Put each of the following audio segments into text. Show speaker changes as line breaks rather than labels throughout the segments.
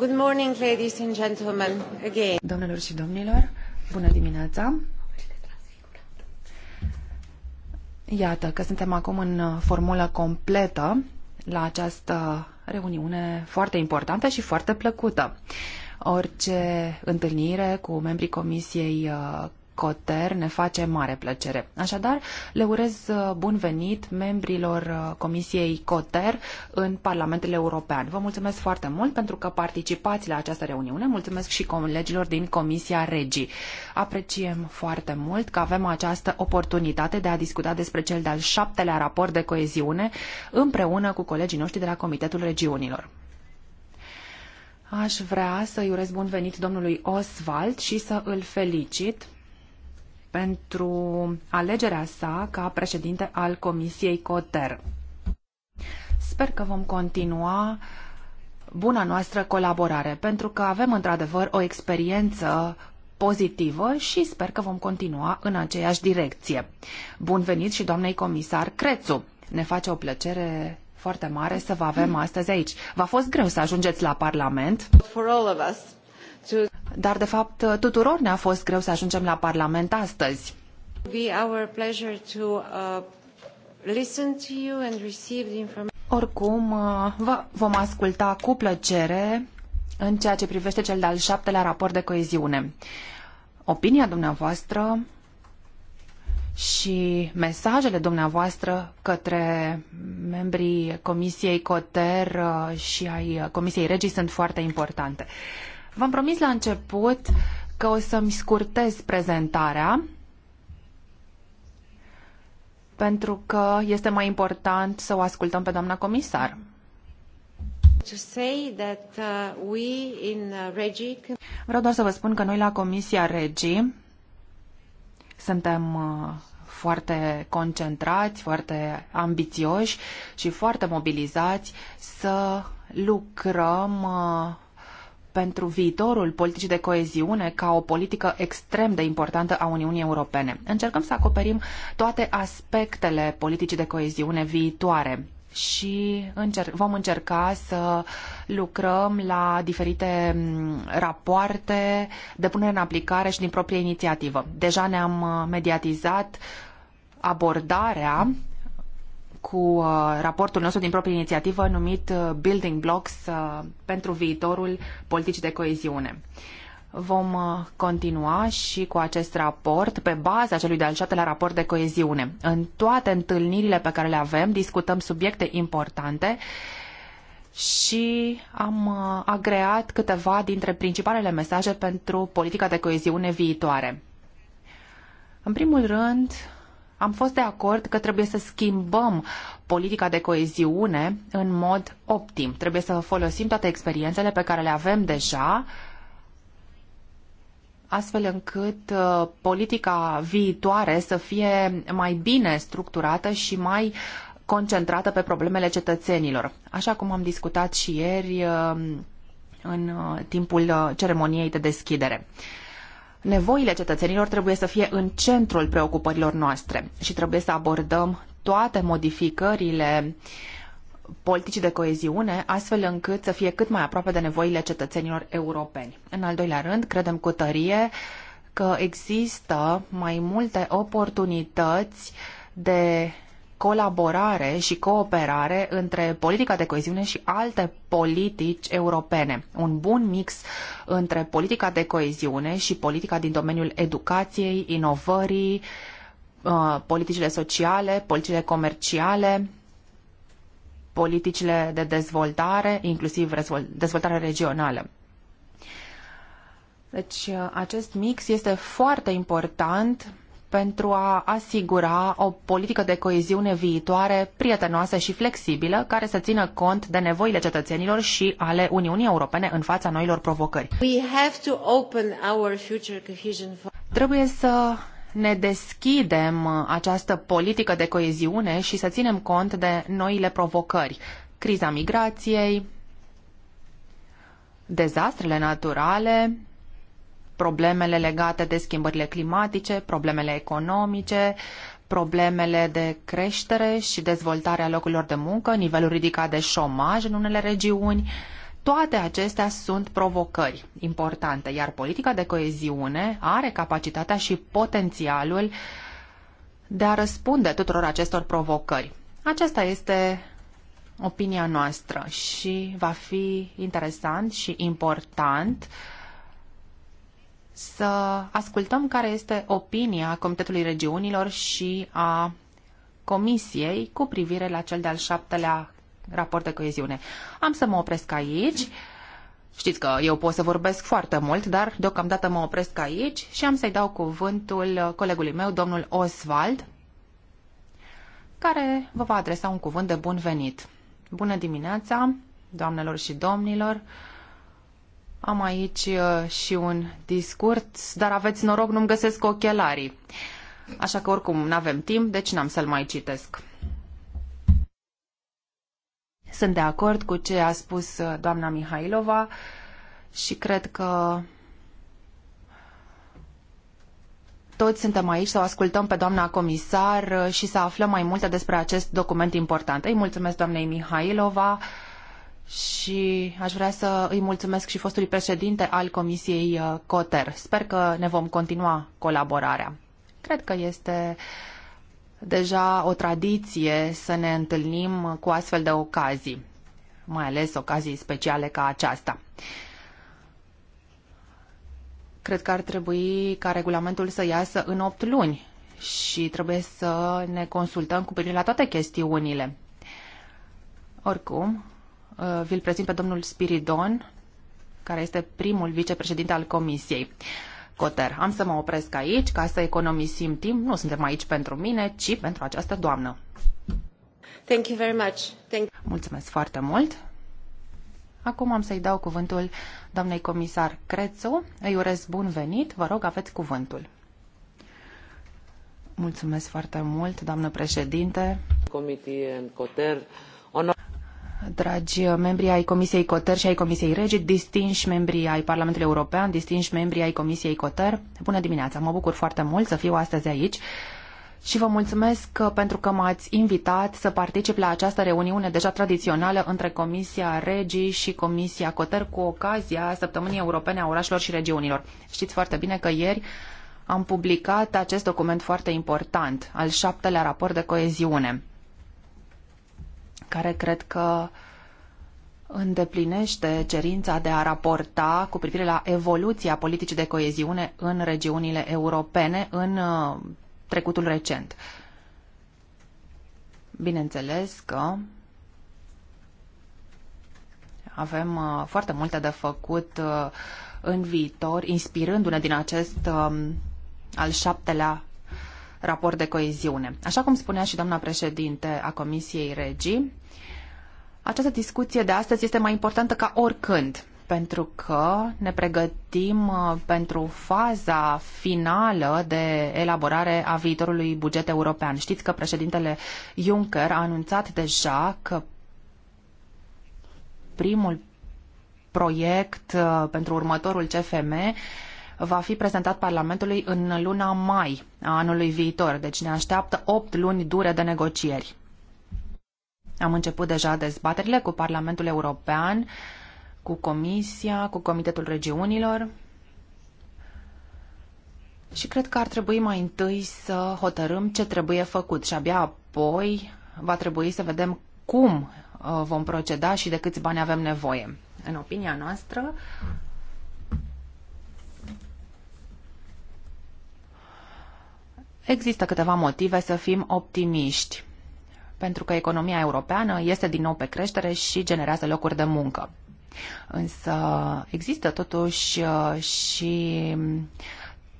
Good morning, ladies and gentlemen, again. Domnilor și domnilor,
bună dimineața! Iată că suntem acum în formulă completă la această reuniune foarte importantă și foarte plăcută. Orice întâlnire cu membrii Comisiei Coter ne face mare plăcere. Așadar, le urez uh, bun venit membrilor uh, Comisiei Coter în Parlamentul European. Vă mulțumesc foarte mult pentru că participați la această reuniune. Mulțumesc și colegilor din Comisia Regii. Apreciem foarte mult că avem această oportunitate de a discuta despre cel de-al șaptelea raport de coeziune împreună cu colegii noștri de la Comitetul Regiunilor. Aș vrea să-i urez bun venit domnului Oswald și să îl felicit pentru alegerea sa ca președinte al Comisiei COTER. Sper că vom continua buna noastră colaborare, pentru că avem într-adevăr o experiență pozitivă și sper că vom continua în aceeași direcție. Bun venit și doamnei comisar Crețu. Ne face o plăcere foarte mare să vă avem astăzi aici. V-a fost greu să ajungeți la Parlament? For all of us. Dar, de fapt, tuturor ne-a fost greu să ajungem la Parlament astăzi. Uh, Oricum, uh, vă vom asculta cu plăcere în ceea ce privește cel de-al șaptelea raport de coeziune. Opinia dumneavoastră și mesajele dumneavoastră către membrii Comisiei Coter uh, și ai Comisiei Regii sunt foarte importante. V-am promis la început că o să-mi scurtez prezentarea pentru că este mai important să o ascultăm pe doamna comisar.
Uh, uh,
Vreau doar să vă spun că noi la Comisia Regii suntem uh, foarte concentrați, foarte ambițioși și foarte mobilizați să lucrăm pentru viitorul politicii de coeziune ca o politică extrem de importantă a Uniunii Europene. Încercăm să acoperim toate aspectele politicii de coeziune viitoare și încer- vom încerca să lucrăm la diferite mm, rapoarte de punere în aplicare și din proprie inițiativă. Deja ne-am uh, mediatizat abordarea cu uh, raportul nostru din proprie inițiativă numit uh, Building Blocks uh, pentru viitorul politicii de coeziune. Vom continua și cu acest raport pe baza celui de-al șaptelea raport de coeziune. În toate întâlnirile pe care le avem discutăm subiecte importante și am agreat câteva dintre principalele mesaje pentru politica de coeziune viitoare. În primul rând, am fost de acord că trebuie să schimbăm politica de coeziune în mod optim. Trebuie să folosim toate experiențele pe care le avem deja astfel încât uh, politica viitoare să fie mai bine structurată și mai concentrată pe problemele cetățenilor. Așa cum am discutat și ieri uh, în uh, timpul ceremoniei de deschidere. Nevoile cetățenilor trebuie să fie în centrul preocupărilor noastre și trebuie să abordăm toate modificările politicii de coeziune, astfel încât să fie cât mai aproape de nevoile cetățenilor europeni. În al doilea rând, credem cu tărie că există mai multe oportunități de colaborare și cooperare între politica de coeziune și alte politici europene. Un bun mix între politica de coeziune și politica din domeniul educației, inovării, uh, politicile sociale, politicile comerciale, politicile de dezvoltare, inclusiv dezvoltare regională. Deci uh, acest mix este foarte important pentru a asigura o politică de coeziune viitoare, prietenoasă și flexibilă, care să țină cont de nevoile cetățenilor și ale Uniunii Europene în fața noilor provocări. Trebuie să ne deschidem această politică de coeziune și să ținem cont de noile provocări. Criza migrației, dezastrele naturale, problemele legate de schimbările climatice, problemele economice, problemele de creștere și dezvoltare a locurilor de muncă, nivelul ridicat de șomaj în unele regiuni. Toate acestea sunt provocări importante, iar politica de coeziune are capacitatea și potențialul de a răspunde tuturor acestor provocări. Aceasta este opinia noastră și va fi interesant și important uh, să ascultăm care este opinia Comitetului Regiunilor și a Comisiei cu privire la cel de-al șaptelea raport de coeziune. Am să mă opresc aici. Știți că eu pot să vorbesc foarte mult, dar deocamdată mă opresc aici și am să-i dau cuvântul colegului meu, domnul Oswald, care vă va adresa un cuvânt de bun venit. Bună dimineața, doamnelor și domnilor! Am aici uh, și un discurs, dar aveți noroc, nu-mi găsesc ochelarii. Așa că oricum nu avem timp, deci n-am să-l mai citesc. Sunt de acord cu ce a spus uh, doamna Mihailova și cred că toți suntem aici să o ascultăm pe doamna comisar uh, și să aflăm mai multe despre acest document important. Îi mulțumesc doamnei Mihailova și aș vrea să îi mulțumesc și fostului președinte al Comisiei uh, Coter. Sper că ne vom continua colaborarea. Cred că este deja o tradiție să ne întâlnim cu astfel de ocazii, mai ales ocazii speciale ca aceasta. Cred că ar trebui ca regulamentul să iasă în opt luni și trebuie să ne consultăm cu privire la toate chestiunile. Oricum, Uh, vi-l prezint pe domnul Spiridon, care este primul vicepreședinte al Comisiei. Coter, am să mă opresc aici ca să economisim timp. Nu suntem aici pentru mine, ci pentru această doamnă. Thank you very much. Thank Mulțumesc foarte mult. Acum am să-i dau cuvântul doamnei comisar Crețu. Îi urez bun venit. Vă rog, aveți cuvântul. Mulțumesc foarte mult, doamnă președinte.
Comitie în Coter
dragi membri ai Comisiei Coter și ai Comisiei Regi, distinși membri ai Parlamentului European, distinși membri ai Comisiei Coter, bună dimineața! Mă bucur foarte mult să fiu astăzi aici și vă mulțumesc pentru că m-ați invitat să particip la această reuniune deja tradițională între Comisia Regii și Comisia Coter cu ocazia Săptămânii Europene a Orașelor și Regiunilor. Știți foarte bine că ieri am publicat acest document foarte important, al șaptelea raport de coeziune care cred că îndeplinește cerința de a raporta cu privire la evoluția politicii de coeziune în regiunile europene în uh, trecutul recent. Bineînțeles că avem uh, foarte multe de făcut uh, în viitor, inspirându-ne din acest um, al șaptelea raport de coeziune. Așa cum spunea și doamna președinte a Comisiei Regii, această discuție de astăzi este mai importantă ca oricând, pentru că ne pregătim uh, pentru faza finală de elaborare a viitorului buget european. Știți că președintele Juncker a anunțat deja că primul proiect uh, pentru următorul CFM va fi prezentat Parlamentului în luna mai a anului viitor, deci ne așteaptă 8 luni dure de negocieri. Am început deja dezbaterile cu Parlamentul European, cu Comisia, cu Comitetul Regiunilor și cred că ar trebui mai întâi să hotărâm ce trebuie făcut și abia apoi va trebui să vedem cum uh, vom proceda și de câți bani avem nevoie. În opinia noastră, există câteva motive să fim optimiști pentru că economia europeană este din nou pe creștere și generează locuri de muncă. Însă există totuși uh, și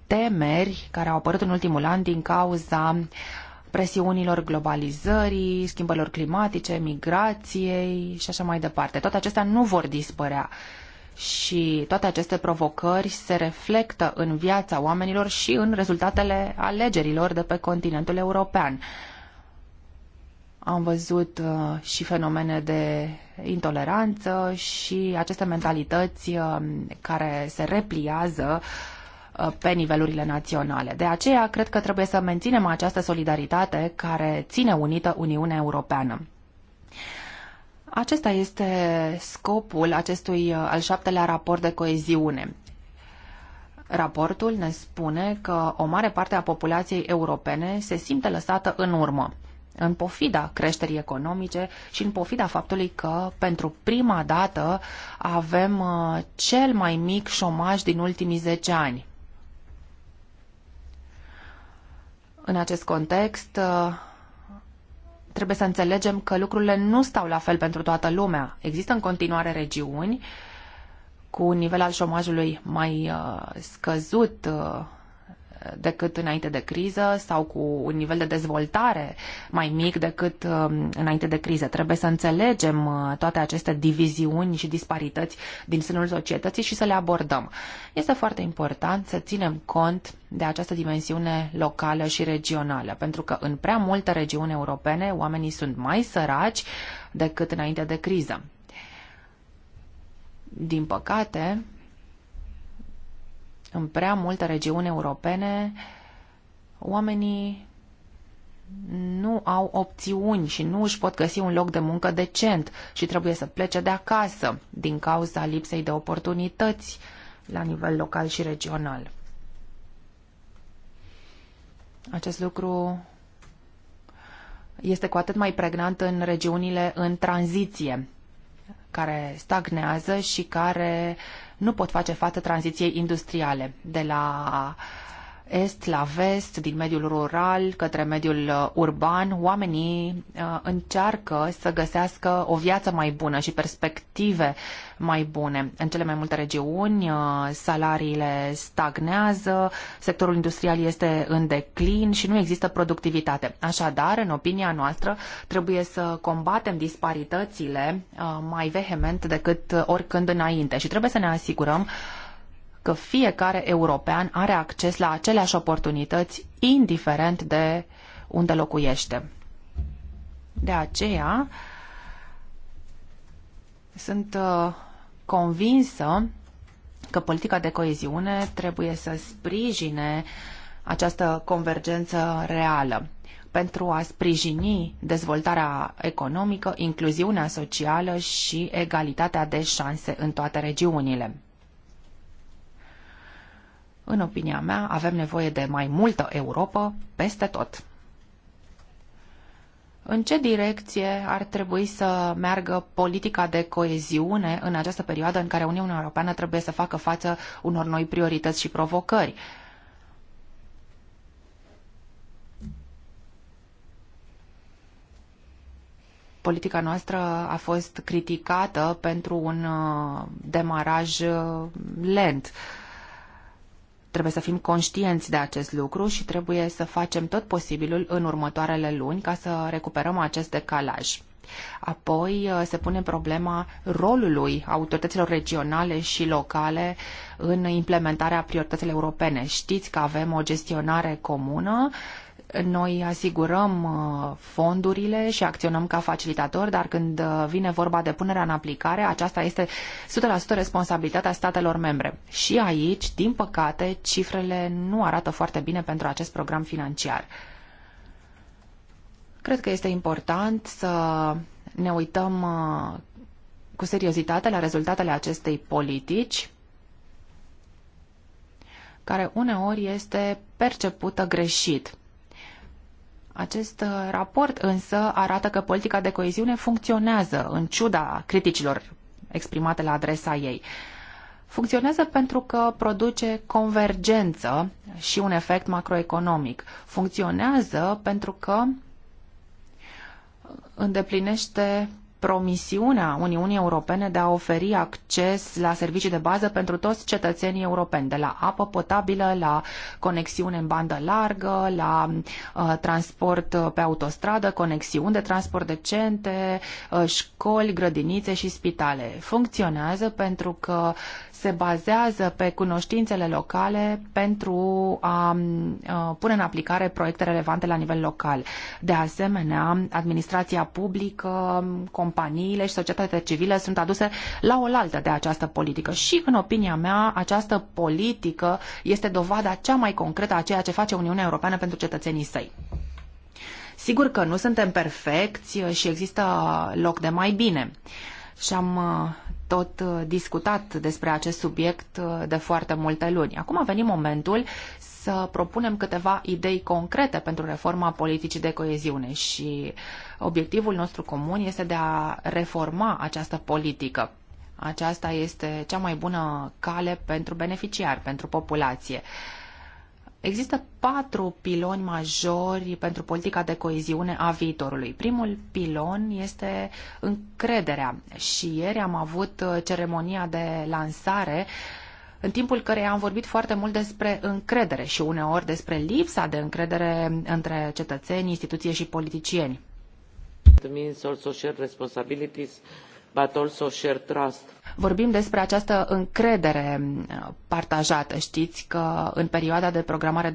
temeri care au apărut în ultimul an din cauza presiunilor globalizării, schimbărilor climatice, migrației și așa mai departe. Toate acestea nu vor dispărea și toate aceste provocări se reflectă în viața oamenilor și în rezultatele alegerilor de pe continentul european. Am văzut uh, și fenomene de intoleranță și aceste mentalități uh, care se repliază uh, pe nivelurile naționale. De aceea, cred că trebuie să menținem această solidaritate care ține unită Uniunea Europeană. Acesta este scopul acestui al șaptelea raport de coeziune. Raportul ne spune că o mare parte a populației europene se simte lăsată în urmă în pofida creșterii economice și în pofida faptului că pentru prima dată avem uh, cel mai mic șomaj din ultimii 10 ani. În acest context, uh, trebuie să înțelegem că lucrurile nu stau la fel pentru toată lumea. Există în continuare regiuni cu un nivel al șomajului mai uh, scăzut decât înainte de criză sau cu un nivel de dezvoltare mai mic decât um, înainte de criză. Trebuie să înțelegem uh, toate aceste diviziuni și disparități din sânul societății și să le abordăm. Este foarte important să ținem cont de această dimensiune locală și regională, pentru că în prea multe regiuni europene oamenii sunt mai săraci decât înainte de criză. Din păcate, în prea multe regiuni europene, oamenii nu au opțiuni și nu își pot găsi un loc de muncă decent și trebuie să plece de acasă din cauza lipsei de oportunități la nivel local și regional. Acest lucru este cu atât mai pregnant în regiunile în tranziție, care stagnează și care nu pot face față tranziției industriale de la est la vest, din mediul rural către mediul uh, urban, oamenii uh, încearcă să găsească o viață mai bună și perspective mai bune. În cele mai multe regiuni uh, salariile stagnează, sectorul industrial este în declin și nu există productivitate. Așadar, în opinia noastră, trebuie să combatem disparitățile mai vehement decât oricând înainte și trebuie să ne asigurăm că fiecare european are acces la aceleași oportunități, indiferent de unde locuiește. De aceea, sunt uh, convinsă că politica de coeziune trebuie să sprijine această convergență reală pentru a sprijini dezvoltarea economică, incluziunea socială și egalitatea de șanse în toate regiunile. În opinia mea, avem nevoie de mai multă Europa peste tot. În ce direcție ar trebui să meargă politica de coeziune în această perioadă în care Uniunea Europeană trebuie să facă față unor noi priorități și provocări? politica noastră a fost criticată pentru un uh, demaraj uh, lent. Trebuie să fim conștienți de acest lucru și trebuie să facem tot posibilul în următoarele luni ca să recuperăm acest decalaj. Apoi uh, se pune problema rolului autorităților regionale și locale în implementarea priorităților europene. Știți că avem o gestionare comună noi asigurăm uh, fondurile și acționăm ca facilitator, dar când uh, vine vorba de punerea în aplicare, aceasta este 100% responsabilitatea statelor membre. Și aici, din păcate, cifrele nu arată foarte bine pentru acest program financiar. Cred că este important să ne uităm uh, cu seriozitate la rezultatele acestei politici, care uneori este percepută greșit. Acest uh, raport însă arată că politica de coeziune funcționează în ciuda criticilor exprimate la adresa ei. Funcționează pentru că produce convergență și un efect macroeconomic. Funcționează pentru că îndeplinește promisiunea Uniunii Europene de a oferi acces la servicii de bază pentru toți cetățenii europeni, de la apă potabilă, la conexiune în bandă largă, la uh, transport uh, pe autostradă, conexiuni de transport decente, uh, școli, grădinițe și spitale. Funcționează pentru că se bazează pe cunoștințele locale pentru a pune în aplicare proiecte relevante la nivel local. De asemenea, administrația publică, companiile și societatea civilă sunt aduse la oaltă de această politică și, în opinia mea, această politică este dovada cea mai concretă a ceea ce face Uniunea Europeană pentru cetățenii săi. Sigur că nu suntem perfecți și există loc de mai bine și am uh, tot uh, discutat despre acest subiect uh, de foarte multe luni. Acum a venit momentul să propunem câteva idei concrete pentru reforma politicii de coeziune și obiectivul nostru comun este de a reforma această politică. Aceasta este cea mai bună cale pentru beneficiari, pentru populație. Există patru piloni majori pentru politica de coeziune a viitorului. Primul pilon este încrederea și ieri am avut uh, ceremonia de lansare în timpul care am vorbit foarte mult despre încredere și uneori despre lipsa de încredere între cetățeni, instituție și politicieni.
means also shared responsibilities, but also shared trust vorbim
despre această încredere uh, partajată. Știți că în perioada de programare 2014-2020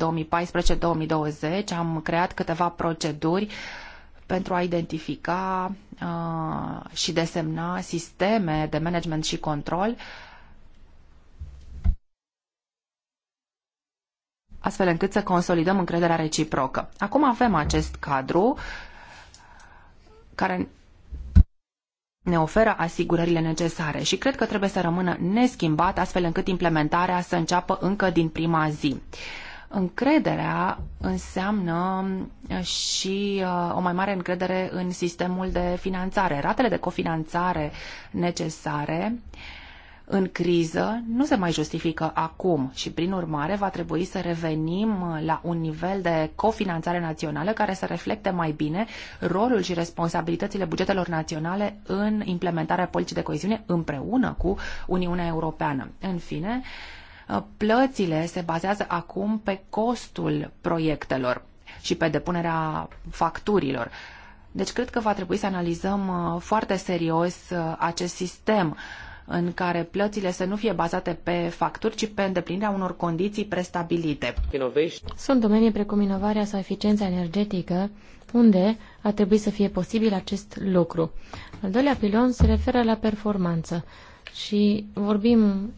am creat câteva proceduri pentru a identifica uh, și desemna sisteme de management și control astfel încât să consolidăm încrederea reciprocă. Acum avem acest cadru care ne oferă asigurările necesare și cred că trebuie să rămână neschimbat astfel încât implementarea să înceapă încă din prima zi. Încrederea înseamnă uh, și uh, o mai mare încredere în sistemul de finanțare. Ratele de cofinanțare necesare uh, în criză nu se mai justifică acum și, prin urmare, va trebui să revenim la un nivel de cofinanțare națională care să reflecte mai bine rolul și responsabilitățile bugetelor naționale în implementarea politicii de coeziune împreună cu Uniunea Europeană. În fine, plățile se bazează acum pe costul proiectelor și pe depunerea facturilor. Deci cred că va trebui să analizăm uh, foarte serios uh, acest sistem în care plățile să nu fie bazate pe facturi, ci pe îndeplinirea unor condiții prestabilite.
Sunt domenii precum inovarea sau eficiența energetică, unde ar trebui să fie posibil acest lucru. Al doilea pilon se referă la performanță și vorbim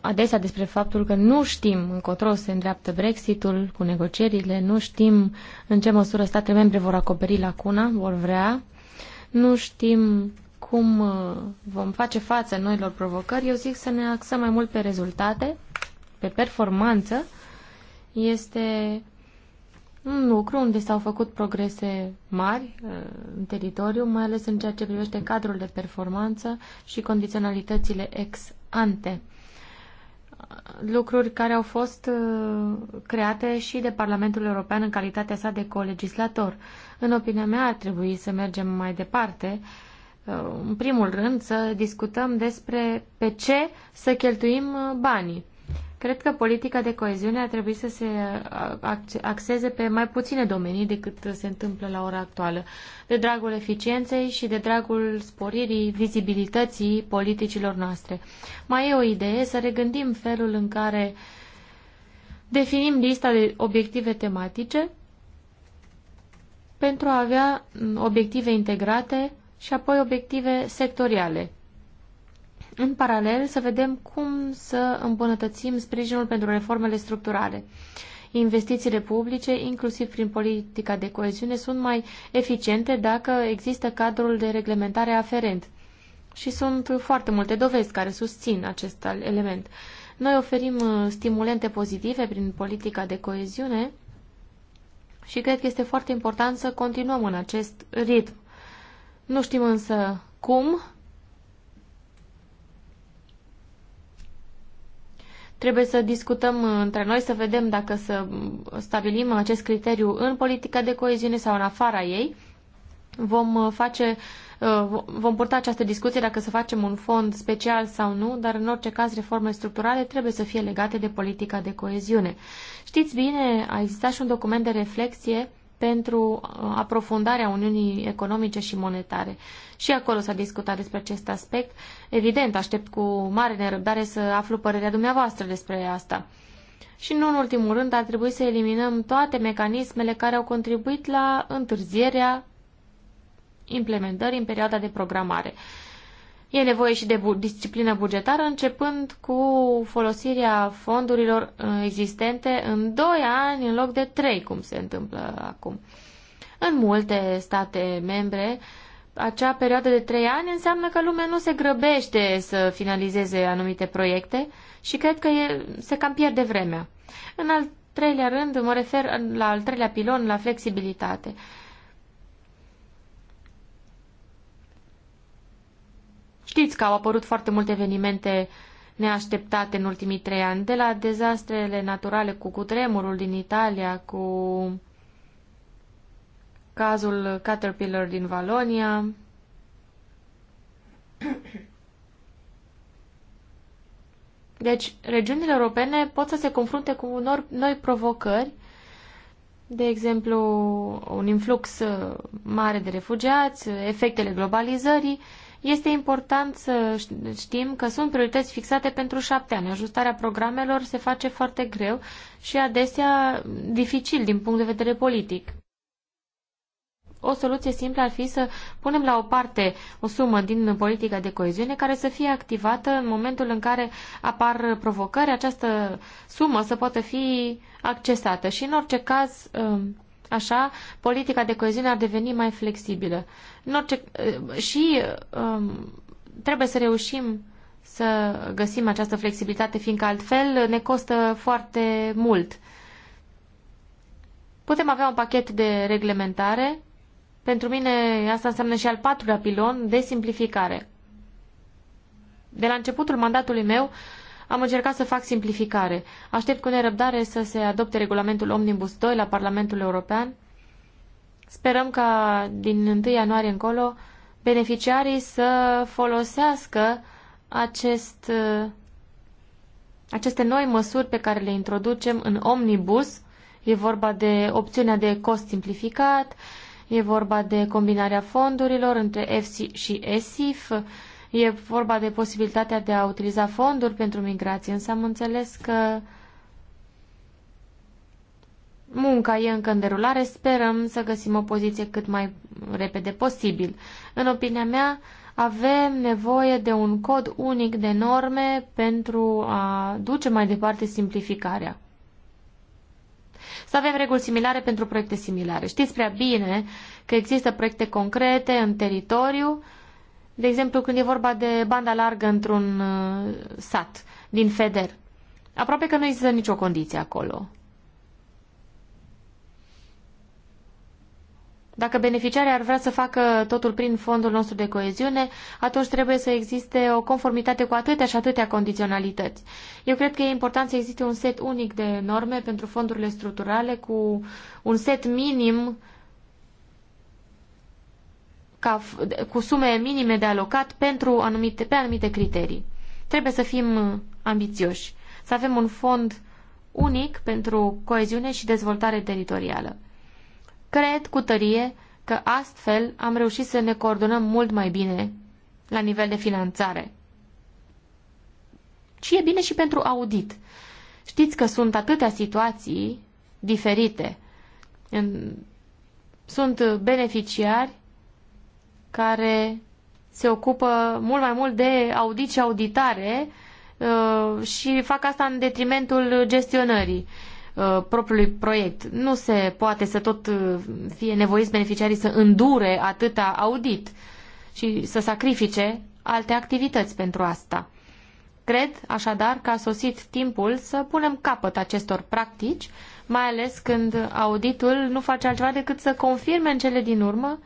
adesea despre faptul că nu știm încotro se îndreaptă Brexitul cu negocierile, nu știm în ce măsură statele membre vor acoperi lacuna, vor vrea, nu știm cum uh, vom face față noilor provocări, eu zic să ne axăm mai mult pe rezultate, pe performanță. Este un lucru unde s-au făcut progrese mari uh, în teritoriu, mai ales în ceea ce privește cadrul de performanță și condiționalitățile ex ante. Lucruri care au fost uh, create și de Parlamentul European în calitatea sa de colegislator. În opinia mea ar trebui să mergem mai departe uh, Uh, în primul rând, să discutăm despre pe ce să cheltuim uh, banii. Cred că politica de coeziune ar trebui să se uh, axeze pe mai puține domenii decât se întâmplă la ora actuală, de dragul eficienței și de dragul sporirii vizibilității politicilor noastre. Mai e o idee să regândim felul în care definim lista de obiective tematice pentru a avea mm, obiective integrate și apoi obiective sectoriale. În paralel, să vedem cum să îmbunătățim sprijinul pentru reformele structurale. Investițiile publice, inclusiv prin politica de coeziune, sunt mai eficiente dacă există cadrul de reglementare aferent. Și sunt foarte multe dovezi care susțin acest element. Noi oferim uh, stimulente pozitive prin politica de coeziune și cred că este foarte important să continuăm în acest ritm. Nu știm însă cum. Trebuie să discutăm între noi, să vedem dacă să stabilim acest criteriu în politica de coeziune sau în afara ei. Vom uh, face uh, vom purta această discuție dacă să facem un fond special sau nu, dar în orice caz reformele structurale trebuie să fie legate de politica de coeziune. Știți bine, a existat și un document de reflexie pentru uh, aprofundarea Uniunii Economice și Monetare. Și acolo s-a discutat despre acest aspect. Evident, aștept cu mare nerăbdare să aflu părerea dumneavoastră despre asta. Și nu în ultimul rând, ar trebui să eliminăm toate mecanismele care au contribuit la întârzierea implementării în perioada de programare. E nevoie și de bu disciplină bugetară, începând cu folosirea fondurilor uh, existente în 2 ani în loc de 3, cum se întâmplă acum. În multe state membre, acea perioadă de 3 ani înseamnă că lumea nu se grăbește să finalizeze anumite proiecte și cred că e, se cam pierde vremea. În al treilea rând, mă refer la al treilea pilon, la flexibilitate. Știți că au apărut foarte multe evenimente neașteptate în ultimii trei ani, de la dezastrele naturale cu cutremurul din Italia, cu cazul Caterpillar din Valonia. Deci, regiunile europene pot să se confrunte cu unor noi provocări, de exemplu, un influx mare de refugiați, efectele globalizării, este important să știm că sunt priorități fixate pentru șapte ani. Ajustarea programelor se face foarte greu și adesea dificil din punct de vedere politic. O soluție simplă ar fi să punem la o parte o sumă din politica de coeziune care să fie activată în momentul în care apar provocări, această sumă să poată fi accesată și în orice caz um, Așa, politica de coeziune ar deveni mai flexibilă. În orice, eh, și um, trebuie să reușim să găsim această flexibilitate, fiindcă altfel ne costă foarte mult. Putem avea un pachet de reglementare. Pentru mine asta înseamnă și al patrulea pilon de simplificare. De la începutul mandatului meu, am încercat să fac simplificare. Aștept cu nerăbdare să se adopte regulamentul Omnibus 2 la Parlamentul European. Sperăm ca din 1 ianuarie încolo beneficiarii să folosească acest, aceste noi măsuri pe care le introducem în Omnibus. E vorba de opțiunea de cost simplificat, e vorba de combinarea fondurilor între EFSI și ESIF, E vorba de posibilitatea de a utiliza fonduri pentru migrație, însă am înțeles că munca e încă în derulare, sperăm să găsim o poziție cât mai repede posibil. În opinia mea, avem nevoie de un cod unic de norme pentru a duce mai departe simplificarea. Să avem reguli similare pentru proiecte similare. Știți prea bine că există proiecte concrete în teritoriu de exemplu când e vorba de banda largă într-un uh, sat din FEDER. Aproape că nu există nicio condiție acolo. Dacă beneficiarii ar vrea să facă totul prin fondul nostru de coeziune, atunci trebuie să existe o conformitate cu atâtea și atâtea condiționalități. Eu cred că e important să existe un set unic de norme pentru fondurile structurale cu un set minim ca, cu sume minime de alocat pentru anumite, pe anumite criterii. Trebuie să fim ambițioși, să avem un fond unic pentru coeziune și dezvoltare teritorială. Cred cu tărie că astfel am reușit să ne coordonăm mult mai bine la nivel de finanțare. Și e bine și pentru audit. Știți că sunt atâtea situații diferite. Sunt beneficiari care se ocupă mult mai mult de audit și auditare uh, și fac asta în detrimentul gestionării uh, propriului proiect. Nu se poate să tot uh, fie nevoiți beneficiarii să îndure atâta audit și să sacrifice alte activități pentru asta. Cred, așadar, că a sosit timpul să punem capăt acestor practici, mai ales când auditul nu face altceva decât să confirme în cele din urmă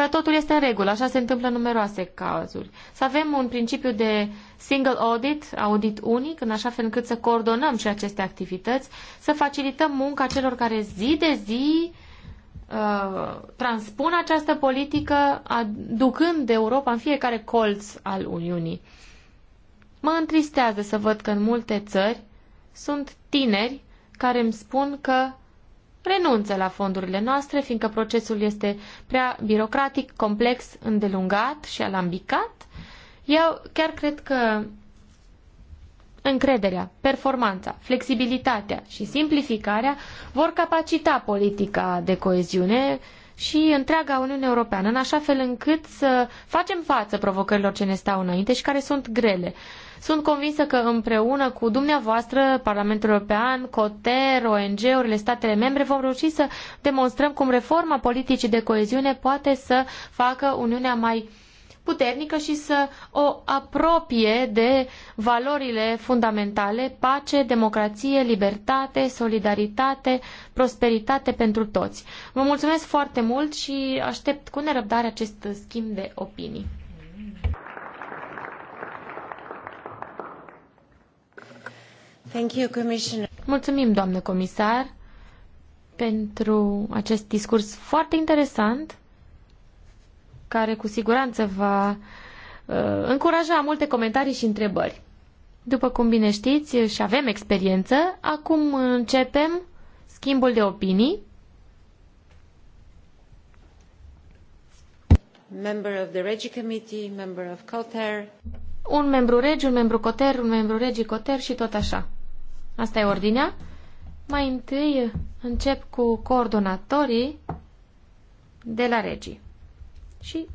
că totul este în regulă, așa se întâmplă în numeroase cazuri. Să avem un principiu de single audit, audit unic, în așa fel încât să coordonăm și aceste activități, să facilităm munca celor care zi de zi uh, transpun această politică, aducând Europa în fiecare colț al Uniunii. Mă întristează să văd că în multe țări sunt tineri care îmi spun că renunță la fondurile noastre, fiindcă procesul este prea birocratic, complex, îndelungat și alambicat. Eu chiar cred că încrederea, performanța, flexibilitatea și simplificarea vor capacita politica de coeziune și întreaga Uniune Europeană, în așa fel încât să facem față provocărilor ce ne stau înainte și care sunt grele. Sunt convinsă că împreună cu dumneavoastră, Parlamentul European, COTER, ONG-urile, statele membre, vom reuși să demonstrăm cum reforma politicii de coeziune poate să facă Uniunea mai puternică și să o apropie de valorile fundamentale, pace, democrație, libertate, solidaritate, prosperitate pentru toți. Vă mulțumesc foarte mult și aștept cu nerăbdare acest schimb de opinii. Mulțumim, doamnă comisar, pentru acest discurs foarte interesant, care cu siguranță va uh, încuraja multe comentarii și întrebări. După cum bine știți și avem experiență, acum începem schimbul de opinii.
Member of the Regi Committee, member of
Coter. Un membru regi, un membru Coter, un membru regi Coter și tot așa. Asta e ordinea. Mai întâi încep cu coordonatorii de la regii. Și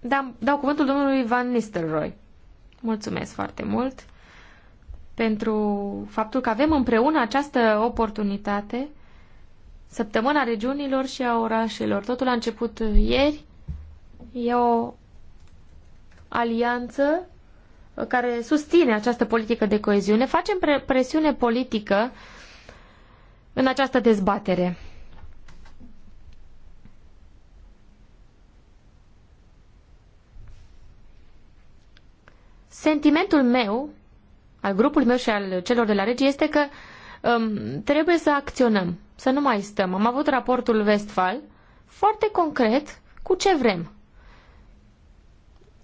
dau, dau cuvântul domnului Van Nistelrooy. Mulțumesc foarte mult pentru faptul că avem împreună această oportunitate Săptămâna regiunilor și a orașelor. Totul a început ieri. E o alianță care susține această politică de coeziune, facem pre presiune politică în această dezbatere. Sentimentul meu, al grupului meu și al celor de la regi, este că um, trebuie să acționăm, să nu mai stăm. Am avut raportul Westfall foarte concret cu ce vrem.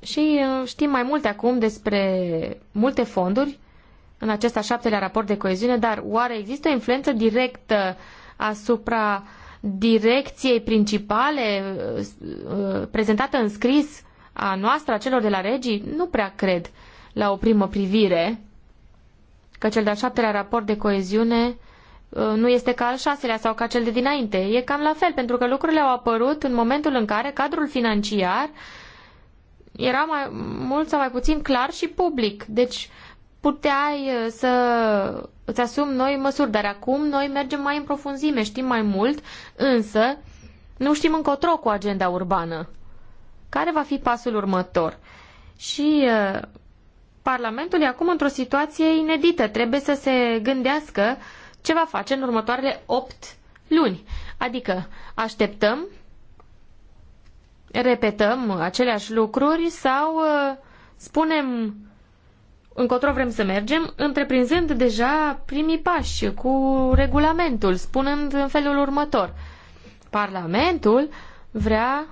Și uh, știm mai multe acum despre multe fonduri în acest a șaptelea raport de coeziune, dar oare există o influență directă asupra direcției principale uh, prezentată în scris a noastră, a celor de la regii? Nu prea cred la o primă privire că cel de-al șaptelea raport de coeziune uh, nu este ca al șaselea sau ca cel de dinainte. E cam la fel, pentru că lucrurile au apărut în momentul în care cadrul financiar uh, era mai mult sau mai puțin clar și public. Deci puteai uh, să îți asumi noi măsuri, dar acum noi mergem mai în profunzime, știm mai mult, însă nu știm încotro cu agenda urbană. Care va fi pasul următor? Și uh, Parlamentul e acum într-o situație inedită. Trebuie să se gândească ce va face în următoarele opt luni. Adică așteptăm repetăm aceleași lucruri sau uh, spunem încotro vrem să mergem, întreprinzând deja primii pași cu regulamentul, spunând în felul următor. Parlamentul vrea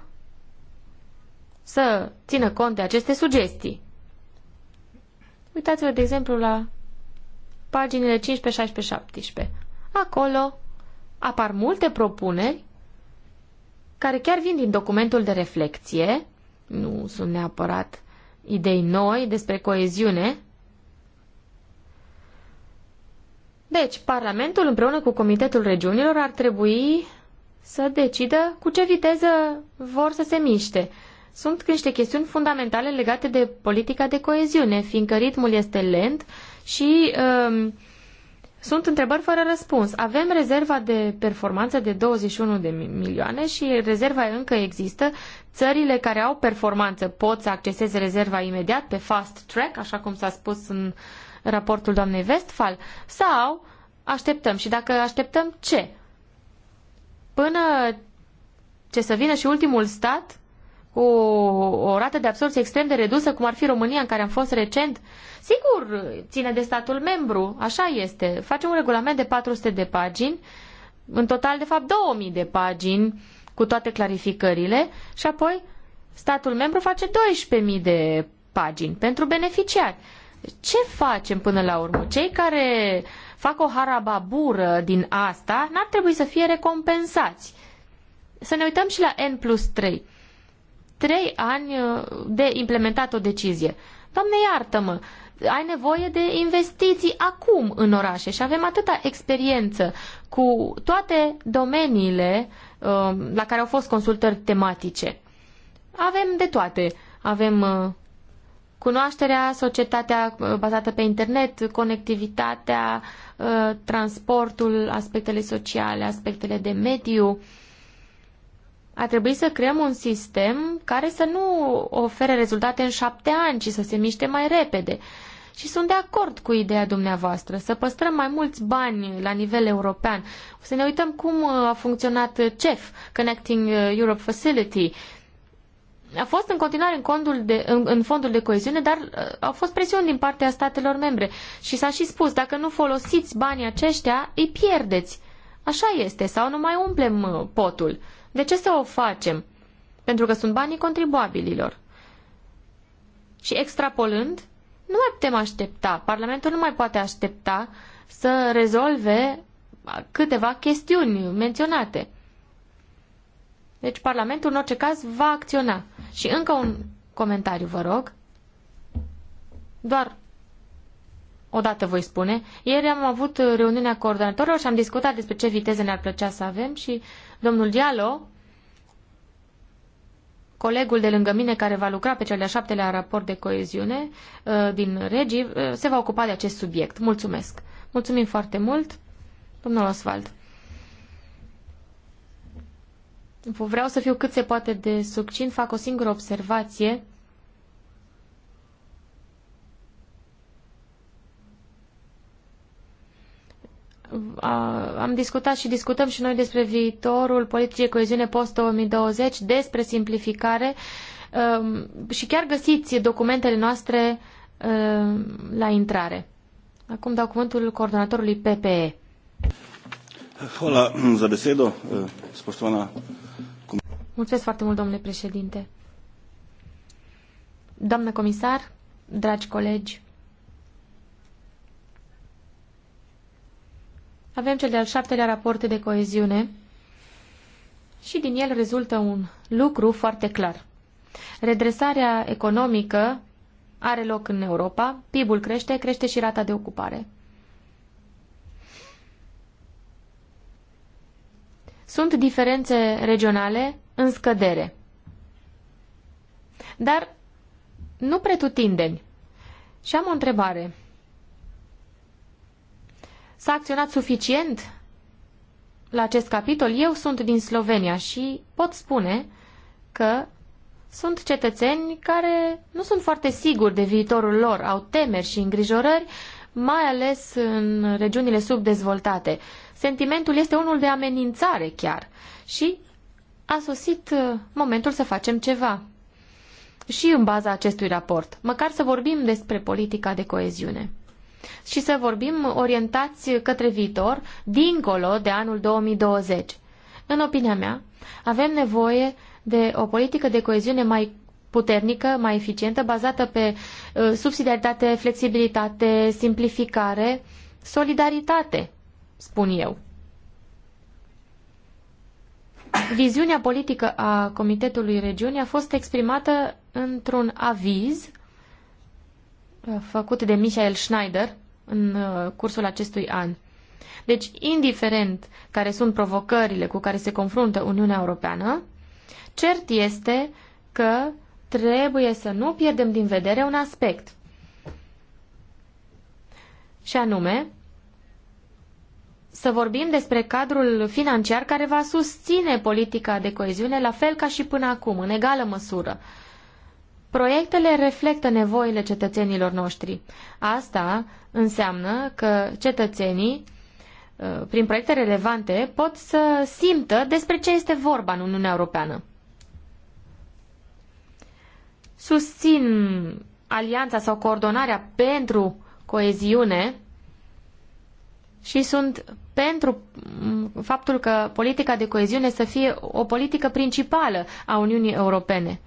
să țină cont de aceste sugestii. Uitați-vă, de exemplu, la paginile 15, 16, 17. Acolo apar multe propuneri care chiar vin din documentul de reflexie, nu sunt neapărat idei noi despre coeziune. Deci, Parlamentul împreună cu Comitetul Regiunilor ar trebui să decidă cu ce viteză vor să se miște. Sunt niște chestiuni fundamentale legate de politica de coeziune, fiindcă ritmul este lent și uh, sunt întrebări fără răspuns. Avem rezerva de performanță de 21 de milioane și rezerva încă există. Țările care au performanță pot să acceseze rezerva imediat pe fast track, așa cum s-a spus în raportul doamnei Westphal, sau așteptăm. Și dacă așteptăm, ce? Până ce să vină și ultimul stat cu o rată de absorție extrem de redusă, cum ar fi România, în care am fost recent? Sigur, ține de statul membru, așa este. Facem un regulament de 400 de pagini, în total, de fapt, 2000 de pagini, cu toate clarificările, și apoi statul membru face 12.000 de pagini pentru beneficiari. Ce facem până la urmă? Cei care fac o harababură din asta n-ar trebui să fie recompensați. Să ne uităm și la N plus 3 trei ani uh, de implementat o decizie. Doamne, iartă-mă, ai nevoie de investiții acum în orașe și avem atâta experiență cu toate domeniile uh, la care au fost consultări tematice. Avem de toate. Avem uh, cunoașterea, societatea uh, bazată pe internet, conectivitatea, uh, transportul, aspectele sociale, aspectele de mediu ar trebui să creăm un sistem care să nu ofere rezultate în șapte ani, ci să se miște mai repede. Și sunt de acord cu ideea dumneavoastră, să păstrăm mai mulți bani la nivel european, să ne uităm cum uh, a funcționat CEF, Connecting uh, Europe Facility, a fost în continuare în, condul de, în, în fondul de coeziune, dar uh, au fost presiuni din partea statelor membre. Și s-a și spus, dacă nu folosiți banii aceștia, îi pierdeți. Așa este, sau nu mai umplem potul. De ce să o facem? Pentru că sunt banii contribuabililor. Și extrapolând, nu mai putem aștepta. Parlamentul nu mai poate aștepta să rezolve câteva chestiuni menționate. Deci Parlamentul, în orice caz, va acționa. Și încă un comentariu, vă rog. Doar odată voi spune. Ieri am avut reuniunea coordonatorilor și am discutat despre ce viteze ne-ar plăcea să avem și domnul Dialo, colegul de lângă mine care va lucra pe cel de-a șaptelea raport de coeziune uh, din Regi, uh, se va ocupa de acest subiect. Mulțumesc! Mulțumim foarte mult, domnul Osvald. Vreau să fiu cât se poate de succint, fac o singură observație am discutat și discutăm și noi despre viitorul politicii coeziune post-2020, despre simplificare um, și chiar găsiți documentele noastre um, la intrare. Acum dau cuvântul coordonatorului PPE.
Hola, mm, za besedo, spoštovana.
Mulțumesc foarte mult, domnule președinte. Doamnă comisar, dragi colegi, Avem cel de-al șaptelea raport de coeziune și din el rezultă un lucru foarte clar. Redresarea economică are loc în Europa, PIB-ul crește, crește și rata de ocupare. Sunt diferențe regionale în scădere. Dar nu pretutindeni. Și am o întrebare. S-a acționat suficient la acest capitol? Eu sunt din Slovenia și pot spune că sunt cetățeni care nu sunt foarte siguri de viitorul lor, au temeri și îngrijorări, mai ales în regiunile subdezvoltate. Sentimentul este unul de amenințare chiar și a sosit uh, momentul să facem ceva. Și în baza acestui raport, măcar să vorbim despre politica de coeziune și să vorbim orientați către viitor, dincolo de anul 2020. În opinia mea, avem nevoie de o politică de coeziune mai puternică, mai eficientă, bazată pe uh, subsidiaritate, flexibilitate, simplificare, solidaritate, spun eu. Viziunea politică a Comitetului Regiunii a fost exprimată într-un aviz făcut de Michael Schneider în uh, cursul acestui an. Deci, indiferent care sunt provocările cu care se confruntă Uniunea Europeană, cert este că trebuie să nu pierdem din vedere un aspect. Și anume, să vorbim despre cadrul financiar care va susține politica de coeziune, la fel ca și până acum, în egală măsură. Proiectele reflectă nevoile cetățenilor noștri. Asta înseamnă că cetățenii, uh, prin proiecte relevante, pot să simtă despre ce este vorba în Uniunea Europeană. Susțin alianța sau coordonarea pentru coeziune și sunt pentru mm, faptul că politica de coeziune să fie o politică principală a Uniunii Europene.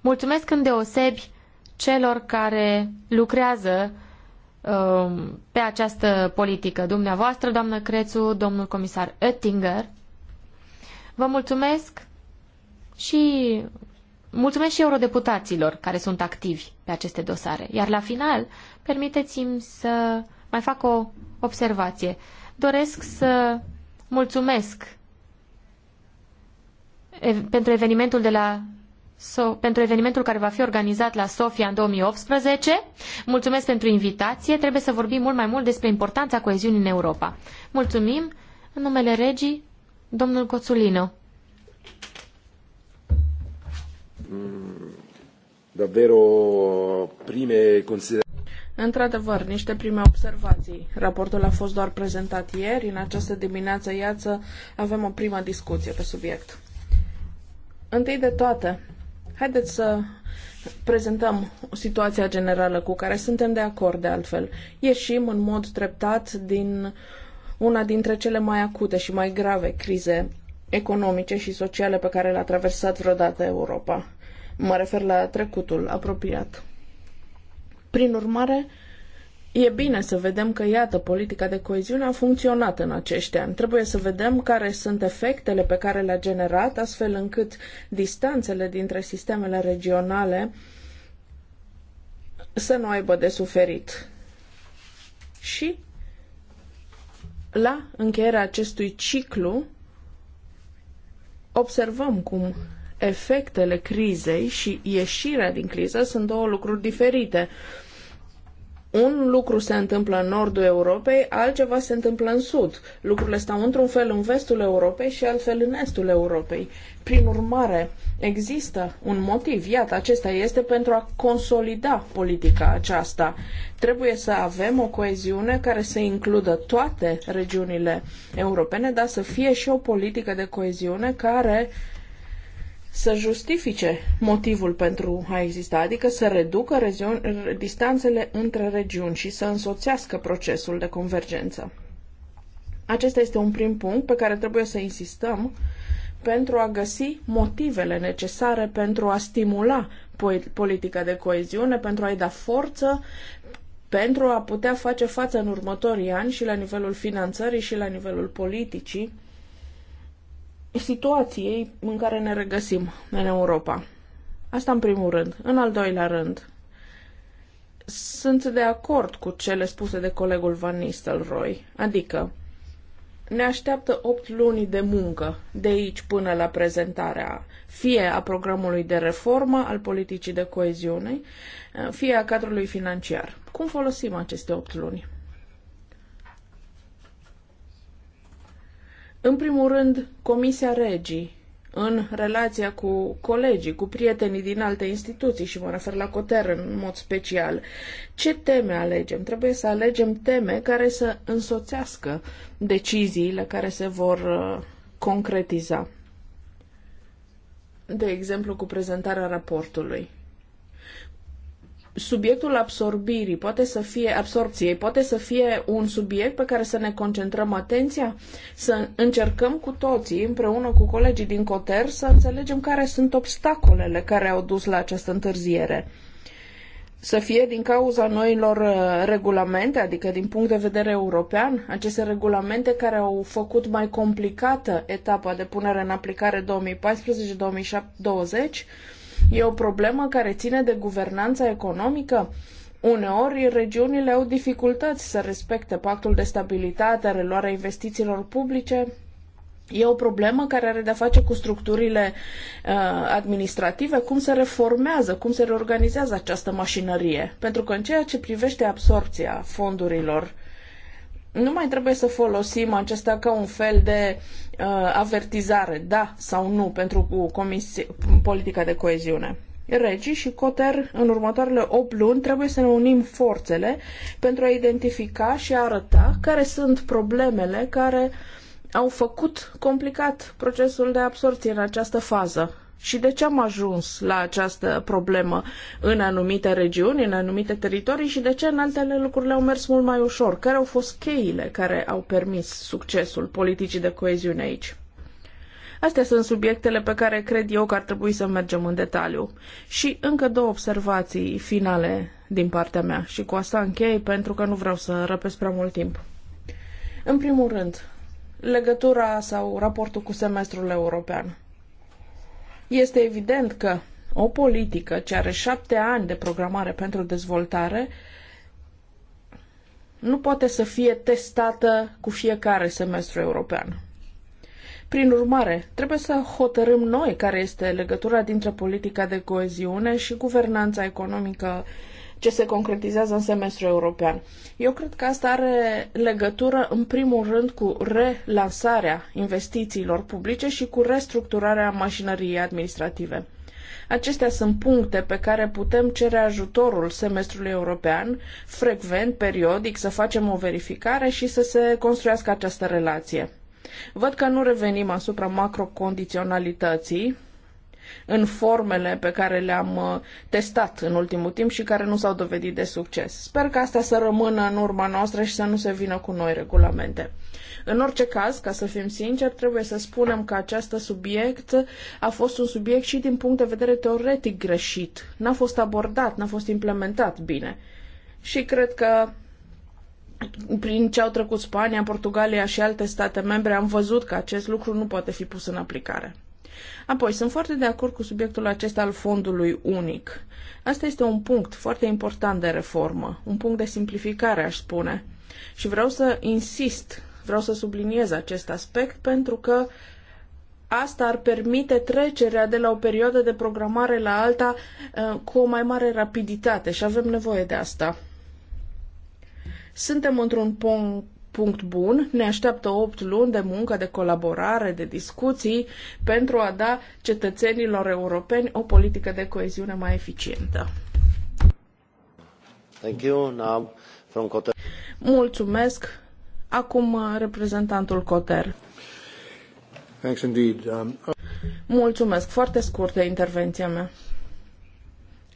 Mulțumesc îndeosebi celor care lucrează um, pe această politică. Dumneavoastră, doamnă Crețu, domnul comisar Oettinger. Vă mulțumesc și mulțumesc și eurodeputaților care sunt activi pe aceste dosare. Iar la final, permiteți-mi să mai fac o observație. Doresc să mulțumesc pentru evenimentul de la so, pentru evenimentul care va fi organizat la Sofia în 2018. Mulțumesc pentru invitație. Trebuie să vorbim mult mai mult despre importanța coeziunii în Europa. Mulțumim. În numele regii, domnul Coțulino.
Mm, davvero prime considerații. Într-adevăr, niște prime observații. Raportul a fost doar prezentat ieri, în această dimineață iață avem o primă discuție pe subiect. Întâi de toate, Haideți să prezentăm situația generală cu care suntem de acord de altfel. Ieșim în mod treptat din una dintre cele mai acute și mai grave crize economice și sociale pe care le-a traversat vreodată Europa. Mă refer la trecutul apropiat. Prin urmare, E bine să vedem că, iată, politica de coeziune a funcționat în acești ani. Trebuie să vedem care sunt efectele pe care le-a generat, astfel încât distanțele dintre sistemele regionale să nu aibă de suferit. Și la încheierea acestui ciclu observăm cum efectele crizei și ieșirea din criză sunt două lucruri diferite un lucru se întâmplă în nordul Europei, altceva se întâmplă în sud. Lucrurile stau într-un fel în vestul Europei și altfel în estul Europei. Prin urmare, există un motiv. Iată, acesta este pentru a consolida politica aceasta. Trebuie să avem o coeziune care să includă toate regiunile europene, dar să fie și o politică de coeziune care să justifice motivul pentru a exista, adică să reducă distanțele între regiuni și să însoțească procesul de convergență. Acesta este un prim punct pe care trebuie să insistăm pentru a găsi motivele necesare pentru a stimula politica de coeziune, pentru a-i da forță, pentru a putea face față în următorii ani și la nivelul finanțării și la nivelul politicii situației în care ne regăsim în Europa. Asta în primul rând. În al doilea rând, sunt de acord cu cele spuse de colegul Van Nistelrooy, adică ne așteaptă 8 luni de muncă de aici până la prezentarea fie a programului de reformă al politicii de coeziune, fie a cadrului financiar. Cum folosim aceste 8 luni? În primul rând, Comisia Regii, în relația cu colegii, cu prietenii din alte instituții și mă refer la Coter în mod special. Ce teme alegem? Trebuie să alegem teme care să însoțească deciziile care se vor uh, concretiza. De exemplu, cu prezentarea raportului subiectul absorbirii poate să fie, absorpției, poate să fie un subiect pe care să ne concentrăm atenția, să încercăm cu toții, împreună cu colegii din Coter, să înțelegem care sunt obstacolele care au dus la această întârziere. Să fie din cauza noilor uh, regulamente, adică din punct de vedere european, aceste regulamente care au făcut mai complicată etapa de punere în aplicare 2014-2020, E o problemă care ține de guvernanța economică? Uneori, regiunile au dificultăți să respecte pactul de stabilitate, reluarea investițiilor publice. E o problemă care are de-a face cu structurile uh, administrative, cum se reformează, cum se reorganizează această mașinărie. Pentru că în ceea ce privește absorpția fondurilor nu mai trebuie să folosim acesta ca un fel de uh, avertizare, da sau nu, pentru comisie, politica de coeziune. Regii și Coter, în următoarele 8 luni, trebuie să ne unim forțele pentru a identifica și a arăta care sunt problemele care au făcut complicat procesul de absorție în această fază. Și de ce am ajuns la această problemă în anumite regiuni, în anumite teritorii și de ce în altele lucrurile au mers mult mai ușor? Care au fost cheile care au permis succesul politicii de coeziune aici? Astea sunt subiectele pe care cred eu că ar trebui să mergem în detaliu. Și încă două observații finale din partea mea și cu asta închei pentru că nu vreau să răpesc prea mult timp. În primul rând, legătura sau raportul cu semestrul european. Este evident că o politică ce are șapte ani de programare pentru dezvoltare nu poate să fie testată cu fiecare semestru european. Prin urmare, trebuie să hotărâm noi care este legătura dintre politica de coeziune și guvernanța economică ce se concretizează în semestrul european. Eu cred că asta are legătură, în primul rând, cu relansarea investițiilor publice și cu restructurarea mașinăriei administrative. Acestea sunt puncte pe care putem cere ajutorul semestrului european, frecvent, periodic, să facem o verificare și să se construiască această relație. Văd că nu revenim asupra macrocondiționalității, în formele pe care le-am uh, testat în ultimul timp și care nu s-au dovedit de succes. Sper că asta să rămână în urma noastră și să nu se vină cu noi regulamente. În orice caz, ca să fim sinceri, trebuie să spunem că acest subiect a fost un subiect și din punct de vedere teoretic greșit. N-a fost abordat, n-a fost implementat bine. Și cred că prin ce au trecut Spania, Portugalia și alte state membre, am văzut că acest lucru nu poate fi pus în aplicare. Apoi, sunt foarte de acord cu subiectul acesta al fondului unic. Asta este un punct foarte important de reformă, un punct de simplificare, aș spune. Și vreau să insist, vreau să subliniez acest aspect pentru că asta ar permite trecerea de la o perioadă de programare la alta uh, cu o mai mare rapiditate și avem nevoie de asta. Suntem într-un punct bun. Ne așteaptă 8 luni de muncă, de colaborare, de discuții pentru a da cetățenilor europeni o politică de coeziune mai eficientă. Thank you. Now, from Cotter. Mulțumesc. Acum uh, reprezentantul Coter.
Thanks indeed. Um... Uh,
Mulțumesc. Foarte scurtă intervenția mea.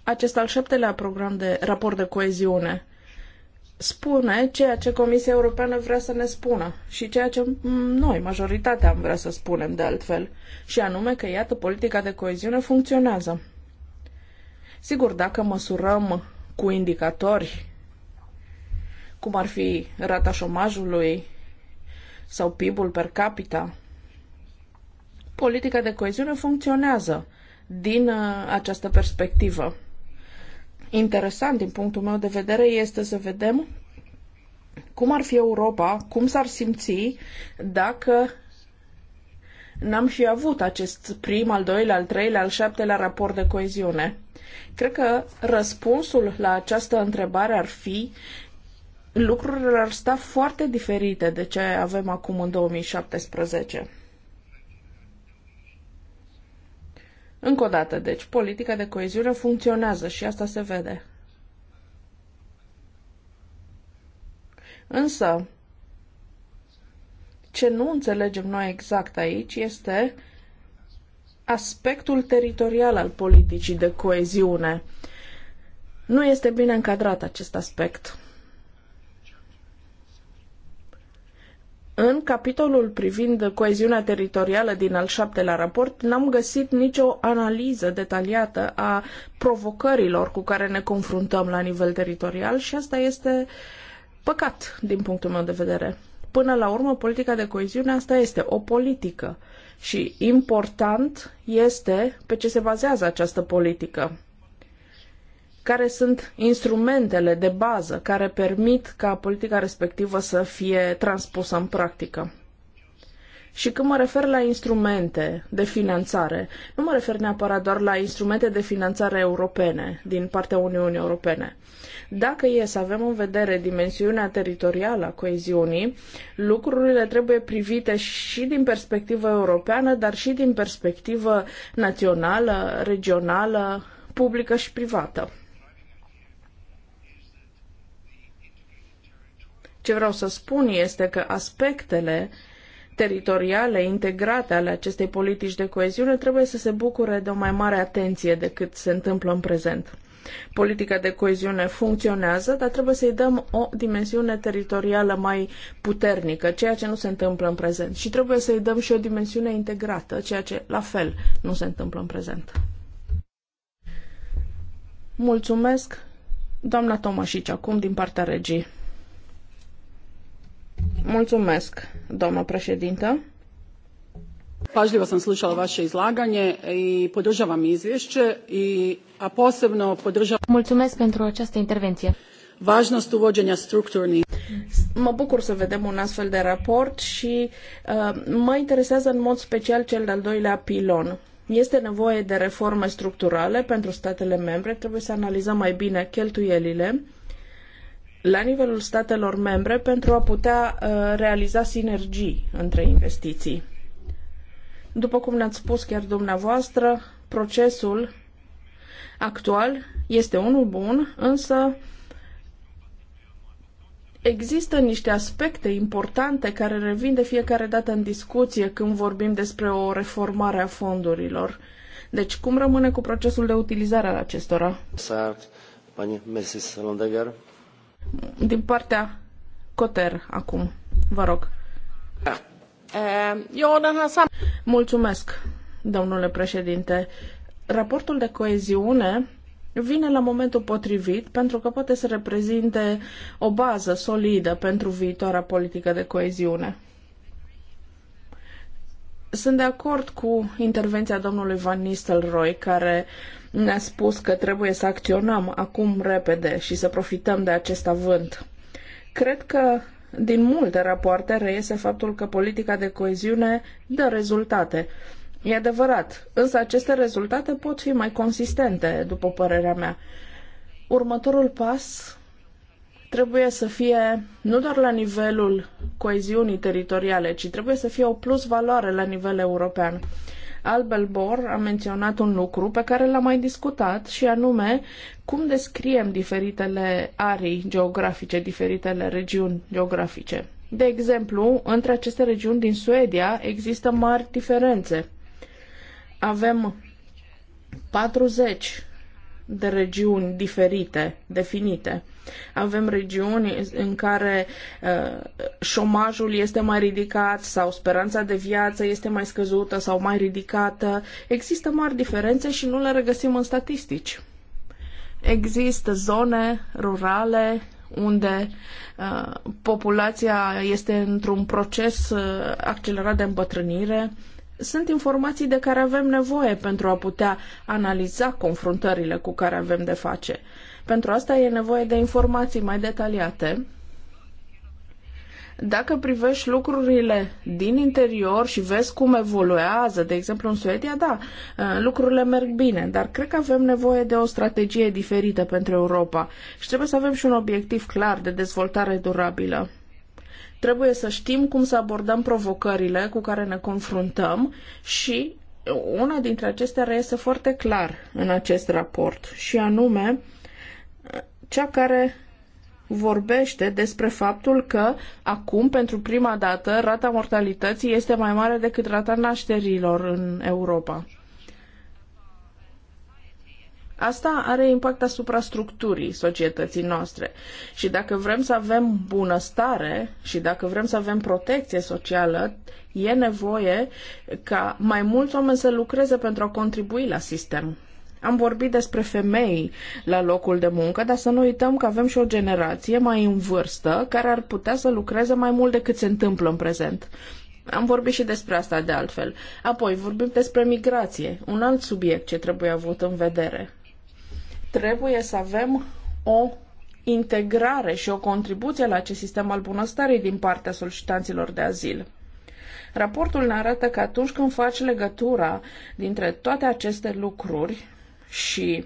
Acest al șaptelea program de raport de coeziune spune ceea ce Comisia Europeană vrea să ne spună și ceea ce noi, majoritatea, am vrea să spunem de altfel, și anume că, iată, politica de coeziune funcționează. Sigur, dacă măsurăm cu indicatori, cum ar fi rata șomajului sau PIB-ul per capita, politica de coeziune funcționează din uh, această perspectivă interesant din punctul meu de vedere este să vedem cum ar fi Europa, cum s-ar simți dacă n-am fi avut acest prim, al doilea, al treilea, al șaptelea raport de coeziune. Cred că răspunsul la această întrebare ar fi lucrurile ar sta foarte diferite de ce avem acum în 2017. Încă o dată, deci, politica de coeziune funcționează și asta se vede. Însă, ce nu înțelegem noi exact aici este aspectul teritorial al politicii de coeziune. Nu este bine încadrat acest aspect. În capitolul privind coeziunea teritorială din al șaptelea raport, n-am găsit nicio analiză detaliată a provocărilor cu care ne confruntăm la nivel teritorial și asta este păcat din punctul meu de vedere. Până la urmă, politica de coeziune asta este o politică și important este pe ce se bazează această politică care sunt instrumentele de bază care permit ca politica respectivă să fie transpusă în practică. Și când mă refer la instrumente de finanțare, nu mă refer neapărat doar la instrumente de finanțare europene, din partea Uniunii Europene. Dacă e să avem în vedere dimensiunea teritorială a coeziunii, lucrurile trebuie privite și din perspectivă europeană, dar și din perspectivă națională, regională, publică și privată. Ce vreau să spun este că aspectele teritoriale integrate ale acestei politici de coeziune trebuie să se bucure de o mai mare atenție decât se întâmplă în prezent. Politica de coeziune funcționează, dar trebuie să-i dăm o dimensiune teritorială mai puternică, ceea ce nu se întâmplă în prezent. Și trebuie să-i dăm și o dimensiune integrată, ceea ce la fel nu se întâmplă în prezent. Mulțumesc, doamna Tomașici, acum din partea regii. Mulțumesc, doamnă președintă. Pažljivo sam slušala vaše izlaganje i podržavam izvješće, i, a posebno podržavam... Mulțumesc pentru această intervenție. Važnost uvođenja strukturnih Mă bucur să vedem un astfel de raport și uh, mă interesează în mod special cel de-al doilea pilon. Este nevoie de reforme structurale pentru statele membre, trebuie să analizăm mai bine cheltuielile la nivelul statelor membre pentru a putea uh, realiza sinergii între investiții. După cum ne-ați spus chiar dumneavoastră, procesul actual este unul bun, însă există niște aspecte importante care revin de fiecare dată în discuție când vorbim despre o reformare a fondurilor. Deci, cum rămâne cu procesul de utilizare al acestora?
Pani Mrs. Londegar.
Din partea Coter, acum, vă rog. Eu, eh, Mulțumesc, domnule președinte. Raportul de coeziune vine la momentul potrivit pentru că poate să reprezinte o bază solidă pentru viitoarea politică de coeziune. Sunt de acord cu intervenția domnului Van Nistelrooy, care uh, ne-a spus că trebuie să acționăm acum repede și să profităm de acest avânt. Cred că din multe rapoarte reiese faptul că politica de coeziune dă rezultate. E adevărat, însă aceste rezultate pot fi mai consistente, după părerea mea. Următorul pas trebuie să fie nu doar la nivelul coeziunii teritoriale, ci trebuie să fie o plus valoare la nivel european. Albelbor a menționat un lucru pe care l-am mai discutat și anume cum descriem diferitele arii geografice, diferitele regiuni geografice. De exemplu, între aceste regiuni din Suedia există mari diferențe. Avem 40 de regiuni diferite, definite. Avem regiuni în care uh, șomajul este mai ridicat sau speranța de viață este mai scăzută sau mai ridicată. Există mari diferențe și nu le regăsim în statistici. Există zone rurale unde uh, populația este într-un proces uh, accelerat de îmbătrânire. Sunt informații de care avem nevoie pentru a putea analiza confruntările cu care avem de face. Uh, pentru asta e nevoie de informații mai detaliate. Dacă privești lucrurile din interior și vezi cum evoluează, de exemplu în Suedia, da, uh, lucrurile merg bine, dar cred că avem nevoie de o strategie diferită pentru Europa și trebuie să avem și un obiectiv clar de dezvoltare durabilă trebuie să știm cum să abordăm provocările cu care ne confruntăm și una dintre acestea reiese foarte clar în acest raport și anume cea care vorbește despre faptul că acum, pentru prima dată, rata mortalității este mai mare decât rata nașterilor în Europa. Asta are impact asupra structurii societății noastre. Și dacă vrem să avem bunăstare și dacă vrem să avem protecție socială, e nevoie ca mai mulți oameni să lucreze pentru a contribui la sistem. Am vorbit despre femei la locul de muncă, dar să nu uităm că avem și o generație mai în vârstă care ar putea să lucreze mai mult decât se întâmplă în prezent. Am vorbit și despre asta de altfel. Apoi vorbim despre migrație, un alt subiect ce trebuie avut în vedere. Trebuie să avem o integrare și o contribuție la acest sistem al bunăstării din partea solicitanților de azil. Raportul ne arată că atunci când faci legătura dintre toate aceste lucruri, și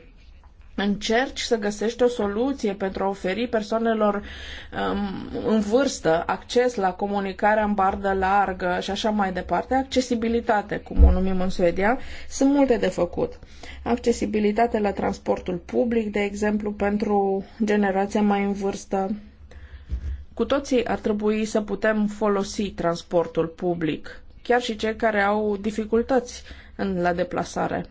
încerci să găsești o soluție pentru a oferi persoanelor um, în vârstă acces la comunicare în bardă largă și așa mai departe, accesibilitate, cum o numim în Suedia, sunt multe de făcut. Accesibilitate la transportul public, de exemplu, pentru generația mai în vârstă. Cu toții ar trebui să putem folosi transportul public, chiar și cei care au dificultăți în, la deplasare.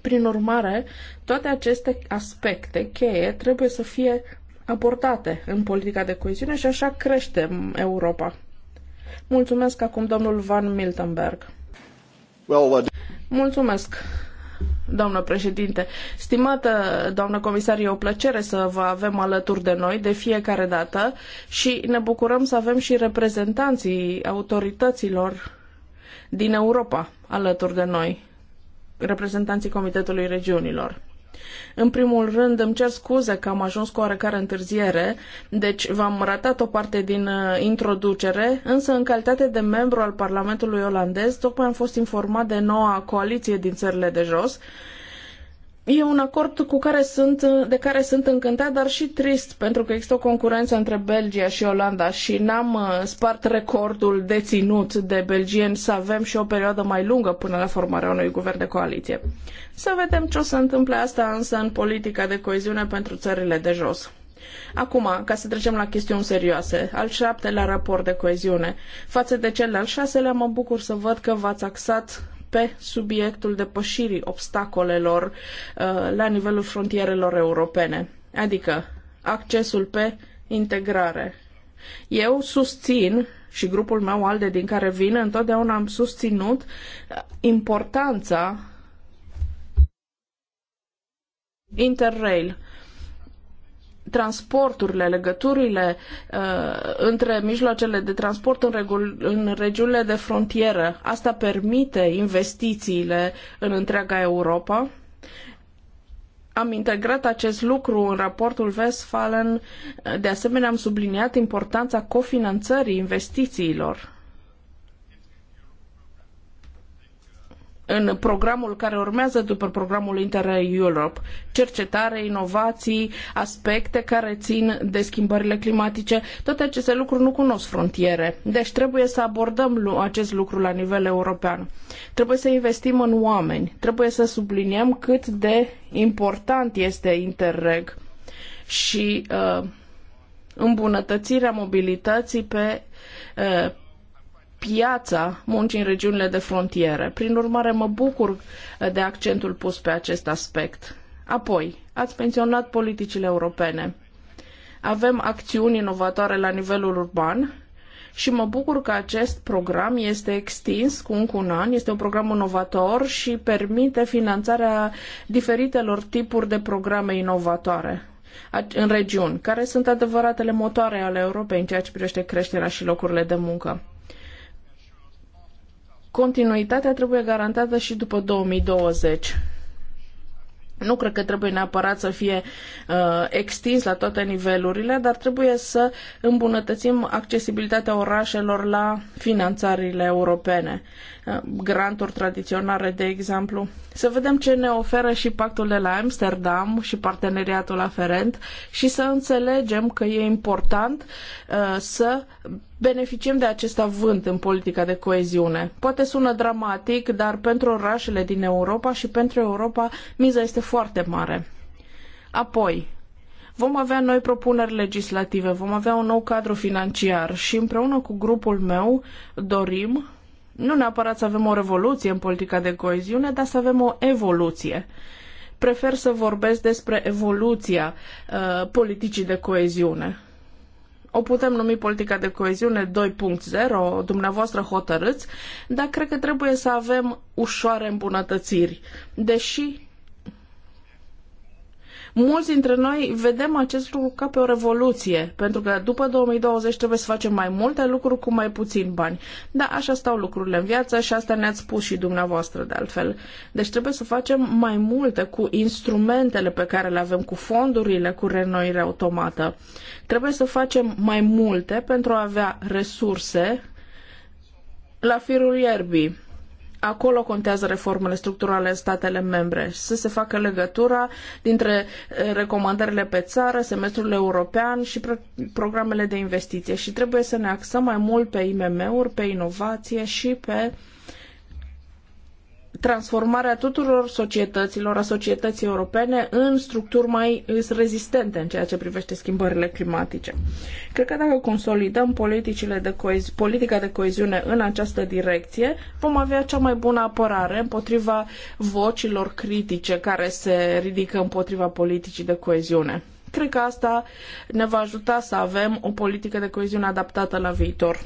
Prin urmare, toate aceste aspecte cheie trebuie să fie abordate în politica de coeziune și așa crește Europa. Mulțumesc acum domnul Van Miltenberg. Mulțumesc, doamnă președinte. Stimată doamnă comisar, e o plăcere să vă avem alături de noi de fiecare dată și ne bucurăm să avem și reprezentanții autorităților din Europa alături de noi reprezentanții Comitetului Regiunilor. În primul rând, îmi cer scuze că am ajuns cu oarecare întârziere, deci v-am ratat o parte din uh, introducere, însă în calitate de membru al Parlamentului olandez, tocmai am fost informat de noua coaliție din țările de jos, uh, E un acord cu care sunt, de care sunt încântat, dar și trist, pentru că există o concurență între Belgia și Olanda și n-am uh, spart recordul deținut de belgieni să avem și o perioadă mai lungă până la formarea unui guvern de coaliție. Să vedem ce o să întâmple asta însă în politica de coeziune pentru țările de jos. Acum, ca să trecem la chestiuni serioase, al șaptelea raport de coeziune. Față de cel al șaselea, mă bucur să văd că v-ați axat pe subiectul depășirii obstacolelor uh, la nivelul frontierelor europene, adică accesul pe integrare. Eu susțin și grupul meu ALDE din care vin, întotdeauna am susținut uh, importanța Interrail transporturile, legăturile uh, între mijloacele de transport în, regul, în regiunile de frontieră. Asta permite investițiile în întreaga Europa. Am integrat acest lucru în raportul Westfalen. De asemenea, am subliniat importanța cofinanțării investițiilor în programul care urmează după programul Interreg europe cercetare, inovații, aspecte care țin de schimbările climatice, toate aceste lucruri nu cunosc frontiere. Deci trebuie să abordăm acest lucru la nivel european. Trebuie să investim în oameni, trebuie să subliniem cât de important este Interreg și uh, îmbunătățirea mobilității pe uh, piața muncii în regiunile de frontiere. Prin urmare, mă bucur eh, de accentul pus pe acest aspect. Apoi, ați menționat politicile europene. Avem acțiuni inovatoare la nivelul urban și mă bucur că acest program este extins cu încă un an. Este un program inovator și permite finanțarea diferitelor tipuri de programe inovatoare în regiuni, care sunt adevăratele motoare ale Europei în ceea ce privește creșterea și locurile de muncă continuitatea trebuie garantată și după 2020. Nu cred că trebuie neapărat să fie uh, extins la toate nivelurile, dar trebuie să îmbunătățim accesibilitatea orașelor la finanțările europene, uh, granturi tradiționale, de exemplu. Să vedem ce ne oferă și pactul de la Amsterdam și parteneriatul aferent și să înțelegem că e important uh, să beneficiem de acest avânt în politica de coeziune. Poate sună dramatic, dar pentru orașele din Europa și pentru Europa miza este foarte mare. Apoi, vom avea noi propuneri legislative, vom avea un nou cadru financiar și împreună cu grupul meu dorim nu neapărat să avem o revoluție în politica de coeziune, dar să avem o evoluție. Prefer să vorbesc despre evoluția uh, politicii de coeziune o putem numi politica de coeziune 2.0, dumneavoastră hotărâți, dar cred că trebuie să avem ușoare îmbunătățiri, deși Mulți dintre noi vedem acest lucru ca pe o revoluție, pentru că după 2020 trebuie să facem mai multe lucruri cu mai puțin bani. Da, așa stau lucrurile în viață și asta ne-ați spus și dumneavoastră de altfel. Deci trebuie să facem mai multe cu instrumentele pe care le avem, cu fondurile, cu renoire automată. Trebuie să facem mai multe pentru a avea resurse la firul ierbii Acolo contează reformele structurale în statele membre, să se facă legătura dintre eh, recomandările pe țară, semestrul european și programele de investiție și trebuie să ne axăm mai mult pe IMM-uri, pe inovație și pe uh, transformarea tuturor societăților, a societății europene, în structuri mai rezistente în ceea ce privește schimbările climatice. Cred că dacă consolidăm politicile de coezi- politica de coeziune în această direcție, vom avea cea mai bună apărare împotriva vocilor critice care se ridică împotriva politicii de coeziune. Cred că asta ne va ajuta să avem o politică de coeziune adaptată la viitor.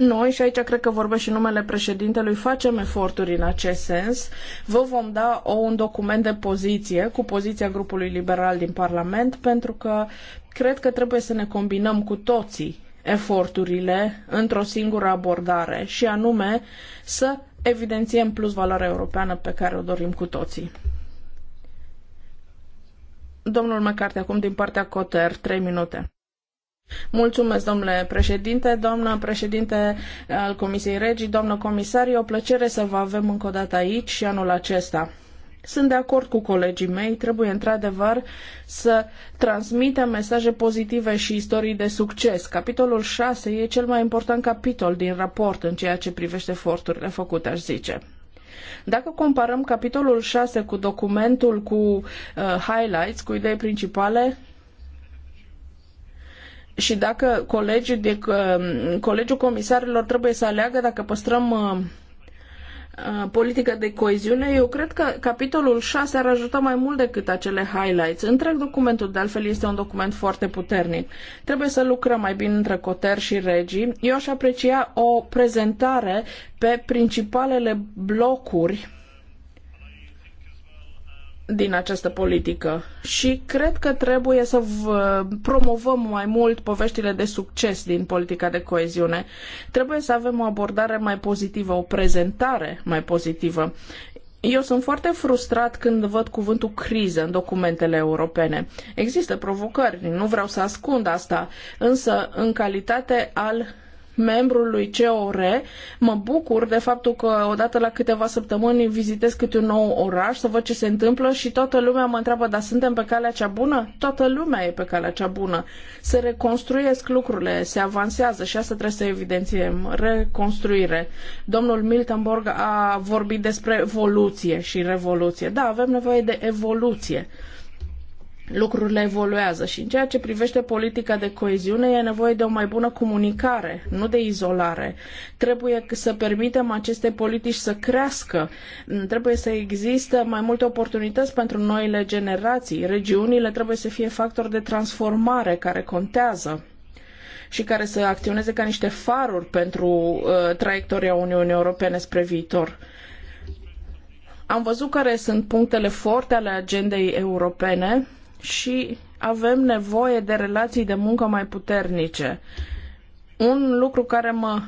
Noi, și aici cred că vorbesc și numele președintelui, facem eforturi în acest sens. Vă vom da o, un document de poziție cu poziția grupului liberal din Parlament, pentru că cred că trebuie să ne combinăm cu toții eforturile într-o singură abordare și anume să evidențiem plus valoarea europeană pe care o dorim cu toții. Domnul McCarthy, acum din partea Coter, 3 minute. Mulțumesc, domnule președinte, doamnă președinte eh, al Comisiei Regii, doamnă comisar, e o plăcere să vă avem încă o dată aici și anul acesta. Sunt de acord cu colegii mei, trebuie într-adevăr să transmitem mesaje pozitive și istorii de succes. Capitolul 6 e cel mai important capitol din raport în ceea ce privește eforturile făcute, aș zice. Dacă comparăm capitolul 6 cu documentul cu uh, highlights, cu idei principale, și dacă colegii de, Colegiul Comisarilor trebuie să aleagă dacă păstrăm uh, uh, politică de coeziune, eu cred că capitolul 6 ar ajuta mai mult decât acele highlights. Întreg documentul, de altfel, este un document foarte puternic. Trebuie să lucrăm mai bine între Coter și Regii. Eu aș aprecia o prezentare pe principalele blocuri din această politică și cred că trebuie să promovăm mai mult poveștile de succes din politica de coeziune. Trebuie să avem o abordare mai pozitivă, o prezentare mai pozitivă. Eu sunt foarte frustrat când văd cuvântul criză în documentele europene. Există provocări, nu vreau să ascund asta, însă în calitate al membru lui COR. Mă bucur de faptul că odată la câteva săptămâni vizitez câte un nou oraș să văd ce se întâmplă și toată lumea mă întreabă, dar suntem pe calea cea bună? Toată lumea e pe calea cea bună. Se reconstruiesc lucrurile, se avansează și asta trebuie să evidențiem. Reconstruire. Domnul Miltenborg a vorbit despre evoluție și revoluție. Da, avem nevoie de evoluție lucrurile evoluează și în ceea ce privește politica de coeziune e nevoie de o mai bună comunicare, nu de izolare. Trebuie să permitem aceste politici să crească, mm, trebuie să existe mai multe oportunități pentru noile generații, regiunile trebuie să fie factori de transformare care contează și care să acționeze ca niște faruri pentru uh, traiectoria Uniunii Europene spre viitor. Am văzut care sunt punctele forte ale agendei europene și avem nevoie de relații de muncă mai puternice. Un lucru care mă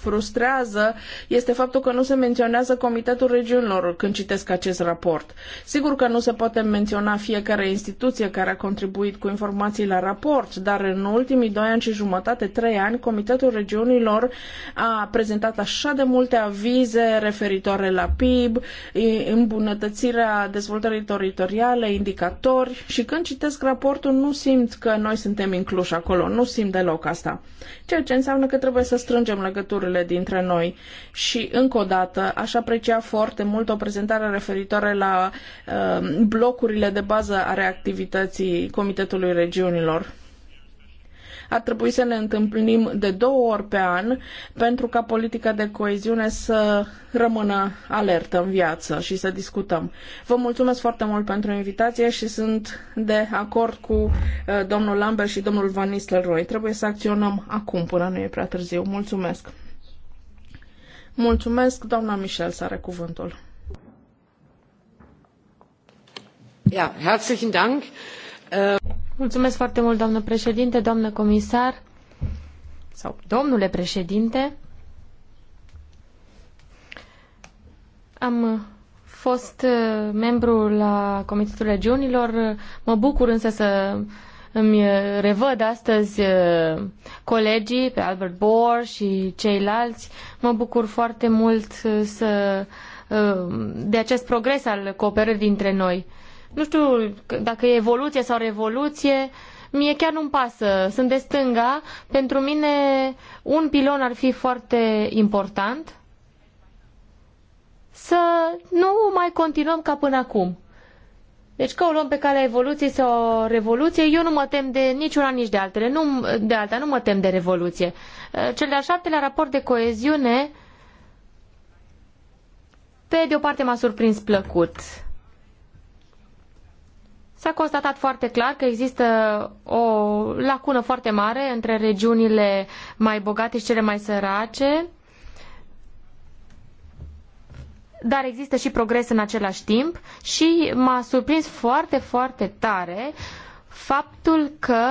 frustrează este faptul că nu se menționează Comitetul Regiunilor când citesc acest raport. Sigur că nu se poate menționa fiecare instituție care a contribuit cu informații la raport, dar în ultimii doi ani și jumătate, trei ani, Comitetul Regiunilor a prezentat așa de multe avize referitoare la PIB, îmbunătățirea dezvoltării teritoriale, indicatori și când citesc raportul nu simt că noi suntem incluși acolo, nu simt deloc asta. Ceea ce înseamnă că trebuie să strângem legături lucrurile dintre noi. Și, încă o dată, aș aprecia foarte mult o prezentare referitoare la uh, blocurile de bază ale activității Comitetului Regiunilor ar trebui să ne întâlnim de două ori pe an pentru ca politica de coeziune să rămână alertă în viață și să discutăm. Vă mulțumesc foarte mult pentru invitație și sunt de acord cu uh, domnul Lambert și domnul Van Nistelrooy. Trebuie să acționăm acum până nu e prea târziu. Mulțumesc! Mulțumesc, doamna Michel, să are cuvântul. Ja, herzlichen
Dank. Mulțumesc foarte mult, doamnă președinte, doamnă comisar sau domnule președinte. Am fost uh, membru la Comitetul Regiunilor. Mă bucur însă să îmi uh, revăd astăzi uh, colegii pe Albert Bohr și ceilalți. Mă bucur foarte mult uh, să, de acest progres al cooperării dintre noi. Nu știu dacă e evoluție sau revoluție, mie chiar nu-mi pasă. Sunt de stânga. Pentru mine un pilon ar fi foarte important. Să nu mai continuăm ca până acum deci că o luăm pe calea evoluției sau revoluție, eu nu mă tem de niciuna, nici de altele. Nu, de alta, nu mă tem de revoluție. Eh, cel de-al șaptelea raport de coeziune, pe de o parte m-a surprins plăcut. S-a constatat foarte clar că există o lacună foarte mare între regiunile mai bogate și cele mai sărace. dar există și progres în același timp și m-a surprins foarte, foarte tare faptul că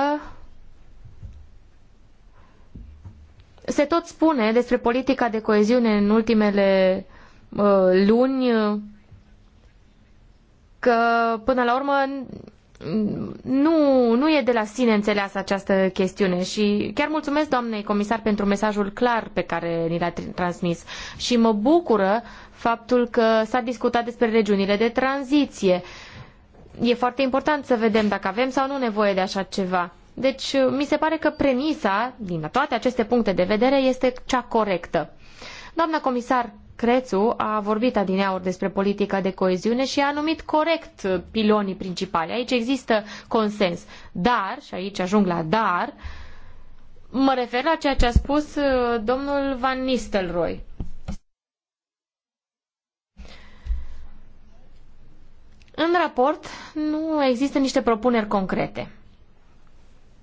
se tot spune despre politica de coeziune în ultimele uh, luni că până la urmă nu, nu e de la sine înțeleasă această chestiune și chiar mulțumesc doamnei comisar pentru mesajul clar pe care ni l-a transmis și mă bucură faptul că s-a discutat despre regiunile de tranziție. E foarte important să vedem dacă avem sau nu nevoie de așa ceva. Deci, mi se pare că premisa, din toate aceste puncte de vedere, este cea corectă. Doamna comisar Crețu a vorbit adineauri despre politica de coeziune și a numit corect pilonii principali. Aici există consens. Dar, și aici ajung la dar, mă refer la ceea ce a spus uh, domnul Van Nistelrooy. În raport nu există niște propuneri concrete.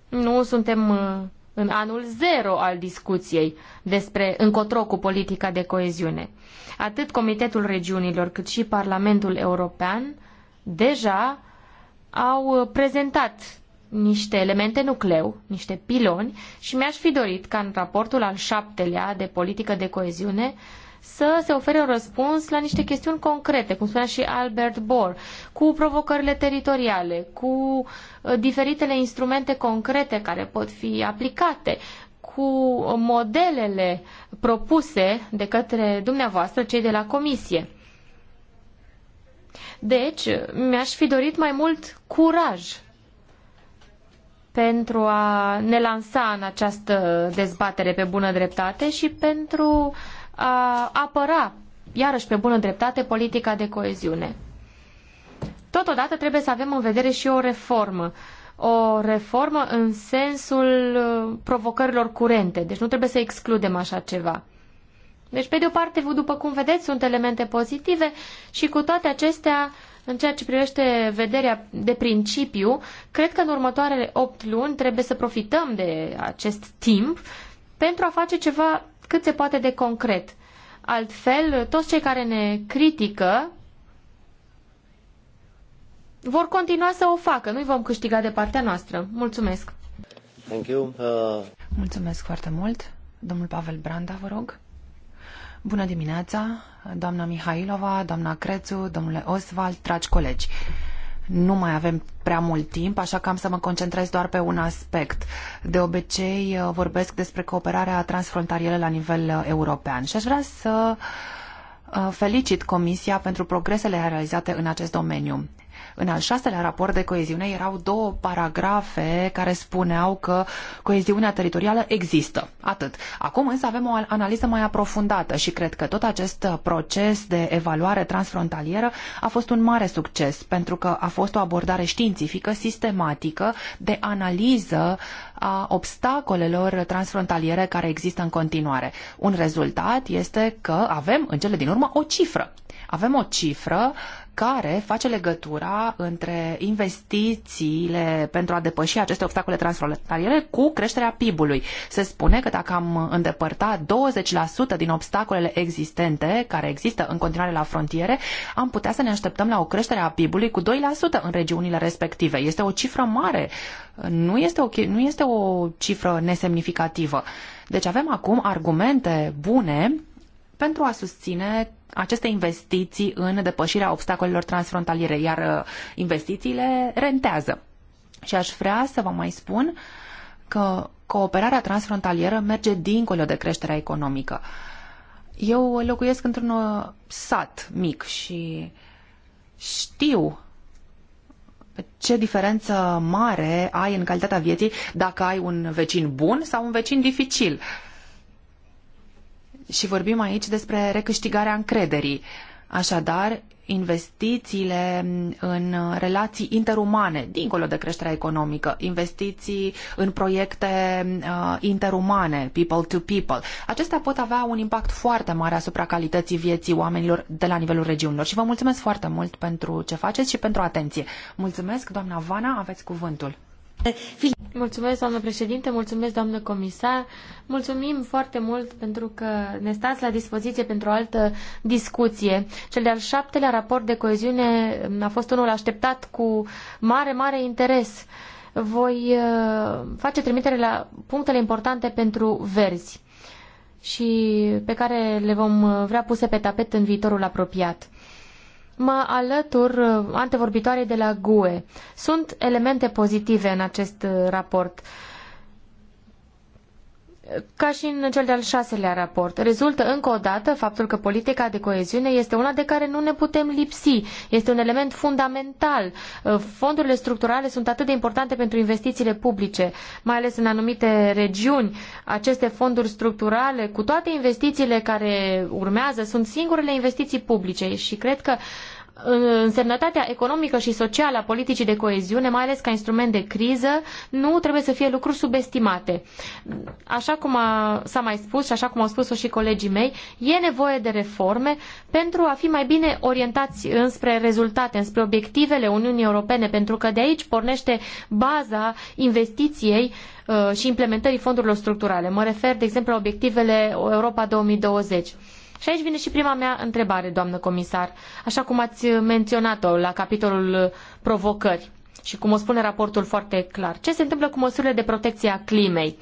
Nu suntem uh, în anul zero al discuției despre încotro cu politica de coeziune. Atât Comitetul Regiunilor cât și Parlamentul European deja au uh, prezentat niște elemente nucleu, niște piloni și mi-aș fi dorit ca în raportul al șaptelea de politică de coeziune să se ofere un răspuns la niște chestiuni concrete, cum spunea și Albert Bohr, cu provocările teritoriale, cu uh, diferitele instrumente concrete care pot fi aplicate, cu modelele propuse de către dumneavoastră, cei de la comisie. Deci, mi-aș fi dorit mai mult curaj pentru a ne lansa în această dezbatere pe bună dreptate și pentru a uh, apăra, iarăși pe bună dreptate, politica de coeziune. Totodată trebuie să avem în vedere și o reformă. O reformă în sensul uh, provocărilor curente, deci nu trebuie să excludem așa ceva. Deci, pe de o parte, după cum vedeți, sunt elemente pozitive și cu toate acestea, în ceea ce privește vederea de principiu, cred că în următoarele opt luni trebuie să profităm de acest timp pentru a face ceva cât se poate de concret. Altfel, toți cei care ne critică vor continua să o facă.
Nu-i vom câștiga de partea noastră. Mulțumesc! Thank you. Uh... Mulțumesc foarte mult. Domnul Pavel Branda, vă rog. Bună dimineața, doamna Mihailova, doamna Crețu, domnule Oswald, dragi colegi nu mai avem prea mult timp, așa că am să mă concentrez doar pe un aspect. De obicei uh, vorbesc despre cooperarea transfrontalieră la nivel uh, european și aș vrea să uh, felicit Comisia pentru progresele realizate în acest domeniu. În al șaselea raport de coeziune erau două paragrafe care spuneau că coeziunea teritorială există. Atât. Acum însă avem o analiză mai aprofundată și cred că tot acest proces de evaluare transfrontalieră a fost un mare succes pentru că a fost o abordare științifică, sistematică, de analiză a obstacolelor transfrontaliere care există în continuare. Un rezultat este că avem în cele din urmă o cifră. Avem o cifră care face legătura între investițiile pentru a depăși aceste obstacole transfrontaliere cu creșterea PIB-ului. Se spune că dacă am îndepărta 20% din obstacolele existente, care există în continuare la frontiere, am putea să ne așteptăm la o creștere a PIB-ului cu 2% în regiunile respective. Este o cifră mare, nu este o, nu este o cifră nesemnificativă. Deci avem acum argumente bune pentru a susține aceste investiții în depășirea obstacolelor transfrontaliere, iar uh, investițiile rentează. Și aș vrea să vă mai spun că cooperarea transfrontalieră merge dincolo de creșterea economică. Eu locuiesc într-un uh, sat mic și știu ce diferență mare ai în calitatea vieții dacă ai un vecin bun sau un vecin dificil. Uh, și vorbim aici despre recâștigarea încrederii. Așadar, investițiile în relații interumane, dincolo de creșterea economică, investiții în proiecte uh, interumane, people to people. Acestea pot avea un impact foarte mare asupra calității vieții oamenilor de la nivelul regiunilor. Și vă mulțumesc foarte mult pentru ce faceți și pentru atenție. Mulțumesc, doamna Vana, aveți cuvântul.
Mulțumesc, doamnă președinte, mulțumesc, doamnă comisar. Mulțumim foarte mult pentru că ne stați la dispoziție pentru o altă discuție. Cel de-al șaptelea raport de coeziune a fost unul așteptat cu mare, mare interes. Voi uh, face trimitere la punctele importante pentru verzi și pe care le vom vrea puse pe tapet în viitorul apropiat mă alătur uh, antevorbitoarei de la GUE. Sunt elemente pozitive în acest uh, raport. Ca și în cel de-al șaselea raport, rezultă încă o dată faptul că politica de coeziune este una de care nu ne putem lipsi. Este un element fundamental. Uh, fondurile structurale sunt atât de importante pentru investițiile publice, mai ales în anumite regiuni. Aceste fonduri structurale, cu toate investițiile care urmează, sunt singurele investiții publice și cred că însemnătatea economică și socială a politicii de coeziune, mai ales ca instrument de criză, nu trebuie să fie lucruri subestimate. Așa cum s-a mai spus și așa cum au spus-o și colegii mei, e nevoie de reforme pentru a fi mai bine orientați înspre rezultate, înspre obiectivele Uniunii Europene, pentru că de aici pornește baza investiției uh, și implementării fondurilor structurale. Mă refer, de exemplu, la obiectivele Europa 2020. Și aici vine și prima mea întrebare, doamnă comisar, așa cum ați menționat-o la capitolul provocări și cum o spune raportul foarte clar. Ce se întâmplă cu măsurile de protecție a climei?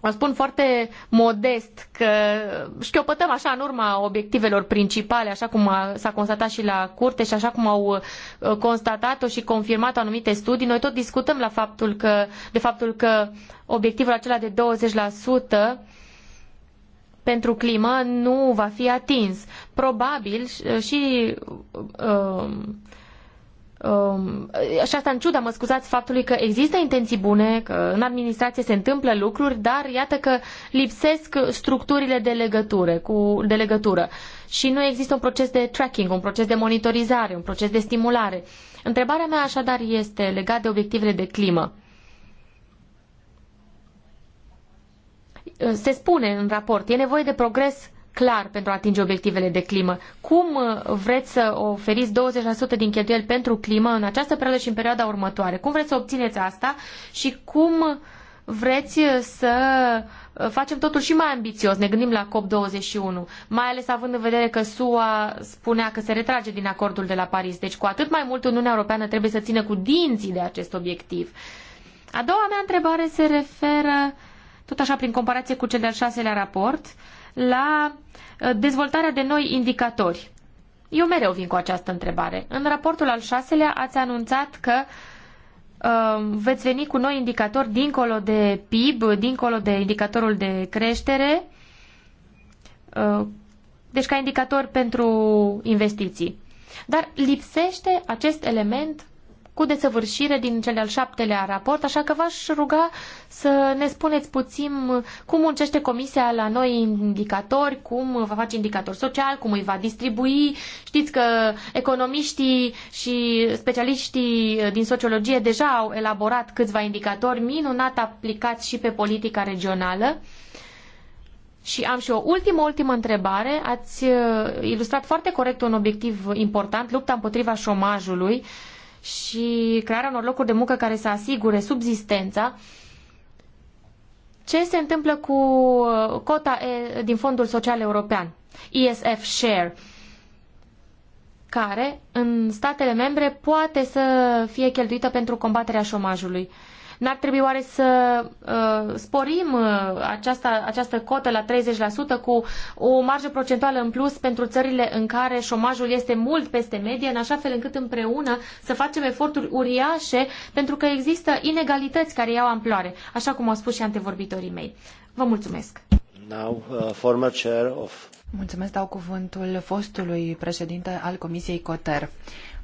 O spun foarte modest că șchiopătăm așa în urma obiectivelor principale, așa cum s-a constatat și la curte și așa cum au uh, constatat-o și confirmat anumite studii. Noi tot discutăm la faptul că, de faptul că obiectivul acela de 20% pentru climă nu va fi atins. Probabil uh, și um, um, și asta în ciuda, mă scuzați, faptului că există intenții bune, că în administrație se întâmplă lucruri, dar iată că lipsesc structurile de legătură, cu, de legătură. Și nu există un proces de tracking, un proces de monitorizare, un proces de stimulare. Întrebarea mea așadar este legată de obiectivele de climă. Uh, se spune în raport, e nevoie de progres clar pentru a atinge obiectivele de climă. Cum uh, vreți să oferiți 20% din cheltuieli pentru climă în această perioadă și în perioada următoare? Cum vreți să obțineți asta și cum vreți să uh, facem totul și mai ambițios, ne gândim la COP21, mai ales având în vedere că SUA spunea că se retrage din acordul de la Paris. Deci cu atât mai mult Uniunea Europeană trebuie să țină cu dinții de acest obiectiv. A doua mea întrebare se referă tot așa prin comparație cu cel de-al șaselea raport, la uh, dezvoltarea de noi indicatori. Eu mereu vin cu această întrebare. În raportul al șaselea ați anunțat că uh, veți veni cu noi indicatori dincolo de PIB, dincolo de indicatorul de creștere, uh, deci ca indicator pentru investiții. Dar lipsește acest element cu desăvârșire din cel al șaptelea raport, așa că v-aș ruga să ne spuneți puțin cum muncește Comisia la noi indicatori, cum va face indicator social, cum îi va distribui. Știți că economiștii și specialiștii din sociologie deja au elaborat câțiva indicatori minunat aplicați și pe politica regională. Și am și o ultimă, ultimă întrebare. Ați uh, ilustrat foarte corect un obiectiv important, lupta împotriva șomajului. Uh, și crearea unor locuri de muncă care să asigure subzistența. Ce se întâmplă cu uh, cota din Fondul Social European, ESF Share, care în statele membre poate să fie cheltuită pentru combaterea șomajului? N-ar trebui oare să uh, sporim uh, aceasta, această cotă la 30% cu o marjă procentuală în plus pentru țările în care șomajul este mult peste medie, în așa fel încât împreună să facem eforturi uriașe pentru că există inegalități care iau amploare, așa cum au spus și antevorbitorii mei.
Vă mulțumesc! Now, uh, chair of... Mulțumesc, dau cuvântul fostului președinte al Comisiei Coter.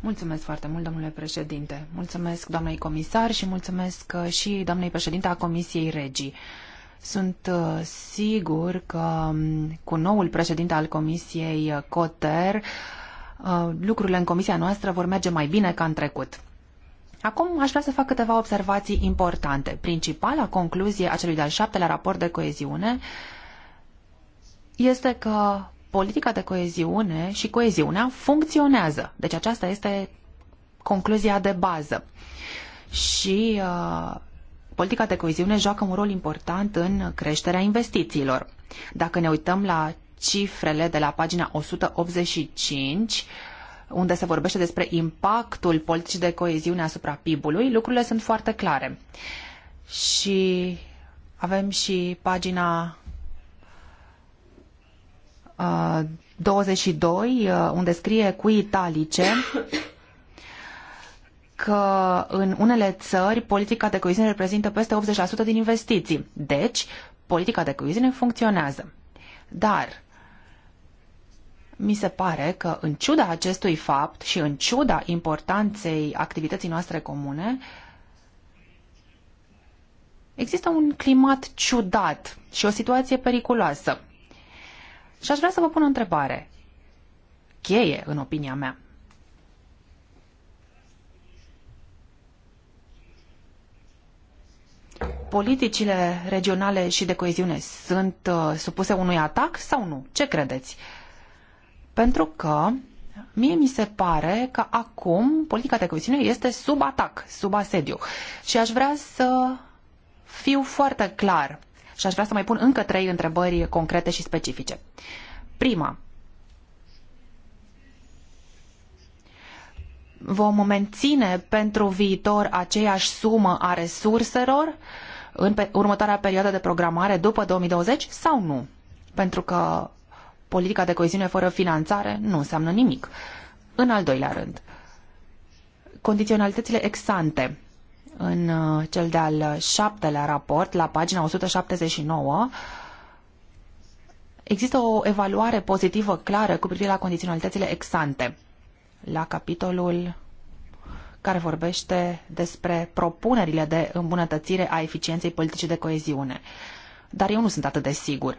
Mulțumesc foarte mult, domnule președinte. Mulțumesc doamnei comisar și mulțumesc uh, și doamnei președinte a Comisiei Regii. Sunt uh, sigur că um, cu noul președinte al Comisiei uh, Coter, lucrurile în comisia noastră vor merge mai bine ca în trecut. Acum aș vrea să fac câteva observații importante. Principala concluzie a celui de-al șaptelea raport de coeziune este că politica de coeziune și coeziunea funcționează. Deci aceasta este concluzia de bază. Și uh, politica de coeziune joacă un rol important în creșterea investițiilor. Dacă ne uităm la cifrele de la pagina 185, unde se vorbește despre impactul politicii de coeziune asupra PIB-ului, lucrurile sunt foarte clare. Și avem și pagina 22, uh, uh, unde scrie cu italice că în unele țări politica de coeziune reprezintă peste 80% din investiții. Deci, politica de coeziune funcționează. Dar mi se pare că în ciuda acestui fapt și în ciuda importanței activității noastre comune, există un climat ciudat și o situație periculoasă. Și aș vrea să vă pun o întrebare. Cheie, în opinia mea. Politicile regionale și de coeziune sunt uh, supuse unui atac sau nu? Ce credeți? Pentru că mie mi se pare că acum politica de coeziune este sub atac, sub asediu. Și aș vrea să fiu foarte clar și aș vrea să mai pun încă trei întrebări concrete și specifice. Prima, vom menține pentru viitor aceeași sumă a resurselor în următoarea perioadă de programare după 2020 sau nu? Pentru că politica de coeziune fără finanțare nu înseamnă nimic. În al doilea rând, condiționalitățile ex ante în uh, cel de-al șaptelea raport, la pagina 179, există o evaluare pozitivă clară cu privire la condiționalitățile exante, la capitolul care vorbește despre propunerile de îmbunătățire a eficienței politicii de coeziune. Dar eu nu sunt atât de sigur.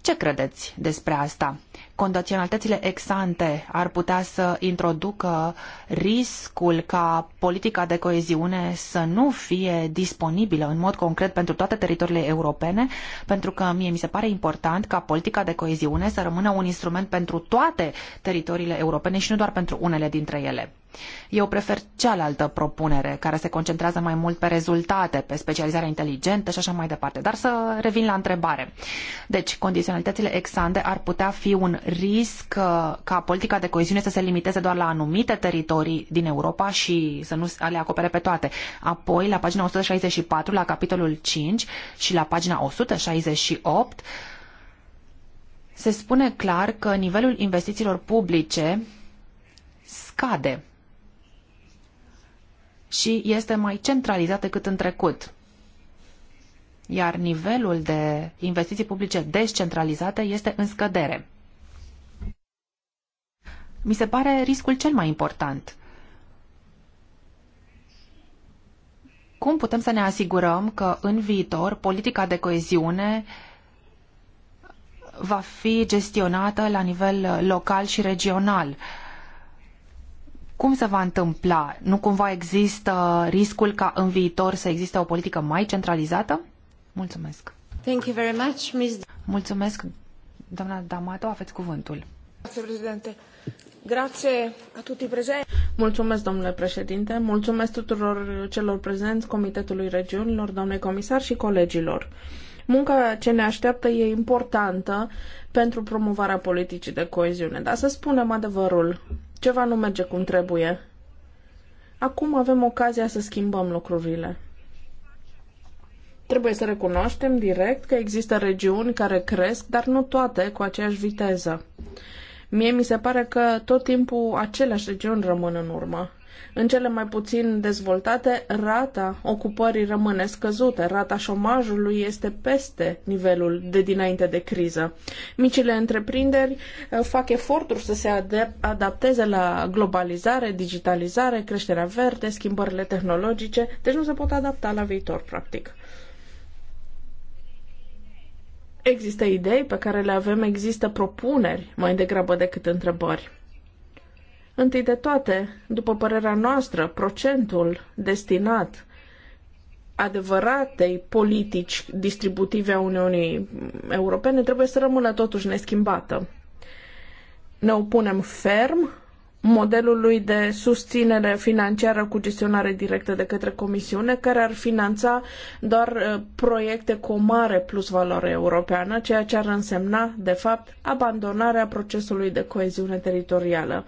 Ce credeți despre asta? ex exante ar putea să introducă riscul ca politica de coeziune să nu fie disponibilă în mod concret pentru toate teritoriile europene, pentru că mie mi se pare important ca politica de coeziune să rămână un instrument pentru toate teritoriile europene și nu doar pentru unele dintre ele. Eu prefer cealaltă propunere, care se concentrează mai mult pe rezultate, pe specializarea inteligentă și așa mai departe. Dar să revin la întrebare. Deci, condiționalitățile ex-ante ar putea fi un risc uh, ca politica de coeziune să se limiteze doar la anumite teritorii din Europa și să nu le acopere pe toate. Apoi, la pagina 164, la capitolul 5 și la pagina 168, se spune clar că nivelul investițiilor publice scade și este mai centralizat decât în trecut iar nivelul de investiții publice descentralizate este în scădere. Mi se pare riscul cel mai important. Cum putem să ne asigurăm că în viitor politica de coeziune va fi gestionată la nivel local și regional? Cum se va întâmpla? Nu cumva există riscul ca în viitor să existe o politică mai centralizată? Mulțumesc.
Thank you very
much, Ms. Mulțumesc, doamna D'Amato, aveți cuvântul. Mulțumesc, președinte. Mulțumesc, domnule președinte, mulțumesc tuturor celor prezenți, Comitetului Regiunilor, domnule comisar și colegilor. Munca ce ne așteaptă e importantă pentru promovarea politicii de coeziune, dar să spunem adevărul, ceva nu merge cum trebuie. Acum avem ocazia să schimbăm lucrurile. Trebuie să recunoaștem direct că există regiuni care cresc, dar nu toate cu aceeași viteză. Mie mi se pare că tot timpul aceleași regiuni rămân în urmă. În cele mai puțin dezvoltate, rata ocupării rămâne scăzută, rata șomajului este peste nivelul de dinainte de criză. Micile întreprinderi uh, fac eforturi să se adapteze la globalizare, digitalizare, creșterea verde, schimbările tehnologice, deci nu se pot adapta la viitor, practic. Există idei pe care le avem, există propuneri mai degrabă decât întrebări. Întâi de toate, după părerea noastră, procentul destinat adevăratei politici distributive a Uniunii Europene trebuie să rămână totuși neschimbată. Ne opunem ferm modelului de susținere financiară cu gestionare directă de către Comisiune, care ar finanța doar uh, proiecte cu o mare plus valoare europeană, ceea ce ar însemna, de fapt, abandonarea procesului de coeziune teritorială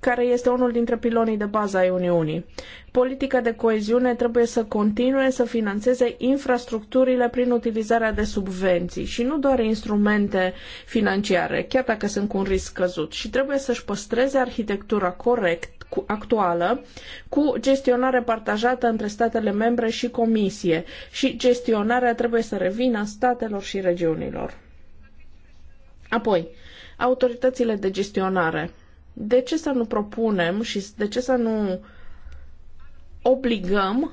care este unul dintre pilonii de bază ai Uniunii. Politica de coeziune trebuie să continue să financeze infrastructurile prin utilizarea de subvenții și nu doar instrumente financiare, chiar dacă sunt cu un risc scăzut. Și trebuie să-și păstreze arhitectura corect actuală cu gestionare partajată între statele membre și comisie și gestionarea trebuie să revină statelor și regiunilor. Apoi, autoritățile de gestionare de ce să nu propunem și de ce să nu obligăm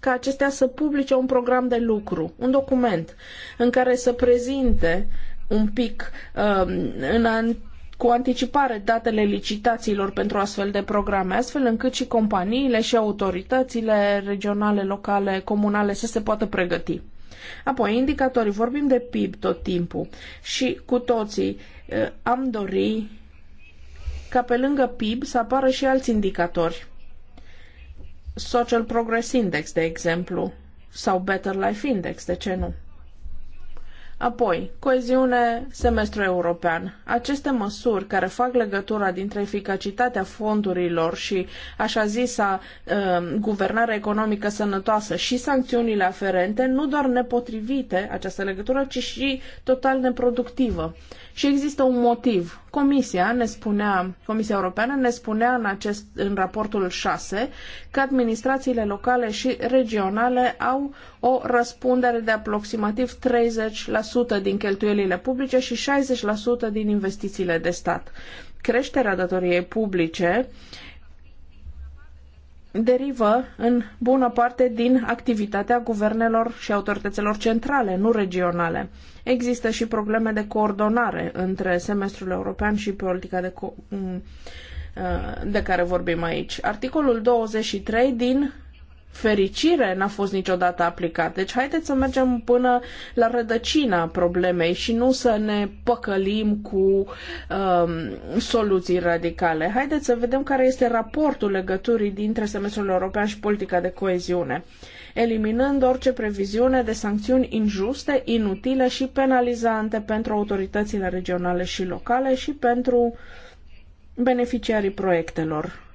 ca acestea să publice un program de lucru, un document în care să prezinte un pic uh, în an, cu anticipare datele licitațiilor pentru astfel de programe, astfel încât și companiile și autoritățile regionale, locale, comunale să se poată pregăti. Apoi, indicatorii, vorbim de PIB tot timpul și cu toții uh, am dori ca pe lângă PIB să apară și alți indicatori. Social Progress Index, de exemplu, sau Better Life Index, de ce nu? Apoi, coeziune, semestru european. Aceste măsuri care fac legătura dintre eficacitatea fondurilor și așa zisa uh, guvernare economică sănătoasă și sancțiunile aferente, nu doar nepotrivite această legătură, ci și total neproductivă. Și există un motiv. Comisia ne spunea, Comisia Europeană ne spunea în, acest, în raportul 6 că administrațiile locale și regionale au o răspundere de aproximativ 30% din cheltuielile publice și 60% din investițiile de stat. Creșterea datoriei publice derivă în bună parte din activitatea guvernelor și autorităților centrale, nu regionale. Există și probleme de coordonare între semestrul european și politica de, mm, uh, de care vorbim aici. Articolul 23 din fericire n-a fost niciodată aplicat. Deci haideți să mergem până la rădăcina problemei și nu să ne păcălim cu um, soluții radicale. Haideți să vedem care este raportul legăturii dintre semestrul european și politica de coeziune eliminând orice previziune de sancțiuni injuste, inutile și penalizante pentru autoritățile regionale și locale și pentru beneficiarii proiectelor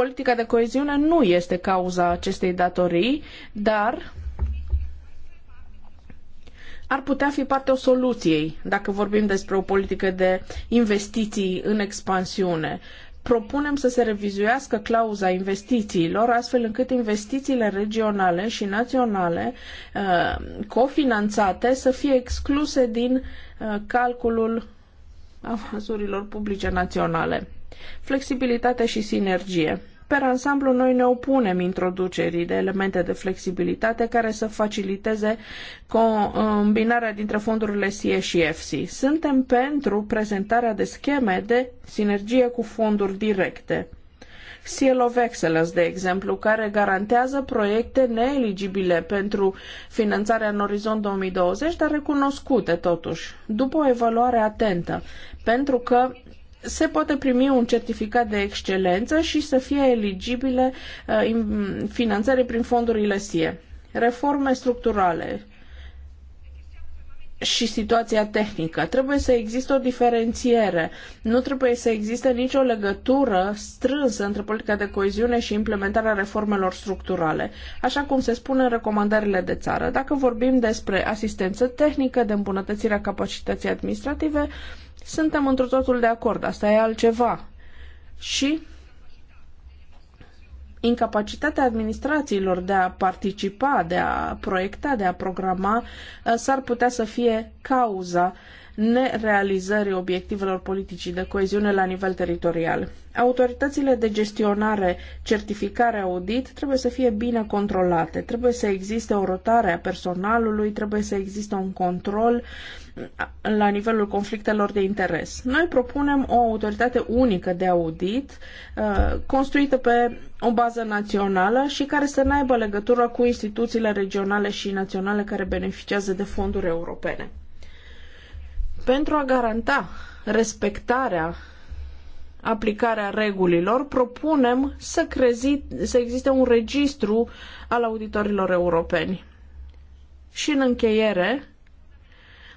politica de coeziune nu este cauza acestei datorii, dar ar putea fi parte o soluției dacă vorbim despre o politică de investiții în expansiune. Propunem să se revizuiască clauza investițiilor, astfel încât investițiile regionale și naționale uh, cofinanțate să fie excluse din uh, calculul avansurilor publice naționale. Flexibilitate și sinergie. Per ansamblu, noi ne opunem introducerii de elemente de flexibilitate care să faciliteze combinarea dintre fondurile SIE și EFSI. Suntem pentru prezentarea de scheme de sinergie cu fonduri directe. Seal of Excellence, de exemplu, care garantează proiecte neeligibile pentru finanțarea în orizont 2020, dar recunoscute totuși, după o evaluare atentă, pentru că se poate primi un certificat de excelență și să fie eligibile uh, finanțare prin fondurile SIE. Reforme structurale și situația tehnică. Trebuie să existe o diferențiere. Nu trebuie să existe nicio legătură strânsă între politica de coeziune și implementarea reformelor structurale, așa cum se spune în recomandările de țară. Dacă vorbim despre asistență tehnică, de îmbunătățirea capacității administrative, suntem într totul de acord, asta e altceva. Și incapacitatea administrațiilor de a participa, de a proiecta, de a programa, eh, s-ar putea să fie cauza uh, nerealizării obiectivelor politicii de coeziune la nivel teritorial. Autoritățile de gestionare, certificare, audit trebuie să fie bine controlate, trebuie să existe o rotare a personalului, trebuie să existe un control mm, la nivelul conflictelor de interes. Noi propunem o autoritate unică de audit uh, construită pe o bază națională și care să n-aibă legătură cu instituțiile regionale și naționale care beneficiază de fonduri europene. Pentru a garanta respectarea aplicarea regulilor, propunem să, crezi, să existe un registru al auditorilor europeni. Și în încheiere,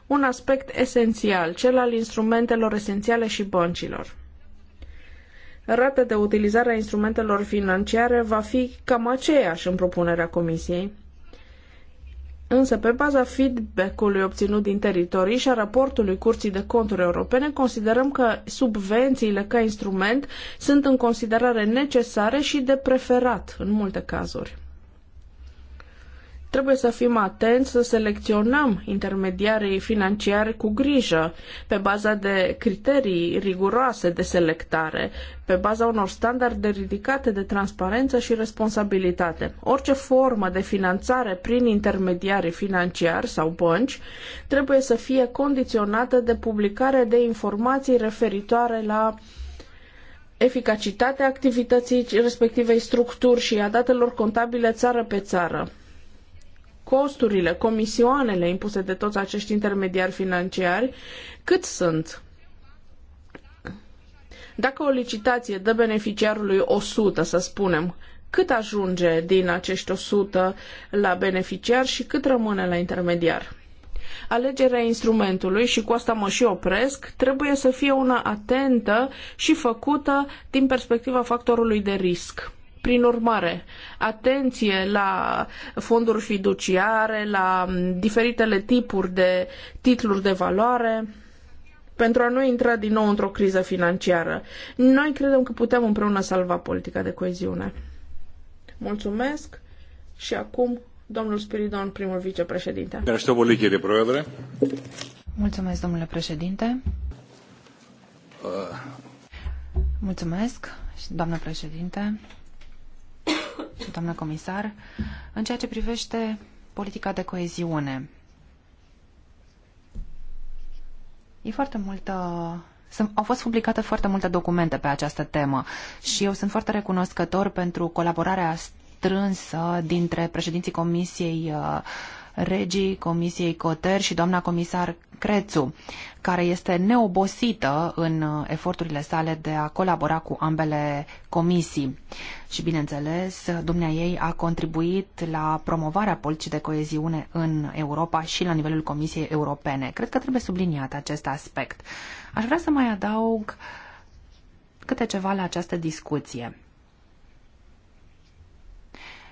un aspect esențial, cel al instrumentelor esențiale și băncilor. Rata de utilizare a instrumentelor financiare va fi cam aceeași în propunerea Comisiei. Însă, pe baza feedback-ului obținut din teritorii și a raportului Curții de Conturi Europene, considerăm că subvențiile ca instrument sunt în considerare necesare și de preferat în multe cazuri. Trebuie să fim atenți să selecționăm intermediarii financiari cu grijă, pe baza de criterii riguroase de selectare, pe baza unor standarde ridicate de transparență și responsabilitate. Orice formă de finanțare prin intermediarii financiari sau bănci trebuie să fie condiționată de publicare de informații referitoare la eficacitatea activității respectivei structuri și a datelor contabile țară pe țară costurile, comisioanele impuse de toți acești intermediari financiari, cât sunt? Dacă o licitație dă beneficiarului 100, să spunem, cât ajunge din acești 100 la beneficiar și cât rămâne la intermediar? Alegerea instrumentului, și cu asta mă și opresc, trebuie să fie una atentă și făcută din perspectiva factorului de risc. Prin urmare, atenție la fonduri fiduciare, la diferitele tipuri de titluri de valoare, pentru a nu intra din nou într-o criză financiară. Noi credem că putem împreună salva politica de coeziune. Mulțumesc și acum domnul Spiridon, primul vicepreședinte.
Mulțumesc, domnule președinte. Mulțumesc, uh. doamnă președinte doamnă comisar, în ceea ce privește politica de coeziune. E foarte multă au fost publicate foarte multe documente pe această temă și eu sunt foarte recunoscător pentru colaborarea strânsă dintre președinții Comisiei uh, regii Comisiei Coter și doamna comisar Crețu, care este neobosită în uh, eforturile sale de a colabora cu ambele comisii. Și, bineînțeles, dumnea ei a contribuit la promovarea politicii de coeziune în Europa și la nivelul Comisiei Europene. Cred că trebuie subliniat acest aspect. Aș vrea să mai adaug câte ceva la această discuție.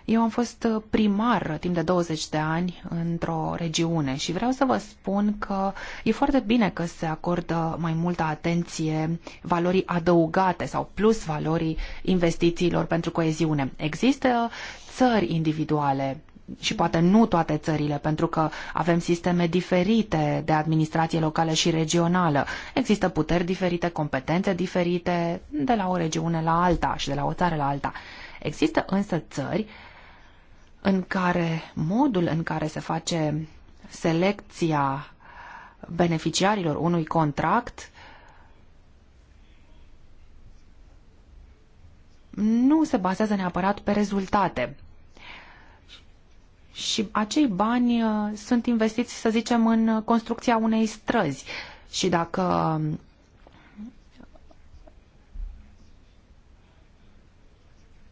Eu am fost primar timp de 20 de ani într-o regiune și vreau să vă spun că e foarte bine că se acordă mai multă atenție valorii adăugate sau plus valorii investițiilor pentru coeziune. Există țări individuale și poate nu toate țările, pentru că avem sisteme diferite de administrație locală și regională. Există puteri diferite, competențe diferite de la o regiune la alta și de la o țară la alta. Există însă țări în care modul în care se face selecția beneficiarilor unui contract nu se bazează neapărat pe rezultate. Și acei bani uh, sunt investiți, să zicem, în construcția unei străzi. Și dacă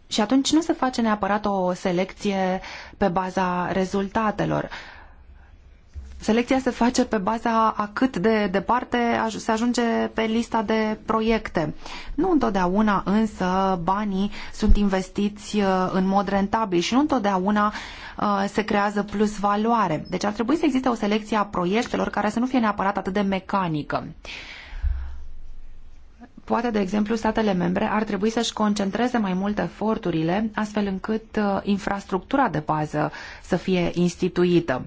Și atunci nu se face neapărat o selecție pe baza rezultatelor. Selecția se face pe baza a cât de departe se ajunge pe lista de proiecte. Nu întotdeauna însă banii sunt investiți uh, în mod rentabil și nu întotdeauna uh, se creează plus valoare. Deci ar trebui să existe o selecție a proiectelor care să nu fie neapărat atât de mecanică. Poate, de exemplu, statele membre ar trebui să-și concentreze mai mult eforturile, astfel încât uh, infrastructura de bază să fie instituită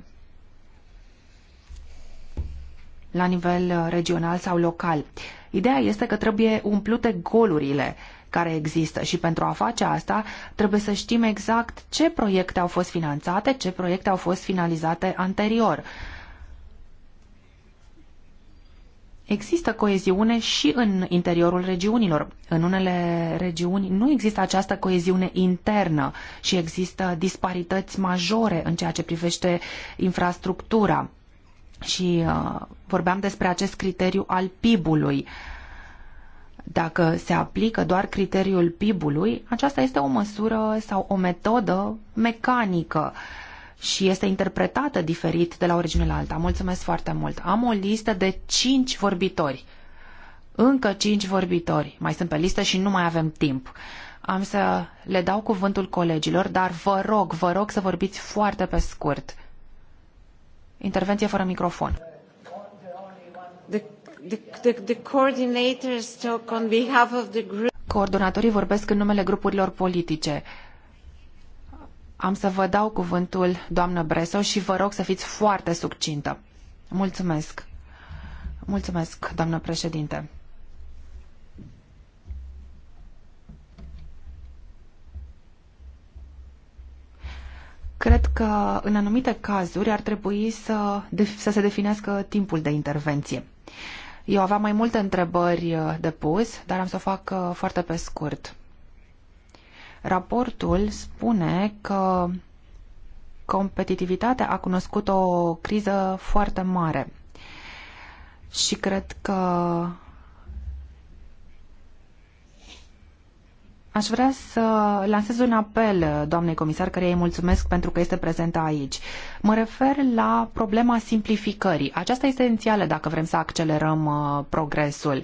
la nivel uh, regional sau local. Ideea este că trebuie umplute golurile care există și pentru a face asta trebuie să știm exact ce proiecte au fost finanțate, ce proiecte au fost finalizate anterior. Există coeziune și în interiorul regiunilor. În unele regiuni nu există această coeziune internă și există disparități majore în ceea ce privește infrastructura. Și uh, vorbeam despre acest criteriu al PIB-ului. Dacă se aplică doar criteriul PIB-ului, aceasta este o măsură sau o metodă mecanică. Uh, și este interpretată diferit de la origine la alta. Mulțumesc foarte mult. Am o listă de cinci vorbitori. Încă cinci vorbitori. Mai sunt pe listă și nu mai avem timp. Am să le dau cuvântul colegilor, dar vă rog, vă rog să vorbiți foarte pe scurt. Intervenție fără microfon. Coordonatorii vorbesc în numele grupurilor politice. Am să vă dau cuvântul, doamnă Breso, și vă rog să fiți foarte succintă. Mulțumesc. Mulțumesc, doamnă președinte. Cred că în anumite cazuri ar trebui să, să se definească timpul de intervenție. Eu aveam mai multe întrebări uh, de pus, dar am să o fac uh, foarte pe scurt. Raportul spune că competitivitatea a cunoscut o criză foarte mare și cred că Aș vrea să lansez un apel, doamnei comisar, care îi mulțumesc pentru că este prezentă aici. Mă refer la problema simplificării. Aceasta este esențială dacă vrem să accelerăm uh, progresul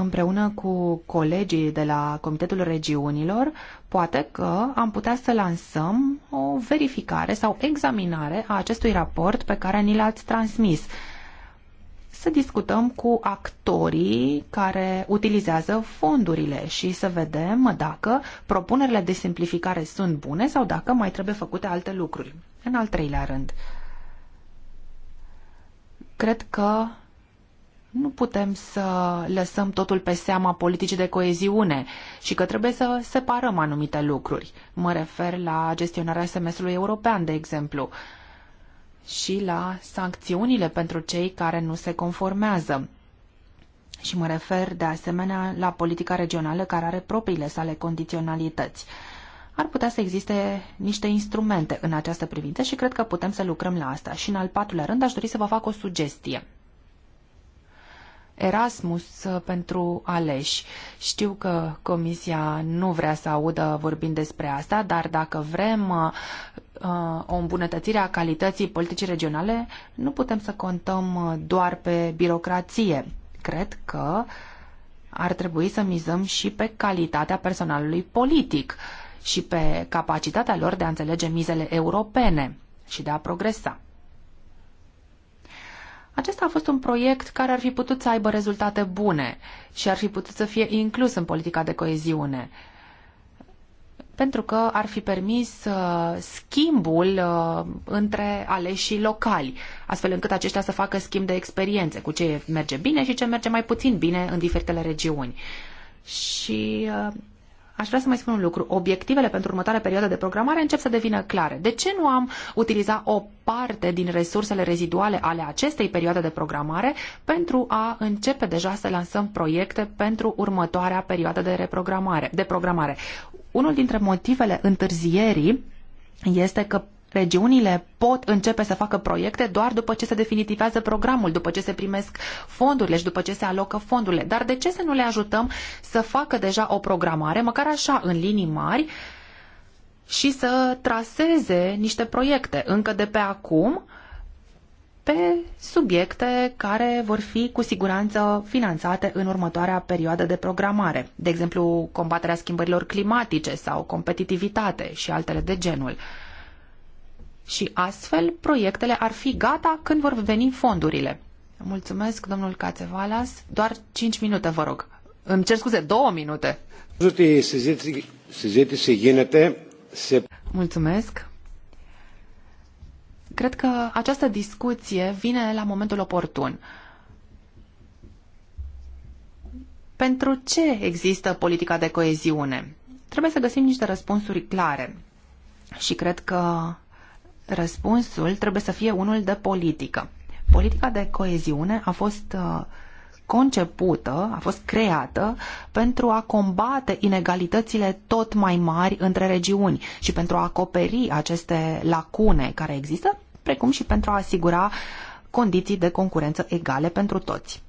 împreună cu colegii de la Comitetul Regiunilor, poate că am putea să lansăm o verificare sau examinare a acestui raport pe care ni l-ați transmis. Să discutăm cu actorii care utilizează fondurile și să vedem dacă propunerile de simplificare sunt bune sau dacă mai trebuie făcute alte lucruri. În al treilea rând, cred că nu putem să lăsăm totul pe seama politicii de coeziune și că trebuie să separăm anumite lucruri. Mă refer la gestionarea semestrului european, de exemplu, și la sancțiunile pentru cei care nu se conformează. Și mă refer de asemenea la politica regională care are propriile sale condiționalități. Ar putea să existe niște instrumente în această privință și cred că putem să lucrăm la asta. Și în al patrulea rând aș dori să vă fac o sugestie. Erasmus uh, pentru aleși. Știu că Comisia nu vrea să audă vorbind despre asta, dar dacă vrem uh, uh, o îmbunătățire a calității politicii regionale, nu putem să contăm doar pe birocrație. Cred că ar trebui să mizăm și pe calitatea personalului politic și pe capacitatea lor de a înțelege mizele europene și de a progresa. Acesta a fost un proiect care ar fi putut să aibă rezultate bune și ar fi putut să fie inclus în politica de coeziune, pentru că ar fi permis uh, schimbul uh, între aleșii locali, astfel încât aceștia să facă schimb de experiențe cu ce merge bine și ce merge mai puțin bine în diferitele regiuni. Și uh, Aș vrea să mai spun un lucru. Obiectivele pentru următoarea perioadă de programare încep să devină clare. De ce nu am utilizat o parte din resursele reziduale ale acestei perioade de programare pentru a începe deja să lansăm proiecte pentru următoarea perioadă de reprogramare, de programare? Unul dintre motivele întârzierii este că regiunile pot începe să facă proiecte doar după ce se definitivează programul, după ce se primesc fondurile și după ce se alocă fondurile. Dar de ce să nu le ajutăm să facă deja o programare, măcar așa, în linii mari, și să traseze niște proiecte încă de pe acum pe subiecte care vor fi cu siguranță finanțate în următoarea perioadă de programare, de exemplu combaterea schimbărilor climatice sau competitivitate și altele de genul și astfel proiectele ar fi gata când vor veni fondurile. Mulțumesc, domnul Cațevalas. Doar 5 minute, vă rog. Îmi cer scuze, 2 minute. Mulțumesc. Cred că această discuție vine la momentul oportun. Pentru ce există politica de coeziune? Trebuie să găsim niște răspunsuri clare. Și cred că răspunsul trebuie să fie unul de politică. Politica de coeziune a fost uh, concepută, a fost creată pentru a combate inegalitățile tot mai mari între regiuni și pentru a acoperi aceste lacune care există, precum și pentru a asigura condiții de concurență egale pentru toți.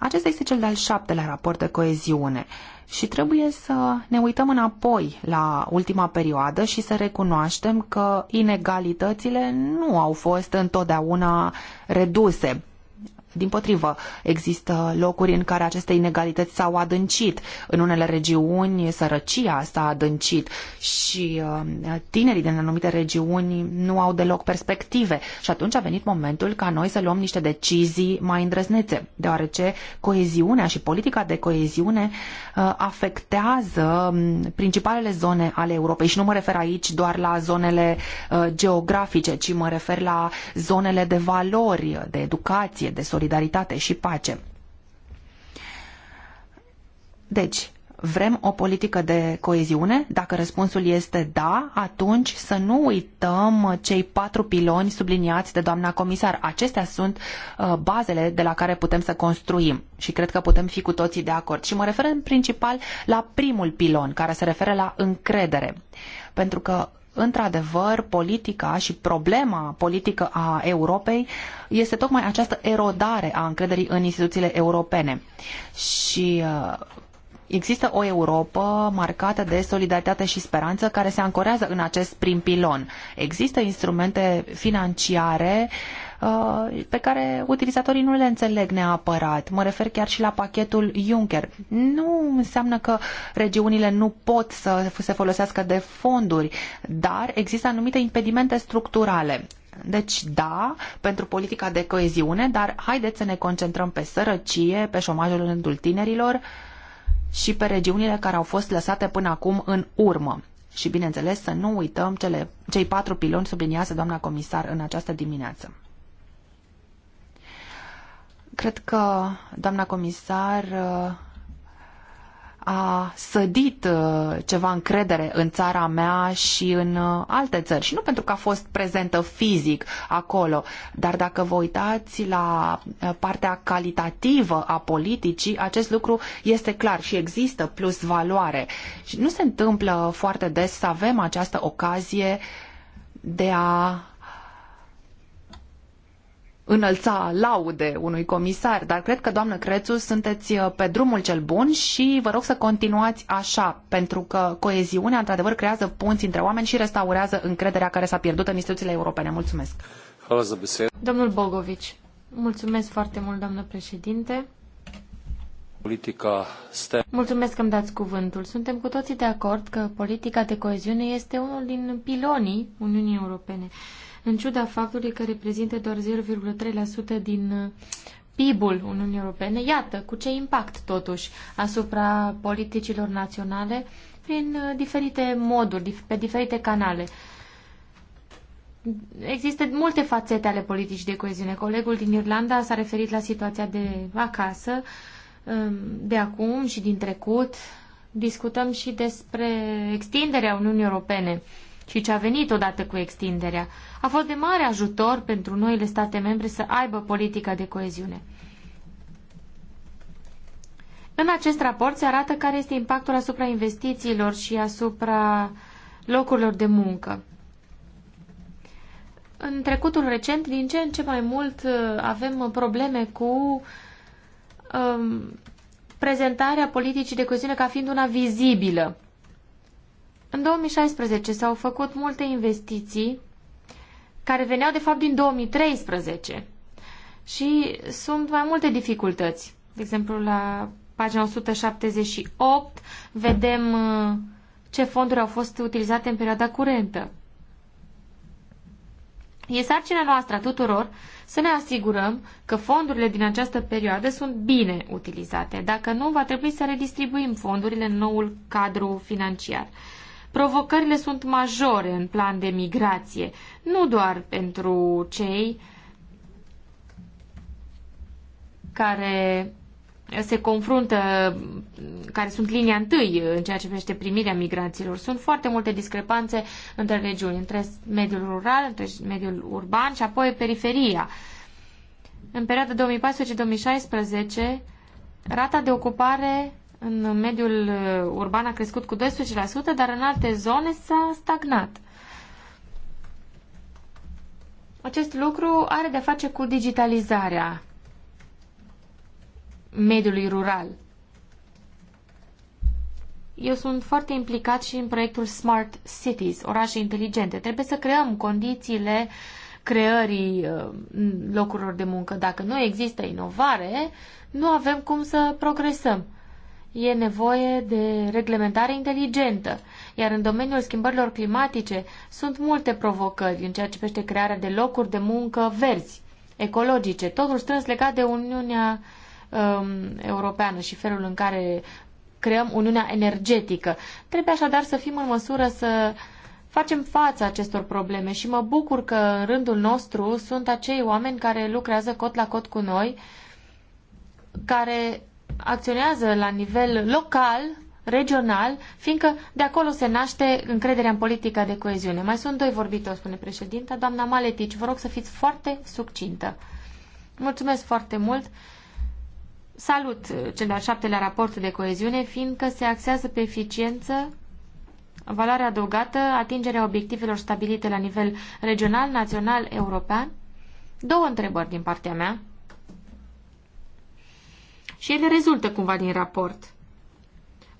Acesta este cel de-al șaptelea raport de coeziune și trebuie să ne uităm înapoi la ultima perioadă și să recunoaștem că inegalitățile nu au fost întotdeauna reduse din potrivă, există locuri în care aceste inegalități s-au adâncit. În unele regiuni sărăcia s-a adâncit și uh, tinerii din anumite regiuni nu au deloc perspective. Și atunci a venit momentul ca noi să luăm niște decizii mai îndrăznețe, deoarece coeziunea și politica de coeziune uh, afectează um, principalele zone ale Europei. Și nu mă refer aici doar la zonele uh, geografice, ci mă refer la zonele de valori, de educație, de solidaritate și pace. Deci, vrem o politică de coeziune? Dacă răspunsul este da, atunci să nu uităm cei patru piloni subliniați de doamna comisar. Acestea sunt uh, bazele de la care putem să construim și cred că putem fi cu toții de acord. Și mă refer în principal la primul pilon, care se referă la încredere. Pentru că într-adevăr, politica și problema politică a Europei este tocmai această erodare a încrederii în instituțiile europene. Și uh, Există o Europa marcată de solidaritate și speranță care se ancorează în acest prim pilon. Există instrumente financiare uh, Uh, pe care utilizatorii nu le înțeleg neapărat. Mă refer chiar și la pachetul Juncker. Nu înseamnă că regiunile nu pot să se folosească de fonduri, dar există anumite impedimente structurale. Deci, da, pentru politica de coeziune, dar haideți să ne concentrăm pe sărăcie, pe șomajul în rândul tinerilor și pe regiunile care au fost lăsate până acum în urmă. Și, bineînțeles, să nu uităm cele, cei patru piloni subliniase doamna comisar în această dimineață. Cred că doamna comisar uh, a sădit uh, ceva încredere în țara mea și în uh, alte țări. Și nu pentru că a fost prezentă fizic acolo, dar dacă vă uitați la partea calitativă a politicii, acest lucru este clar și există plus valoare. Și nu se întâmplă foarte des să avem această ocazie de a înălța laude unui comisar, dar cred că, doamnă Crețu, sunteți uh, pe drumul cel bun și vă rog să continuați așa, pentru că coeziunea, într-adevăr, creează punți între oameni și restaurează încrederea care s-a pierdut în instituțiile europene. Mulțumesc! Domnul Bogovici, mulțumesc foarte
mult, doamnă președinte.
Politica stem.
Mulțumesc că îmi dați cuvântul. Suntem cu toții de acord că politica de coeziune este unul din pilonii Uniunii Europene în ciuda faptului că reprezintă doar 0,3% din uh, PIB-ul Uniunii Europene. Iată cu ce impact, totuși, asupra politicilor naționale prin uh, diferite moduri, pe diferite canale. Există multe fațete ale politicii de coeziune. Colegul din Irlanda s-a referit la situația de acasă, um, de acum și din trecut. Discutăm și despre extinderea Uniunii Europene ci ce a venit odată cu extinderea. A fost de mare ajutor pentru noile state membre să aibă politica de coeziune. În acest raport se arată care este impactul asupra investițiilor și asupra locurilor de muncă. În trecutul recent, din ce în ce mai mult uh, avem probleme cu um, prezentarea politicii de coeziune ca fiind una vizibilă. În 2016 s-au făcut multe investiții care veneau de fapt din 2013 și sunt mai multe dificultăți. De exemplu, la pagina 178 vedem uh, ce fonduri au fost utilizate în perioada curentă. E sarcina noastră a tuturor să ne asigurăm că fondurile din această perioadă sunt bine utilizate. Dacă nu, va trebui să redistribuim fondurile în noul cadru financiar. Provocările sunt majore în plan de migrație, nu doar pentru cei care se confruntă, care sunt linia întâi în ceea ce privește primirea migranților. Sunt foarte multe discrepanțe între regiuni, între mediul rural, între mediul urban și apoi periferia. În perioada 2014-2016, rata de ocupare în mediul uh, urban a crescut cu 12%, dar în alte zone s-a stagnat. Acest lucru are de-a face cu digitalizarea mediului rural. Eu sunt foarte implicat și în proiectul Smart Cities, orașe inteligente. Trebuie să creăm condițiile creării uh, locurilor de muncă. Dacă nu există inovare, nu avem cum să progresăm e nevoie de reglementare inteligentă, iar în domeniul schimbărilor climatice sunt multe provocări în ceea ce privește crearea de locuri de muncă verzi, ecologice, totul strâns legat de Uniunea um, Europeană și felul în care creăm Uniunea Energetică. Trebuie așadar să fim în măsură să facem față acestor probleme și mă bucur că în rândul nostru sunt acei oameni care lucrează cot la cot cu noi, care acționează la nivel local, regional, fiindcă de acolo se naște încrederea în politica de coeziune. Mai sunt doi vorbitori, spune președinta. Doamna Maletici, vă rog să fiți foarte succintă. Mulțumesc foarte mult. Salut cel de-al șaptelea raport de coeziune, fiindcă se axează pe eficiență, valoarea adăugată, atingerea obiectivelor stabilite la nivel regional, național, european. Două întrebări din partea mea și ele rezultă cumva din raport.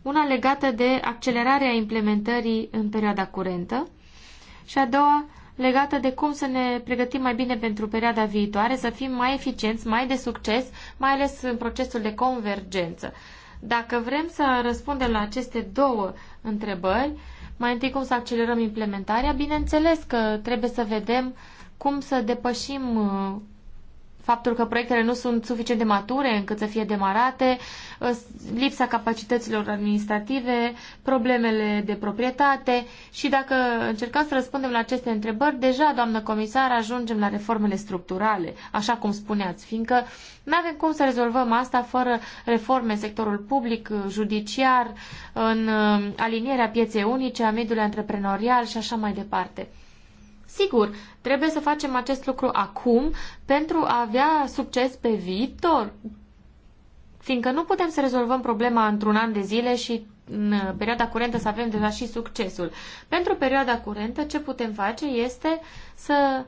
Una legată de accelerarea implementării în perioada curentă și a doua legată de cum să ne pregătim mai bine pentru perioada viitoare, să fim mai eficienți, mai de succes, mai ales în procesul de convergență. Dacă vrem să răspundem la aceste două întrebări, mai întâi cum să accelerăm implementarea, bineînțeles că trebuie să vedem cum să depășim uh, faptul că proiectele nu sunt suficient de mature încât să fie demarate, lipsa capacităților administrative, problemele de proprietate și dacă încercăm să răspundem la aceste întrebări, deja, doamnă comisar, ajungem la reformele structurale, așa cum spuneați, fiindcă nu avem cum să rezolvăm asta fără reforme în sectorul public, judiciar, în uh, alinierea pieței unice, a mediului antreprenorial și așa mai departe. Sigur, trebuie să facem acest lucru acum pentru a avea succes pe viitor, fiindcă nu putem să rezolvăm problema într-un an de zile și în uh, perioada curentă să avem deja și succesul. Pentru perioada curentă, ce putem face este să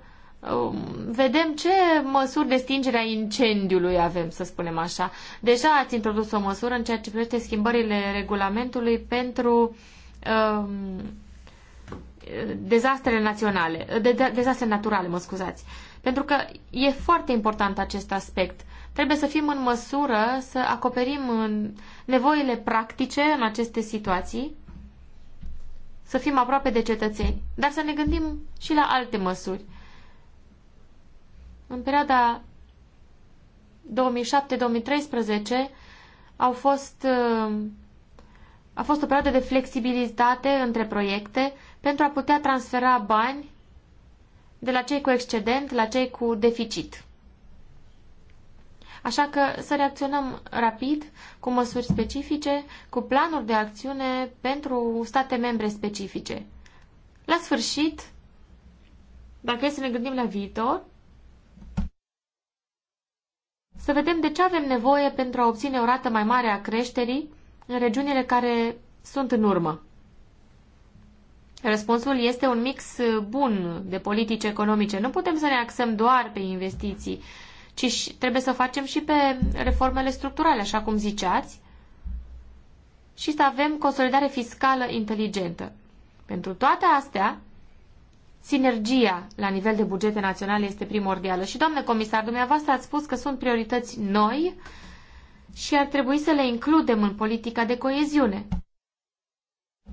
um, vedem ce măsuri de stingere a incendiului avem, să spunem așa. Deja ați introdus o măsură în ceea ce privește schimbările regulamentului pentru um, dezastrele naționale, de, de, dezastre naturale, mă scuzați. Pentru că e foarte important acest aspect. Trebuie să fim în măsură să acoperim nevoile practice în aceste situații, să fim aproape de cetățeni, dar să ne gândim și la alte măsuri. În perioada 2007-2013 au fost uh, a fost o perioadă de flexibilitate între proiecte pentru a putea transfera bani de la cei cu excedent la cei cu deficit. Așa că să reacționăm rapid, cu măsuri specifice, cu planuri de acțiune pentru state membre specifice. La sfârșit, dacă e să ne gândim la viitor, să vedem de ce avem nevoie pentru a obține o rată mai mare a creșterii în regiunile care sunt în urmă. Răspunsul este un mix bun de politici economice. Nu putem să ne axăm doar pe investiții, ci trebuie să facem și pe reformele structurale, așa cum ziceați, și să avem consolidare fiscală inteligentă. Pentru toate astea, sinergia la nivel de bugete naționale este primordială. Și, doamne comisar, dumneavoastră ați spus că sunt priorități noi uh, și ar trebui să le includem în politica de coeziune.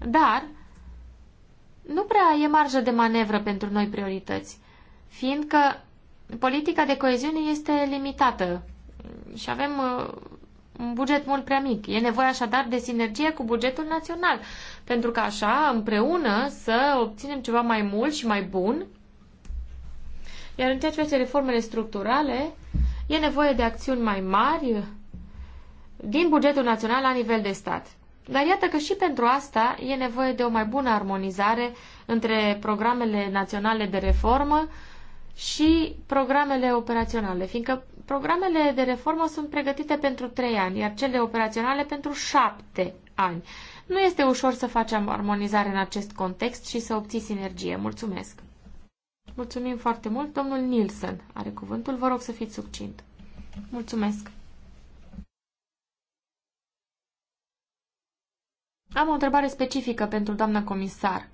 Dar nu prea e marjă de manevră pentru noi priorități, fiindcă politica de coeziune este limitată și avem uh, un buget mult prea mic. E nevoie așadar de sinergie cu bugetul național, pentru că așa, împreună, să obținem ceva mai mult și mai bun. Iar în ceea ce face reformele structurale, e nevoie de acțiuni mai mari, din bugetul național la nivel de stat. Dar iată că și pentru asta e nevoie de o mai bună armonizare între programele naționale de reformă și programele operaționale, fiindcă programele de reformă sunt pregătite pentru trei ani, iar cele operaționale pentru 7 ani. Nu este ușor să facem armonizare în acest context și să obții sinergie. Mulțumesc! Mulțumim foarte mult. Domnul Nielsen. are cuvântul. Vă rog să fiți succint. Mulțumesc! Am o întrebare specifică pentru doamna comisar.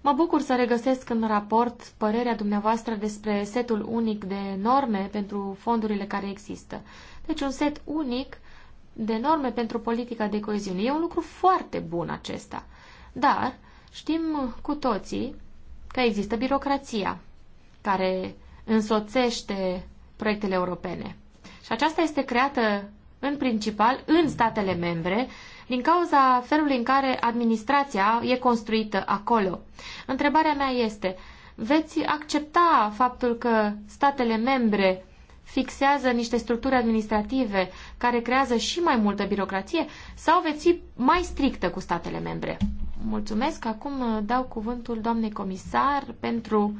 Mă bucur să regăsesc în raport părerea dumneavoastră despre setul unic de norme pentru fondurile care există. Deci un set unic de norme pentru politica de coeziune. E un lucru foarte bun acesta. Dar știm cu toții că există birocrația care însoțește proiectele europene. Și aceasta este creată în principal în statele membre, din cauza felului în care administrația e construită acolo. Întrebarea mea este, veți accepta faptul că statele membre fixează niște structuri administrative care creează și mai multă birocrație sau veți fi mai strictă cu statele membre? Mulțumesc. Acum uh, dau cuvântul doamnei comisar pentru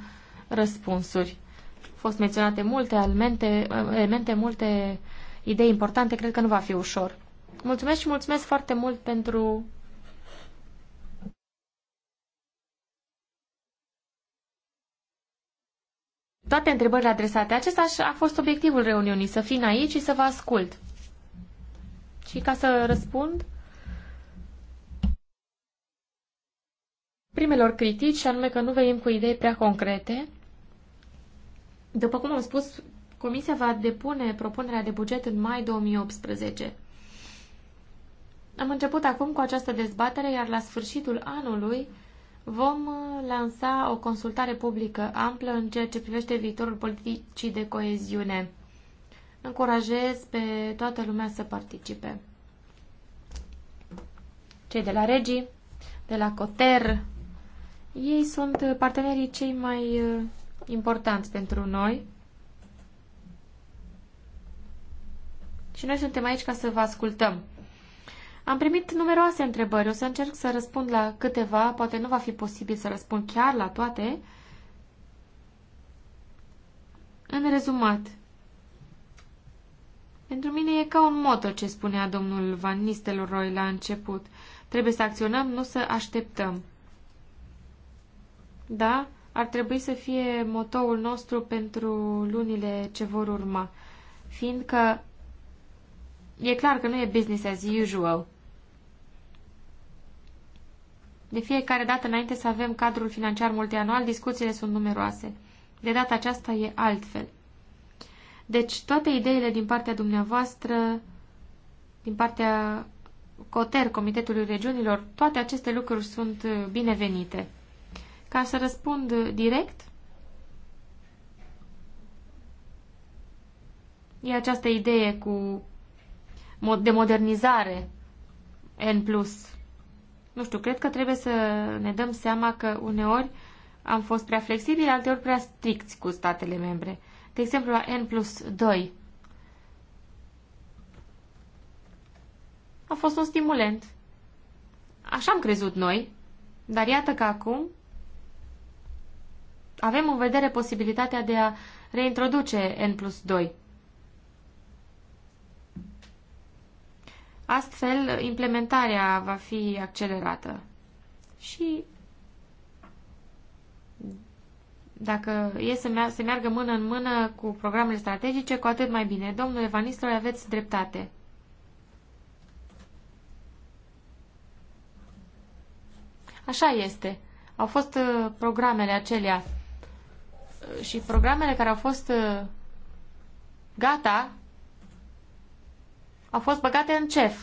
răspunsuri. Au fost menționate multe elemente, uh, elemente multe idei importante, cred că nu va fi ușor. Mulțumesc și mulțumesc foarte mult pentru toate întrebările adresate. Acesta a fost obiectivul reuniunii, să fim aici și să vă ascult. Și ca să răspund primelor critici, anume că nu venim cu idei prea concrete, după cum am spus, Comisia va depune propunerea de buget în mai 2018. Am început acum cu această dezbatere, iar la sfârșitul anului vom uh, lansa o consultare publică amplă în ceea ce privește viitorul politicii de coeziune. Încurajez pe toată lumea să participe. Cei de la Regii, de la Coter, ei sunt partenerii cei mai uh, importanți pentru noi. și noi suntem aici ca să vă ascultăm. Am primit numeroase întrebări, o să încerc să răspund la câteva, poate nu va fi posibil să răspund chiar la toate. În rezumat, pentru mine e ca un motto ce spunea domnul Van Nistelrooy la început. Trebuie să acționăm, nu să așteptăm. Da, ar trebui să fie motoul nostru pentru lunile ce vor urma, fiindcă E clar că nu e business as usual. De fiecare dată înainte să avem cadrul financiar multianual, discuțiile sunt numeroase. De data aceasta e altfel. Deci toate ideile din partea dumneavoastră, din partea COTER, Comitetului Regiunilor, toate aceste lucruri sunt uh, binevenite. Ca să răspund uh, direct, e această idee cu de modernizare N+. Nu știu, cred că trebuie să ne dăm seama că uneori am fost prea flexibili, alteori prea stricți cu statele membre. De exemplu, la N plus 2 a fost un stimulent. Așa am crezut noi, dar iată că acum avem în vedere posibilitatea de a reintroduce N plus 2. Astfel, implementarea va fi accelerată. Și dacă e să, mea, să meargă mână în mână cu programele strategice, cu atât mai bine. Domnule Van aveți dreptate. Așa este. Au fost uh, programele acelea uh, și programele care au fost uh, gata au fost băgate în CEF,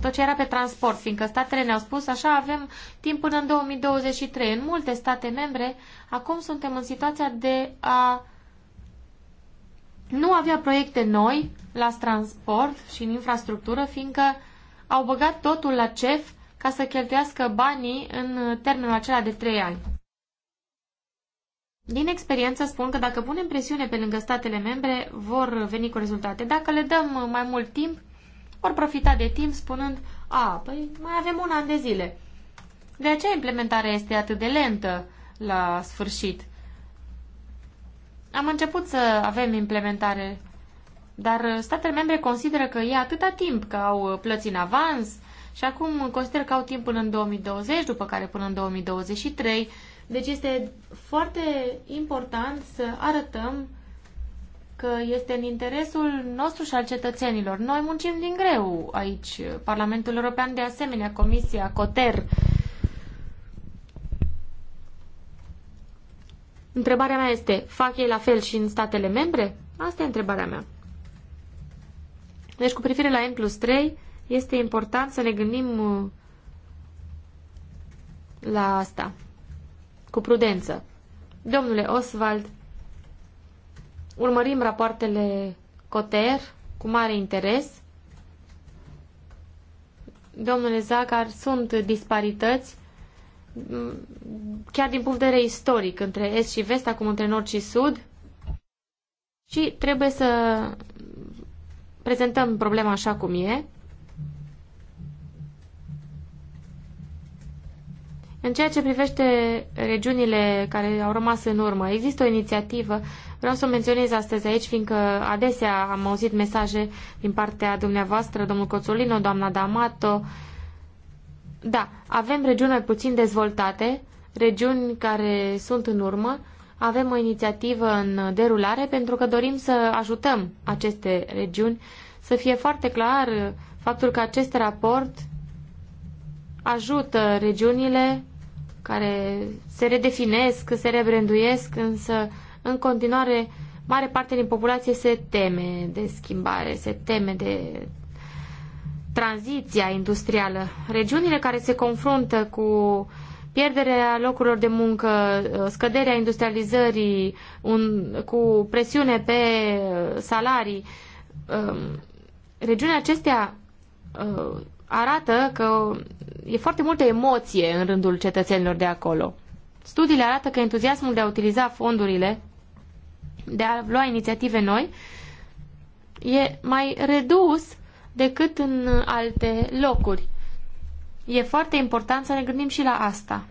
tot ce era pe transport, fiindcă statele ne-au spus, așa avem timp până în 2023. În multe state membre, acum suntem în situația de a nu avea proiecte noi la transport și în infrastructură, fiindcă au băgat totul la CEF ca să cheltuiască banii în termenul acela de 3 ani. Din experiență spun că dacă punem presiune pe lângă statele membre, vor veni cu rezultate. Dacă le dăm mai mult timp, vor profita de timp spunând, a, păi mai avem un an de zile. De aceea implementarea este atât de lentă la sfârșit. Am început să avem implementare, dar statele membre consideră că e atâta timp că au plăți în avans și acum consider că au timp până în 2020, după care până în 2023. Deci este foarte important să arătăm că este în interesul nostru și al cetățenilor. Noi muncim din greu aici, Parlamentul European de asemenea, Comisia, COTER. Întrebarea mea este, fac ei la fel și în statele membre? Asta e întrebarea mea. Deci, cu privire la N plus 3, este important să ne gândim uh, la asta, cu prudență. Domnule Oswald, Urmărim rapoartele Coter cu mare interes. Domnule Zagar, sunt disparități chiar din punct de vedere istoric între est și vest, acum între nord și sud și trebuie să prezentăm problema așa cum e. În ceea ce privește regiunile care au rămas în urmă, există o inițiativă Vreau să menționez astăzi aici, fiindcă adesea am auzit mesaje din partea dumneavoastră, domnul Coțolino, doamna D'Amato. Da, avem regiuni mai puțin dezvoltate, regiuni care sunt în urmă. Avem o inițiativă în derulare pentru că dorim să ajutăm aceste regiuni să fie foarte clar faptul că acest raport ajută regiunile care se redefinesc, se rebranduiesc, însă în continuare, mare parte din populație se teme de schimbare, se teme de tranziția industrială. Regiunile care se confruntă cu pierderea locurilor de muncă, scăderea industrializării, un, cu presiune pe salarii, um, regiunile acestea uh, arată că e foarte multă emoție în rândul cetățenilor de acolo. Studiile arată că entuziasmul de a utiliza fondurile de a lua inițiative noi e mai redus decât în alte locuri. E foarte important să ne gândim și la asta.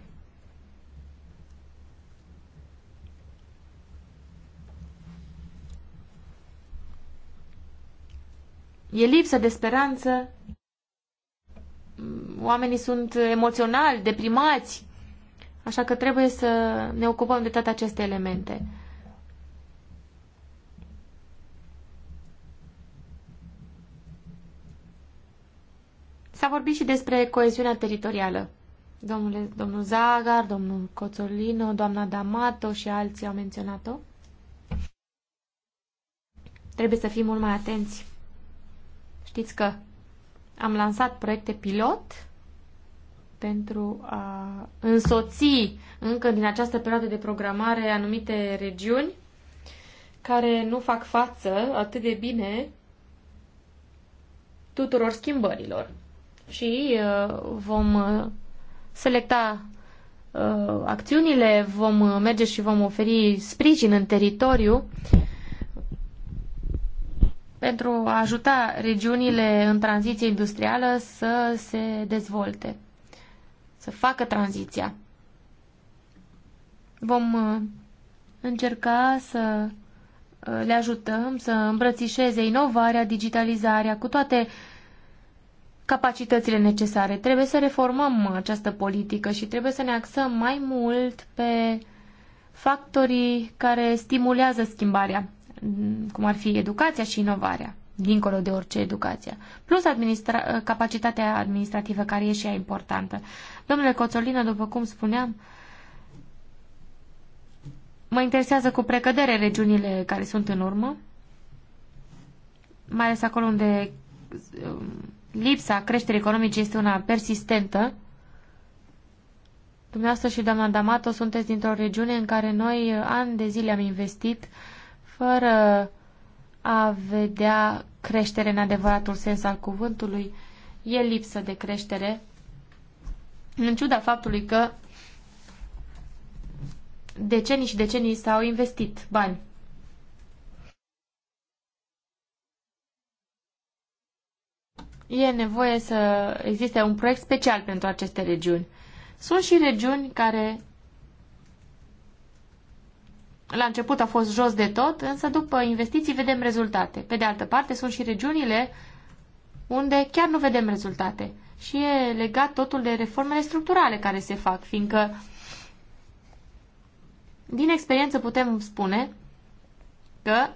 E lipsă de speranță. Oamenii sunt emoționali, deprimați. Așa că trebuie să ne ocupăm de toate aceste elemente. S-a vorbit și despre coeziunea teritorială. Domnule, domnul Zagar, domnul Coțolino, doamna D'Amato și alții au menționat-o. Trebuie să fim mult mai atenți. Știți că am lansat proiecte pilot pentru a însoți încă din această perioadă de programare anumite regiuni care nu fac față atât de bine tuturor schimbărilor și uh, vom uh, selecta uh, acțiunile, vom merge și vom oferi sprijin în teritoriu pentru a ajuta regiunile în tranziție industrială să se dezvolte, să facă tranziția. Vom încerca să le ajutăm să îmbrățișeze inovarea, digitalizarea, cu toate capacitățile necesare. Trebuie să reformăm această politică și trebuie să ne axăm mai mult pe factorii care stimulează schimbarea, cum ar fi educația și inovarea, dincolo de orice educația, plus administra- capacitatea administrativă, care e și ea importantă. Domnule Coțolină, după cum spuneam, mă interesează cu precădere regiunile care sunt în urmă, mai ales acolo unde um, lipsa creșterii economice este una persistentă. Dumneavoastră și doamna Damato sunteți dintr-o regiune în care noi uh, ani de zile am investit fără a vedea creștere în adevăratul sens al cuvântului. E lipsă de creștere, în ciuda faptului că decenii și decenii s-au investit bani e nevoie să existe un proiect special pentru aceste regiuni. Sunt și regiuni care la început a fost jos de tot, însă după investiții vedem rezultate. Pe de altă parte, sunt și regiunile unde chiar nu vedem rezultate. Și e legat totul de reformele structurale care se fac, fiindcă din experiență putem spune că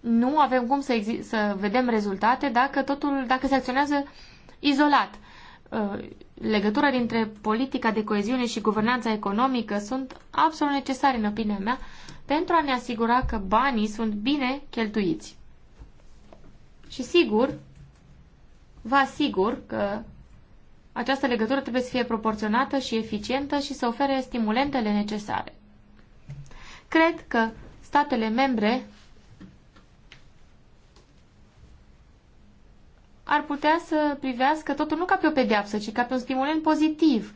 nu avem cum să, să vedem rezultate dacă totul, dacă se acționează izolat. Uh, legătura dintre politica de coeziune și guvernanța economică sunt absolut necesare, în opinia mea, pentru a ne asigura că banii sunt bine cheltuiți. Și sigur, vă asigur că această legătură trebuie să fie proporționată și eficientă și să ofere stimulentele necesare. Cred că statele membre ar putea să privească totul nu ca pe o pedeapsă, ci ca pe un stimulent pozitiv,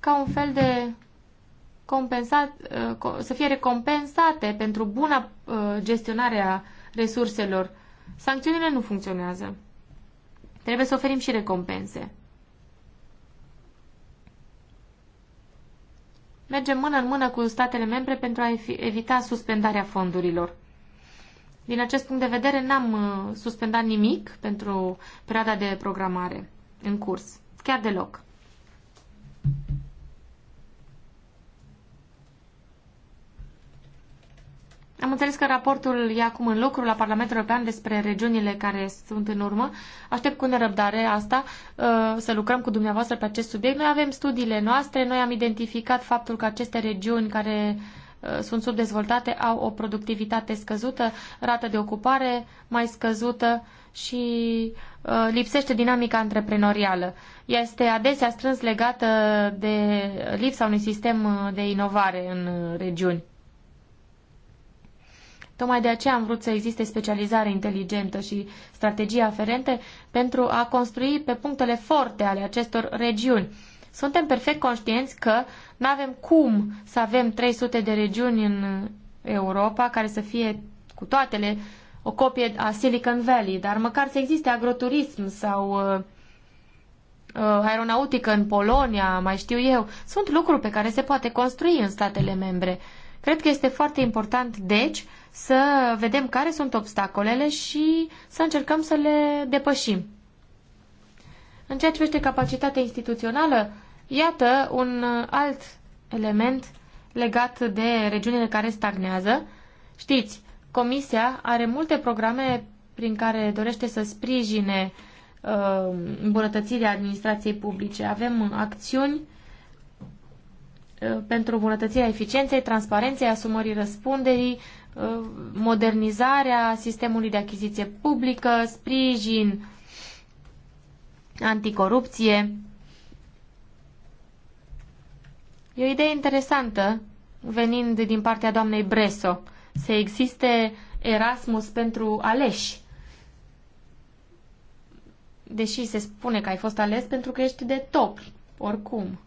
ca un fel de compensat, uh, să fie recompensate pentru buna uh, gestionare a resurselor. Sancțiunile nu funcționează. Trebuie să oferim și recompense. Mergem mână în mână cu statele membre pentru a evita suspendarea fondurilor. Din acest punct de vedere, n-am uh, suspendat nimic pentru perioada de programare în curs. Chiar deloc. Am înțeles că raportul e acum în lucru la Parlamentul European despre regiunile care sunt în urmă. Aștept cu nerăbdare asta uh, să lucrăm cu dumneavoastră pe acest subiect. Noi avem studiile noastre, noi am identificat faptul că aceste regiuni care Uh, sunt subdezvoltate au o productivitate scăzută, rată de ocupare mai scăzută și uh, lipsește dinamica antreprenorială. Ea este adesea strâns legată de lipsa unui sistem uh, de inovare în regiuni. Tocmai de aceea am vrut să existe specializare inteligentă și strategii aferente pentru a construi pe punctele forte ale acestor regiuni suntem perfect conștienți că nu avem cum să avem 300 de regiuni în Europa care să fie cu toatele o copie a Silicon Valley, dar măcar să existe agroturism sau uh, uh, aeronautică în Polonia, mai știu eu. Sunt lucruri pe care se poate construi în statele membre. Cred că este foarte important, deci, să vedem care sunt obstacolele și să încercăm să le depășim. În ceea ce privește capacitatea instituțională, Iată un uh, alt element legat de regiunile care stagnează. Știți, Comisia are multe programe prin care dorește să sprijine uh, îmbunătățirea administrației publice. Avem acțiuni uh, pentru îmbunătățirea eficienței, transparenței, asumării răspunderii, uh, modernizarea sistemului de achiziție publică, sprijin, anticorupție. E o idee interesantă venind din partea doamnei Breso să existe Erasmus pentru aleși. Deși se spune că ai fost ales pentru că ești de top, oricum.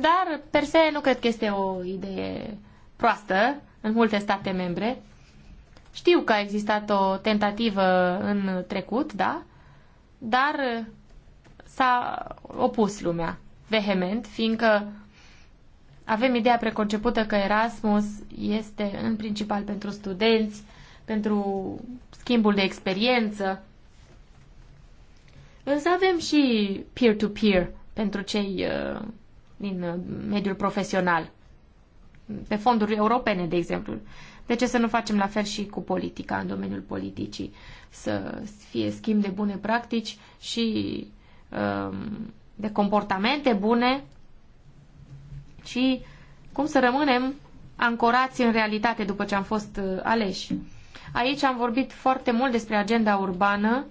Dar, per se, nu cred că este o idee proastă în multe state membre. Știu că a existat o tentativă în trecut, da? Dar s-a opus lumea vehement, fiindcă avem ideea preconcepută că Erasmus este în principal pentru studenți, pentru schimbul de experiență. Însă avem și peer-to-peer -peer pentru cei uh, din uh, mediul profesional, pe fonduri europene, de exemplu. De ce să nu facem la fel și cu politica, în domeniul politicii, să fie schimb de bune practici și Um, de comportamente bune, și cum să rămânem ancorați în realitate după ce am fost uh, aleși. Aici am vorbit foarte mult despre agenda urbană.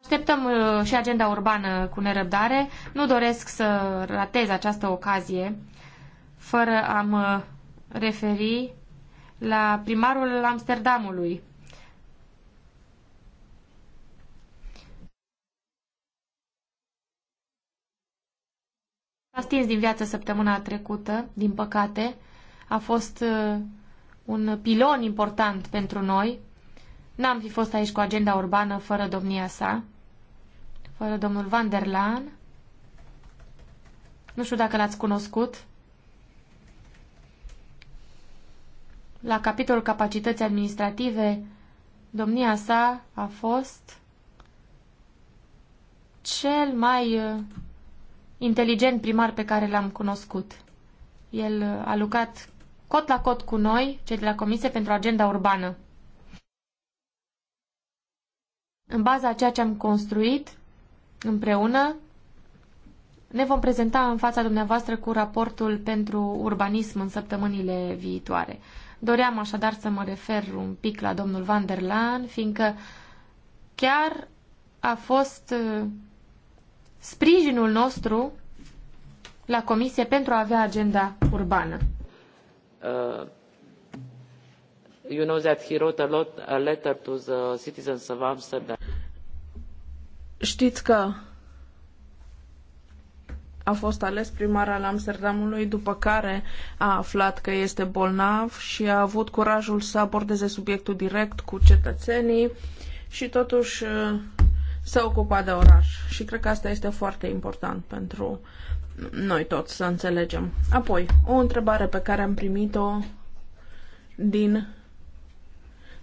Așteptăm uh, și agenda urbană cu nerăbdare. Nu doresc să ratez această ocazie fără a mă referi la primarul Amsterdamului. a stins din viață săptămâna trecută, din păcate. A fost uh, un pilon important pentru noi. N-am fi fost aici cu agenda urbană fără domnia sa, fără domnul Van der Laan. Nu știu dacă l-ați cunoscut. la capitolul capacități administrative, domnia sa a fost cel mai uh, inteligent primar pe care l-am cunoscut. El uh, a lucrat cot la cot cu noi, cei de la Comisie pentru Agenda Urbană. În baza a ceea ce am construit împreună, ne vom prezenta în fața dumneavoastră cu raportul pentru urbanism în săptămânile viitoare. Doream așadar să mă refer un pic la domnul Van der Laan, fiindcă chiar a fost uh, sprijinul nostru la comisie pentru a avea agenda urbană.
Uh, you know that he wrote a, lot, a letter to the citizens of Amsterdam. Știți că a fost ales primar al Amsterdamului, după care a aflat că este bolnav și a avut curajul să abordeze subiectul direct cu cetățenii și totuși uh, s-a ocupat de oraș. Și cred că asta este foarte important pentru noi toți să înțelegem. Apoi, o întrebare pe care am primit-o din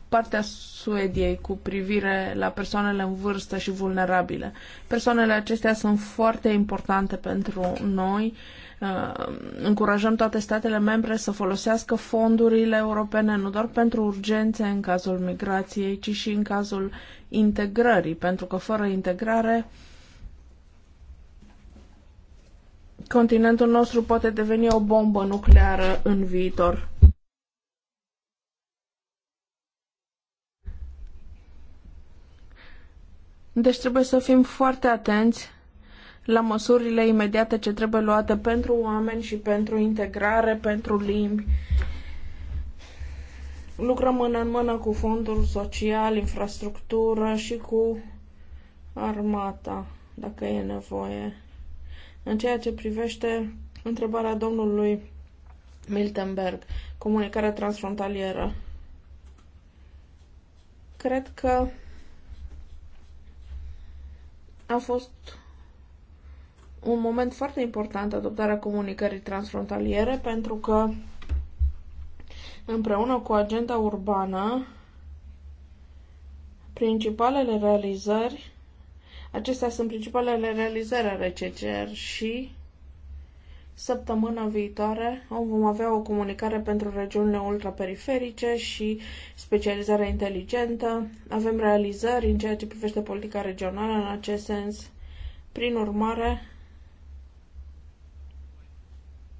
partea Suediei cu privire la persoanele în vârstă și vulnerabile. Persoanele acestea sunt foarte importante pentru noi. Uh, încurajăm toate statele membre să folosească fondurile europene nu doar pentru urgențe în cazul migrației, ci și în cazul integrării, pentru că fără integrare continentul nostru poate deveni o bombă nucleară în viitor. Deci trebuie să fim foarte atenți la măsurile imediate ce trebuie luate pentru oameni și pentru integrare, pentru limbi. Lucrăm mână în mână cu fondul social, infrastructură și cu armata, dacă e nevoie. În ceea ce privește întrebarea domnului Miltenberg, comunicarea transfrontalieră. Cred că a fost un moment foarte important adoptarea comunicării transfrontaliere pentru că împreună cu agenda urbană principalele realizări acestea sunt principalele realizări ale CCR și Săptămâna viitoare vom avea o comunicare pentru regiunile ultraperiferice și specializarea inteligentă. Avem realizări în ceea ce privește politica regională în acest sens. Prin urmare,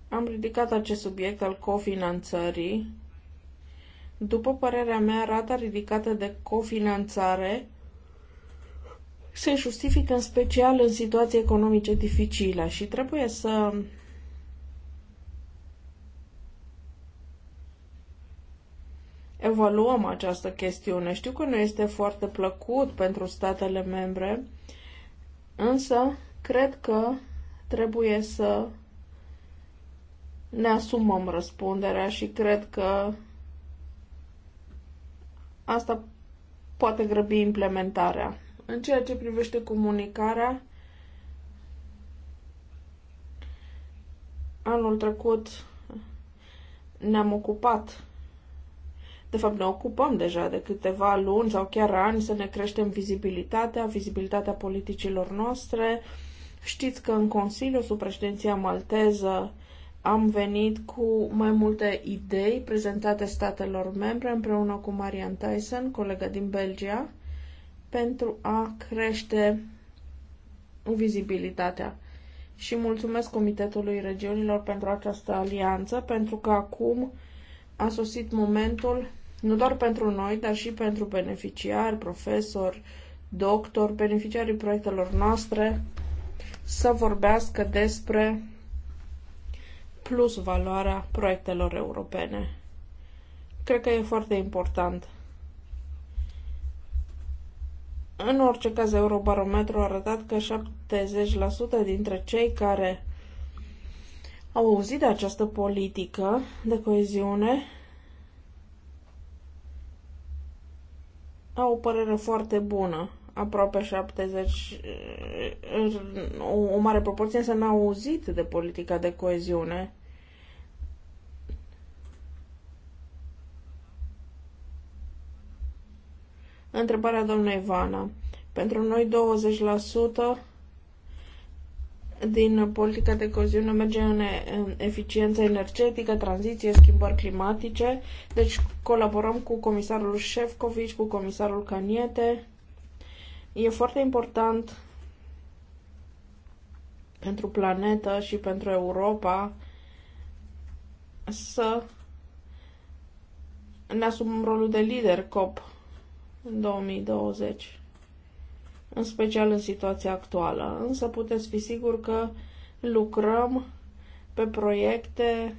am ridicat acest subiect al cofinanțării. După părerea mea, rata ridicată de cofinanțare se justifică în special în situații economice dificile și trebuie să evaluăm această chestiune. Știu că nu este foarte plăcut pentru statele membre, însă cred că trebuie să ne asumăm răspunderea și cred că asta poate grăbi implementarea. În ceea ce privește comunicarea, anul trecut ne-am ocupat de fapt, ne ocupăm deja de câteva luni sau chiar ani să ne creștem vizibilitatea, vizibilitatea politicilor noastre. Știți că în Consiliu, sub președinția malteză, am venit cu mai multe idei prezentate statelor membre împreună cu Marian Tyson, colegă din Belgia, pentru a crește vizibilitatea. Și mulțumesc Comitetului Regiunilor pentru această alianță, pentru că acum a sosit momentul, nu doar pentru noi, dar și pentru beneficiari, profesori, doctori, beneficiarii proiectelor noastre, să vorbească despre plus valoarea proiectelor europene. Cred că e foarte important. În orice caz, Eurobarometru a arătat că 70% dintre cei care au auzit de această politică de coeziune, au o părere foarte bună. Aproape 70, o, o mare proporție însă n-au auzit de politica de coeziune. Întrebarea doamnei Ivana. Pentru noi 20% din politica de coziune merge în eficiență energetică, tranziție, schimbări climatice. Deci colaborăm cu comisarul Șefcovici, cu comisarul Caniete. E foarte important pentru planetă și pentru Europa să ne asumăm rolul de lider COP în 2020 în special în situația actuală. Însă puteți fi sigur că lucrăm pe proiecte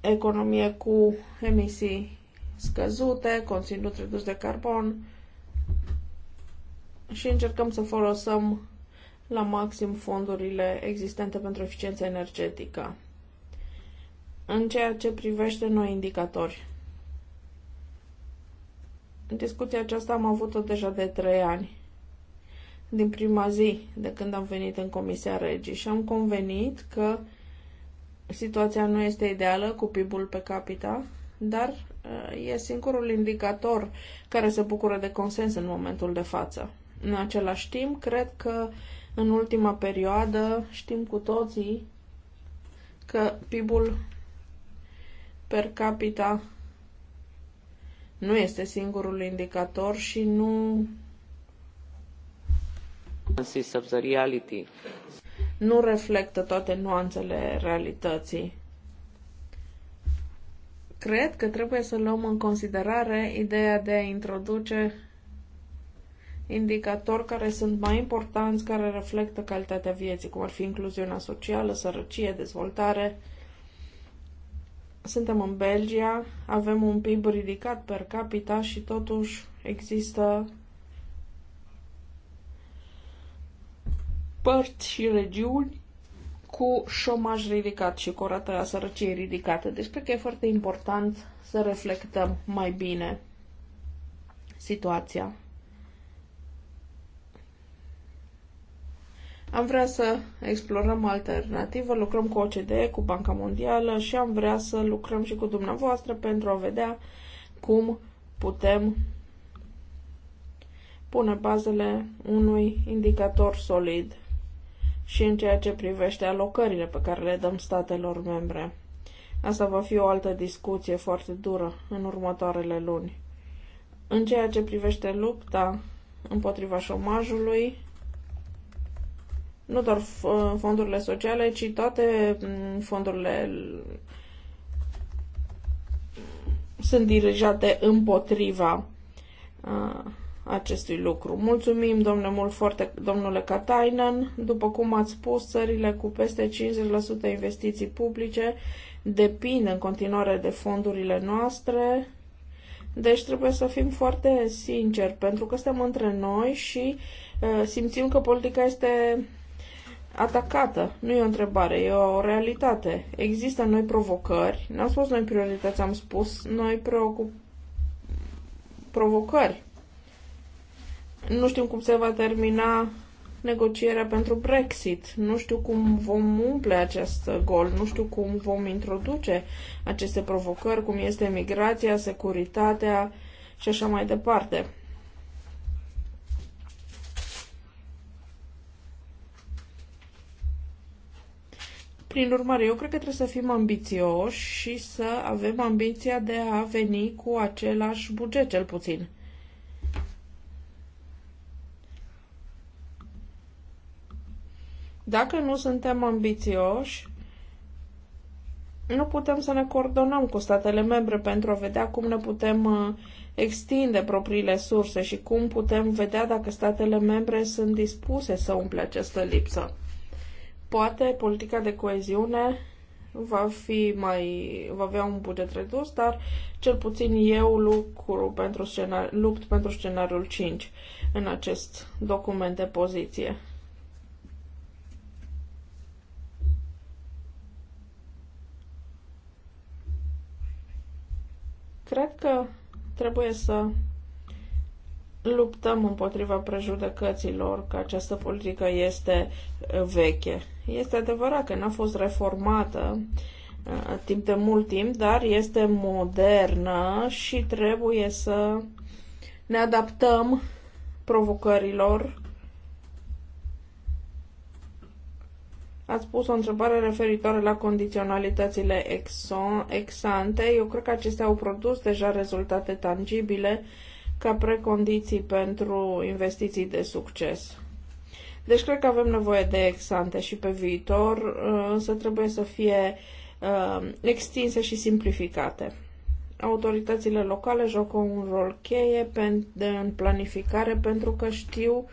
economie cu emisii scăzute, conținut redus de carbon și încercăm să folosăm la maxim fondurile existente pentru eficiență energetică. În ceea ce privește noi indicatori, Discuția aceasta am avut-o deja de trei ani, din prima zi de când am venit în Comisia Regii și am convenit că situația nu este ideală cu PIB-ul pe capita, dar uh, e singurul indicator care se bucură de consens în momentul de față. În același timp, cred că în ultima perioadă știm cu toții că PIB-ul per capita nu este singurul indicator și nu nu reflectă toate nuanțele realității. Cred că trebuie să luăm în considerare ideea de a introduce indicatori care sunt mai importanți, care reflectă calitatea vieții, cum ar fi incluziunea socială, sărăcie, dezvoltare, suntem în Belgia, avem un PIB ridicat per capita și totuși există părți și regiuni cu șomaj ridicat și cu o rată a sărăciei ridicată. Deci cred că e foarte important să reflectăm mai bine situația. Am vrea să explorăm alternativă, lucrăm cu OCDE, cu Banca Mondială și am vrea să lucrăm și cu dumneavoastră pentru a vedea cum putem pune bazele unui indicator solid și în ceea ce privește alocările pe care le dăm statelor membre. Asta va fi o altă discuție foarte dură în următoarele luni. În ceea ce privește lupta împotriva șomajului, nu doar fondurile sociale, ci toate fondurile sunt dirijate împotriva acestui lucru. Mulțumim, domnule, mult foarte, domnule Katainen. După cum ați spus, țările cu peste 50% investiții publice depind în continuare de fondurile noastre. Deci trebuie să fim foarte sinceri, pentru că suntem între noi și uh, simțim că politica este atacată. Nu e o întrebare, e o realitate. Există noi provocări. N-am spus noi priorități, am spus noi preocup... provocări. Nu știm cum se va termina negocierea pentru Brexit. Nu știu cum vom umple acest gol, nu știu cum vom introduce aceste provocări, cum este migrația, securitatea și așa mai departe. Prin urmare, eu cred că trebuie să fim ambițioși și să avem ambiția de a veni cu același buget, cel puțin. Dacă nu suntem ambițioși, nu putem să ne coordonăm cu statele membre pentru a vedea cum ne putem uh, extinde propriile surse și cum putem vedea dacă statele membre sunt dispuse să umple această lipsă. Poate politica de coeziune va fi mai, va avea un buget redus, dar cel puțin eu lucru pentru scenari- lupt pentru scenariul 5 în acest document de poziție. Cred că trebuie să luptăm împotriva prejudecăților că această politică este veche. Este adevărat că n-a fost reformată uh, timp de mult timp, dar este modernă și trebuie să ne adaptăm provocărilor. Ați pus o întrebare referitoare la condiționalitățile ex-ante. Eu cred că acestea au produs deja rezultate tangibile ca precondiții pentru investiții de succes. Deci cred că avem nevoie de exante și pe viitor, uh, însă trebuie să fie uh, extinse și simplificate. Autoritățile locale joacă un rol cheie în planificare pentru că știu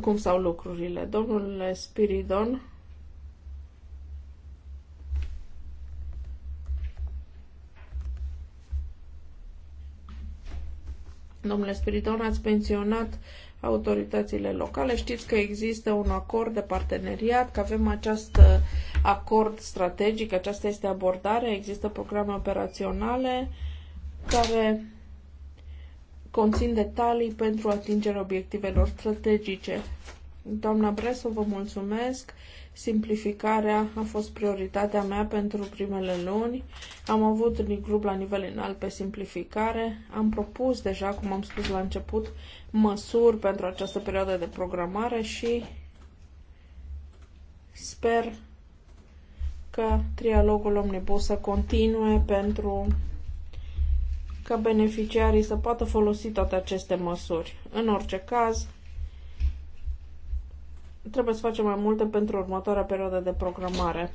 cum stau lucrurile. Domnule Spiridon, Domnule Spiridon, ați menționat autoritățile locale. Știți că există un acord de parteneriat, că avem acest acord strategic, aceasta este abordarea. există programe operaționale care conțin detalii pentru atingerea obiectivelor strategice. Doamna Bresu, vă mulțumesc. Simplificarea a fost prioritatea mea pentru primele luni. Am avut un grup la nivel înalt pe simplificare. Am propus deja, cum am spus la început, măsuri pentru această perioadă de programare și sper că trialogul omnibus să continue pentru ca beneficiarii să poată folosi toate aceste măsuri. În orice caz, trebuie să facem mai multe pentru următoarea perioadă de programare.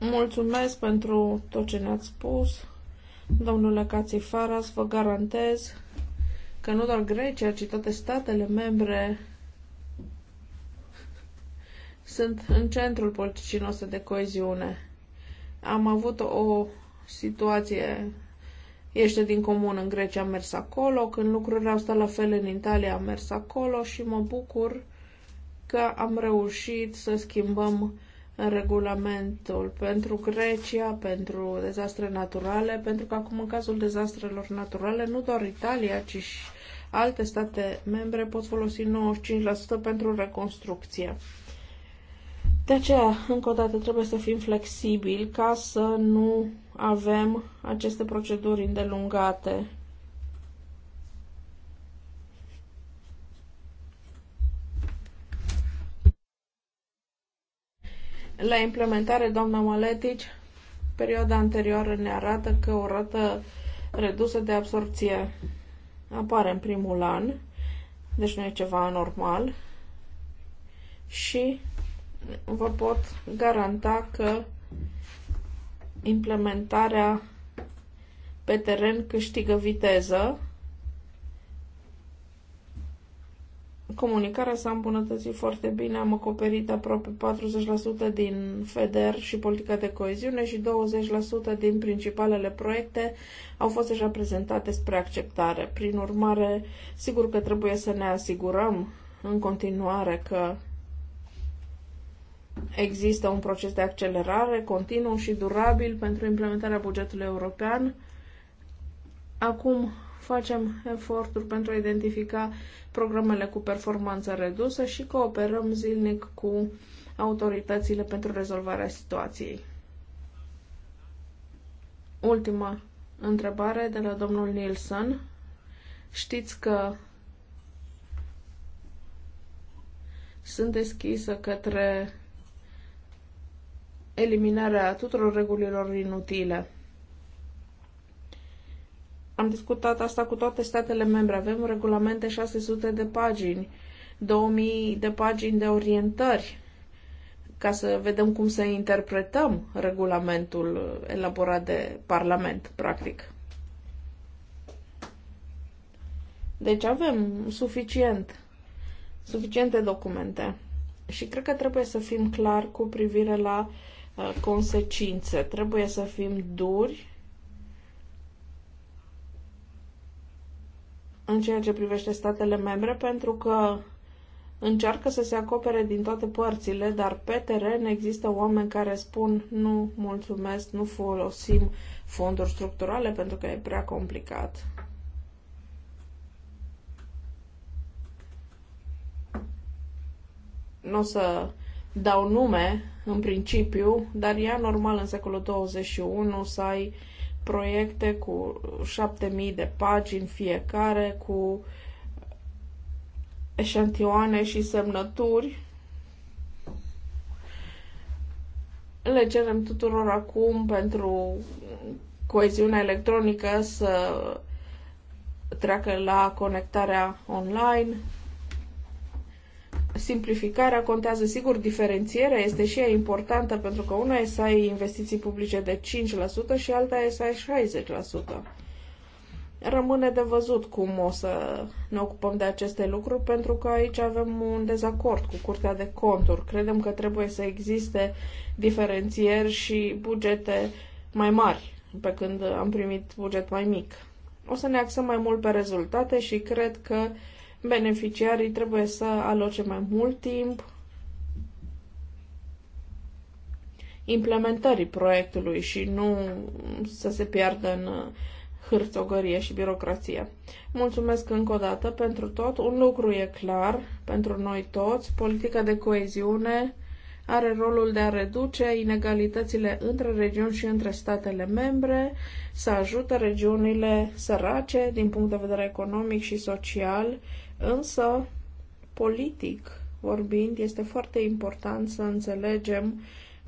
Mulțumesc pentru tot ce ne-ați spus. Domnule Cațifaras, vă garantez că nu doar Grecia, ci toate statele membre sunt în centrul politicii noastre de coeziune. Am avut o situație Ești din comun în Grecia, am mers acolo, când lucrurile au stat la fel în Italia, am mers acolo și mă bucur că am reușit să schimbăm regulamentul pentru Grecia, pentru dezastre naturale, pentru că acum în cazul dezastrelor naturale, nu doar Italia, ci și alte state membre pot folosi 95% pentru reconstrucție. De aceea, încă o dată, trebuie să fim flexibili ca să nu avem aceste proceduri îndelungate. La implementare, doamna Maletici, perioada anterioară ne arată că o rată redusă de absorție apare în primul an, deci nu e ceva anormal, și vă pot garanta că implementarea pe teren câștigă viteză. Comunicarea s-a îmbunătățit foarte bine, am acoperit aproape 40% din FEDER și politica de coeziune și 20% din principalele proiecte au fost deja prezentate spre acceptare. Prin urmare, sigur că trebuie să ne asigurăm în continuare că Există un proces de accelerare continuu și durabil pentru implementarea bugetului european. Acum facem eforturi pentru a identifica programele cu performanță redusă și cooperăm zilnic cu autoritățile pentru rezolvarea situației. Ultima întrebare de la domnul Nielsen. Știți că sunt deschisă către eliminarea tuturor regulilor inutile. Am discutat asta cu toate statele membre. Avem regulamente 600 de pagini, 2000 de pagini de orientări ca să vedem cum să interpretăm regulamentul elaborat de Parlament, practic. Deci avem suficient, suficiente documente și cred că trebuie să fim clar cu privire la uh, Uh, consecințe. Trebuie să fim duri în ceea ce privește statele membre, pentru că încearcă să se acopere din toate părțile, dar pe teren există oameni care spun nu mulțumesc, nu folosim fonduri structurale pentru că e prea complicat. Nu o să dau nume, în principiu, dar ea normal în secolul 21 să ai proiecte cu 7000 de pagini fiecare, cu eșantioane și semnături. Le cerem tuturor acum pentru coeziunea electronică să treacă la conectarea online. Simplificarea contează, sigur, diferențierea este și ea importantă pentru că una e să ai investiții publice de 5% și alta e să ai 60%. Rămâne de văzut cum o să ne ocupăm de aceste lucruri, pentru că aici avem un dezacord cu Curtea de Conturi. Credem că trebuie să existe diferențieri și bugete mai mari, pe când am primit buget mai mic. O să ne axăm mai mult pe rezultate și cred că beneficiarii trebuie să aloce mai mult timp implementării proiectului și nu să se piardă în hârțogărie și birocrație. Mulțumesc încă o dată pentru tot. Un lucru e clar pentru noi toți. Politica de coeziune are rolul de a reduce inegalitățile între regiuni și între statele membre, să ajute regiunile sărace din punct de vedere economic și social Însă, politic vorbind, este foarte important să înțelegem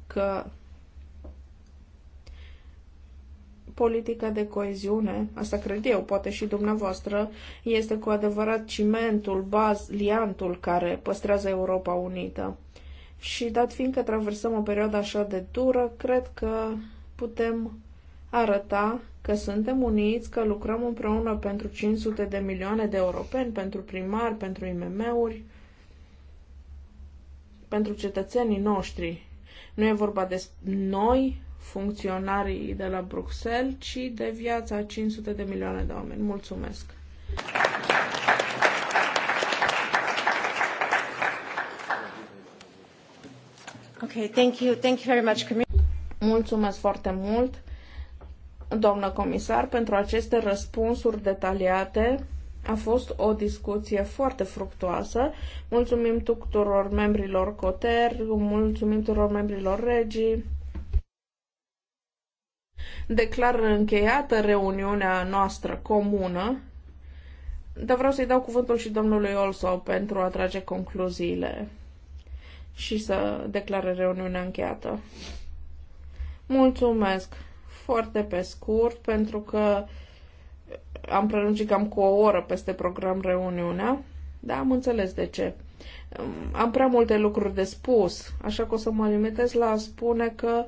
că politica de coeziune, asta cred eu, poate și dumneavoastră, este cu adevărat cimentul, baz, liantul care păstrează Europa Unită. Și dat fiind că traversăm o perioadă așa de dură, cred că putem arăta că suntem uniți, că lucrăm împreună pentru 500 de milioane de europeni, pentru primari, pentru IMM-uri, pentru cetățenii noștri. Nu e vorba de noi, funcționarii de la Bruxelles, ci de viața 500 de milioane de oameni. Mulțumesc! Okay, thank you. Thank you very much. Mulțumesc foarte mult doamnă comisar, pentru aceste răspunsuri detaliate. A fost o discuție foarte fructuoasă. Mulțumim tuturor membrilor COTER, mulțumim tuturor membrilor regii. Declar încheiată reuniunea noastră comună, dar vreau să-i dau cuvântul și domnului Olso pentru a trage concluziile și să declare reuniunea încheiată. Mulțumesc! foarte pe scurt, pentru că am prelungit cam cu o oră peste program reuniunea, dar am înțeles de ce. Am prea multe lucruri de spus, așa că o să mă limitez la a spune că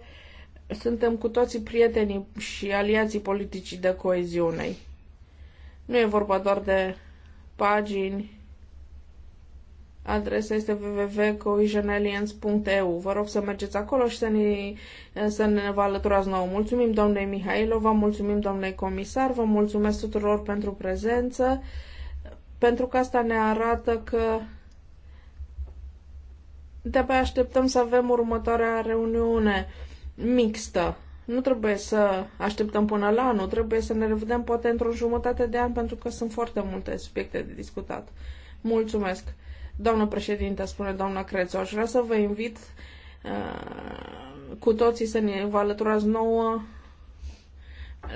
suntem cu toții prietenii și aliații politicii de coeziunei. Nu e vorba doar de pagini Adresa este www.cohesionalliance.eu. Vă rog să mergeți acolo și să ne, să ne vă alăturați nouă. Mulțumim Mihailo, vă mulțumim domnului comisar, vă mulțumesc tuturor pentru prezență, pentru că asta ne arată că de-abia așteptăm să avem următoarea reuniune mixtă. Nu trebuie să așteptăm până la anul, trebuie să ne revedem poate într-o jumătate de an, pentru că sunt foarte multe subiecte de discutat. Mulțumesc! Doamnă președinte, spune doamna Crețu, aș vrea să vă invit uh, cu toții să ne vă alăturați nouă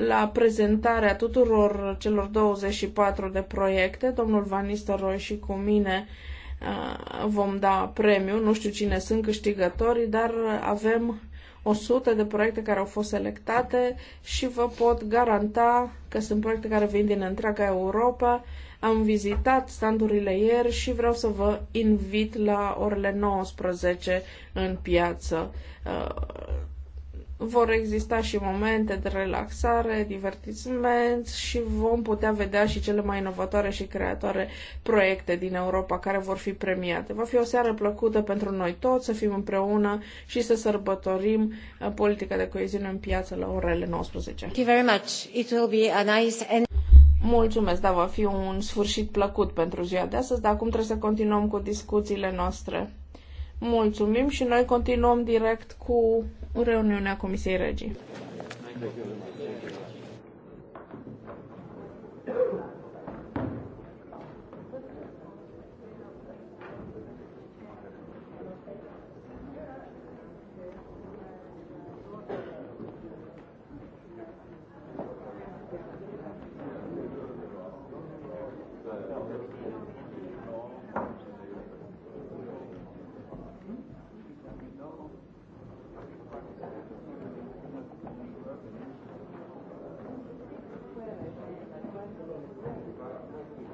la prezentarea tuturor celor 24 de proiecte. Domnul Vanista Roy și cu mine uh, vom da premiu, nu știu cine sunt câștigătorii, dar avem 100 de proiecte care au fost selectate și vă pot garanta că sunt proiecte care vin din întreaga Europa am vizitat standurile ieri și vreau să vă invit la orele 19 în piață. Uh, vor exista și momente de relaxare, divertisment și vom putea vedea și cele mai inovatoare și creatoare proiecte din Europa care vor fi premiate. Va fi o seară plăcută pentru noi toți să fim împreună și să sărbătorim uh, politica de coeziune în piață la orele 19. Thank you very much. It will be a nice and Mulțumesc, da, va fi un sfârșit plăcut pentru ziua de astăzi, dar acum trebuie să continuăm cu discuțiile noastre. Mulțumim și noi continuăm direct cu reuniunea Comisiei Regii.
Thank you.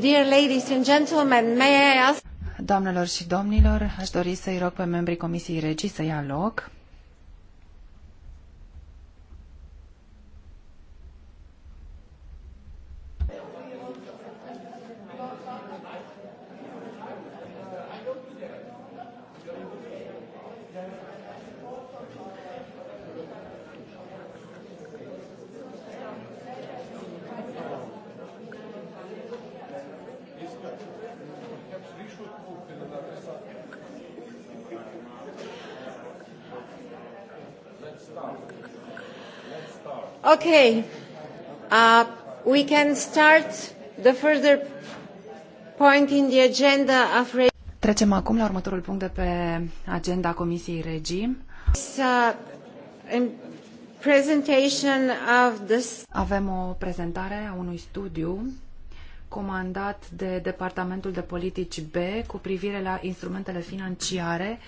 Dear ladies and gentlemen, may I ask... Doamnelor și domnilor, aș dori să-i rog pe membrii Comisiei Regii să ia loc.
Okay. Uh, we can start the further point in the agenda of
Trecem acum la următorul punct de pe agenda Comisiei Regii. Uh, presentation of this... Avem o prezentare a unui studiu comandat de Departamentul de Politici B cu privire la instrumentele financiare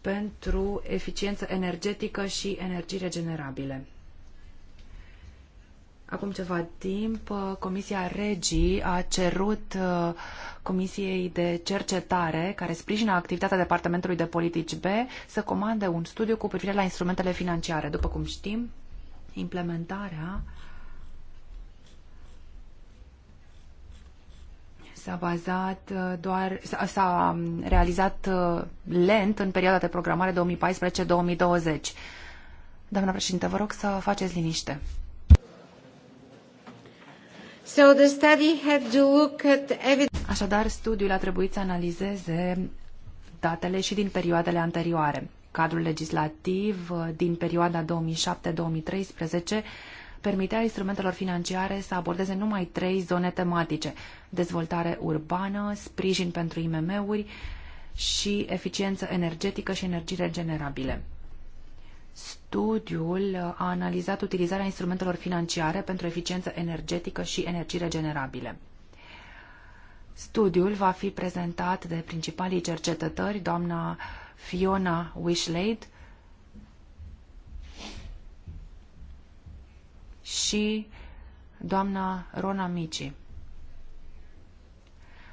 pentru eficiență energetică și energii regenerabile. Acum ceva timp, uh, Comisia Regii a cerut uh, Comisiei de Cercetare, care sprijină activitatea Departamentului de Politici B, să comande un studiu cu privire la instrumentele financiare. După cum știm, implementarea s-a bazat uh, doar, s-a um, realizat lent în perioada de programare 2014-2020. Doamna președinte, vă rog să faceți liniște. So the study had to look at Așadar, studiul a trebuit să analizeze datele și din perioadele anterioare. Cadrul legislativ uh, din perioada 2007-2013 permitea instrumentelor financiare să abordeze numai trei zone tematice, dezvoltare urbană, sprijin pentru IMM-uri și eficiență energetică și energii regenerabile. Studiul a analizat utilizarea instrumentelor financiare pentru eficiență energetică și energii regenerabile. Studiul va fi prezentat de principalii cercetători, doamna Fiona Wishlade și doamna Rona Mici.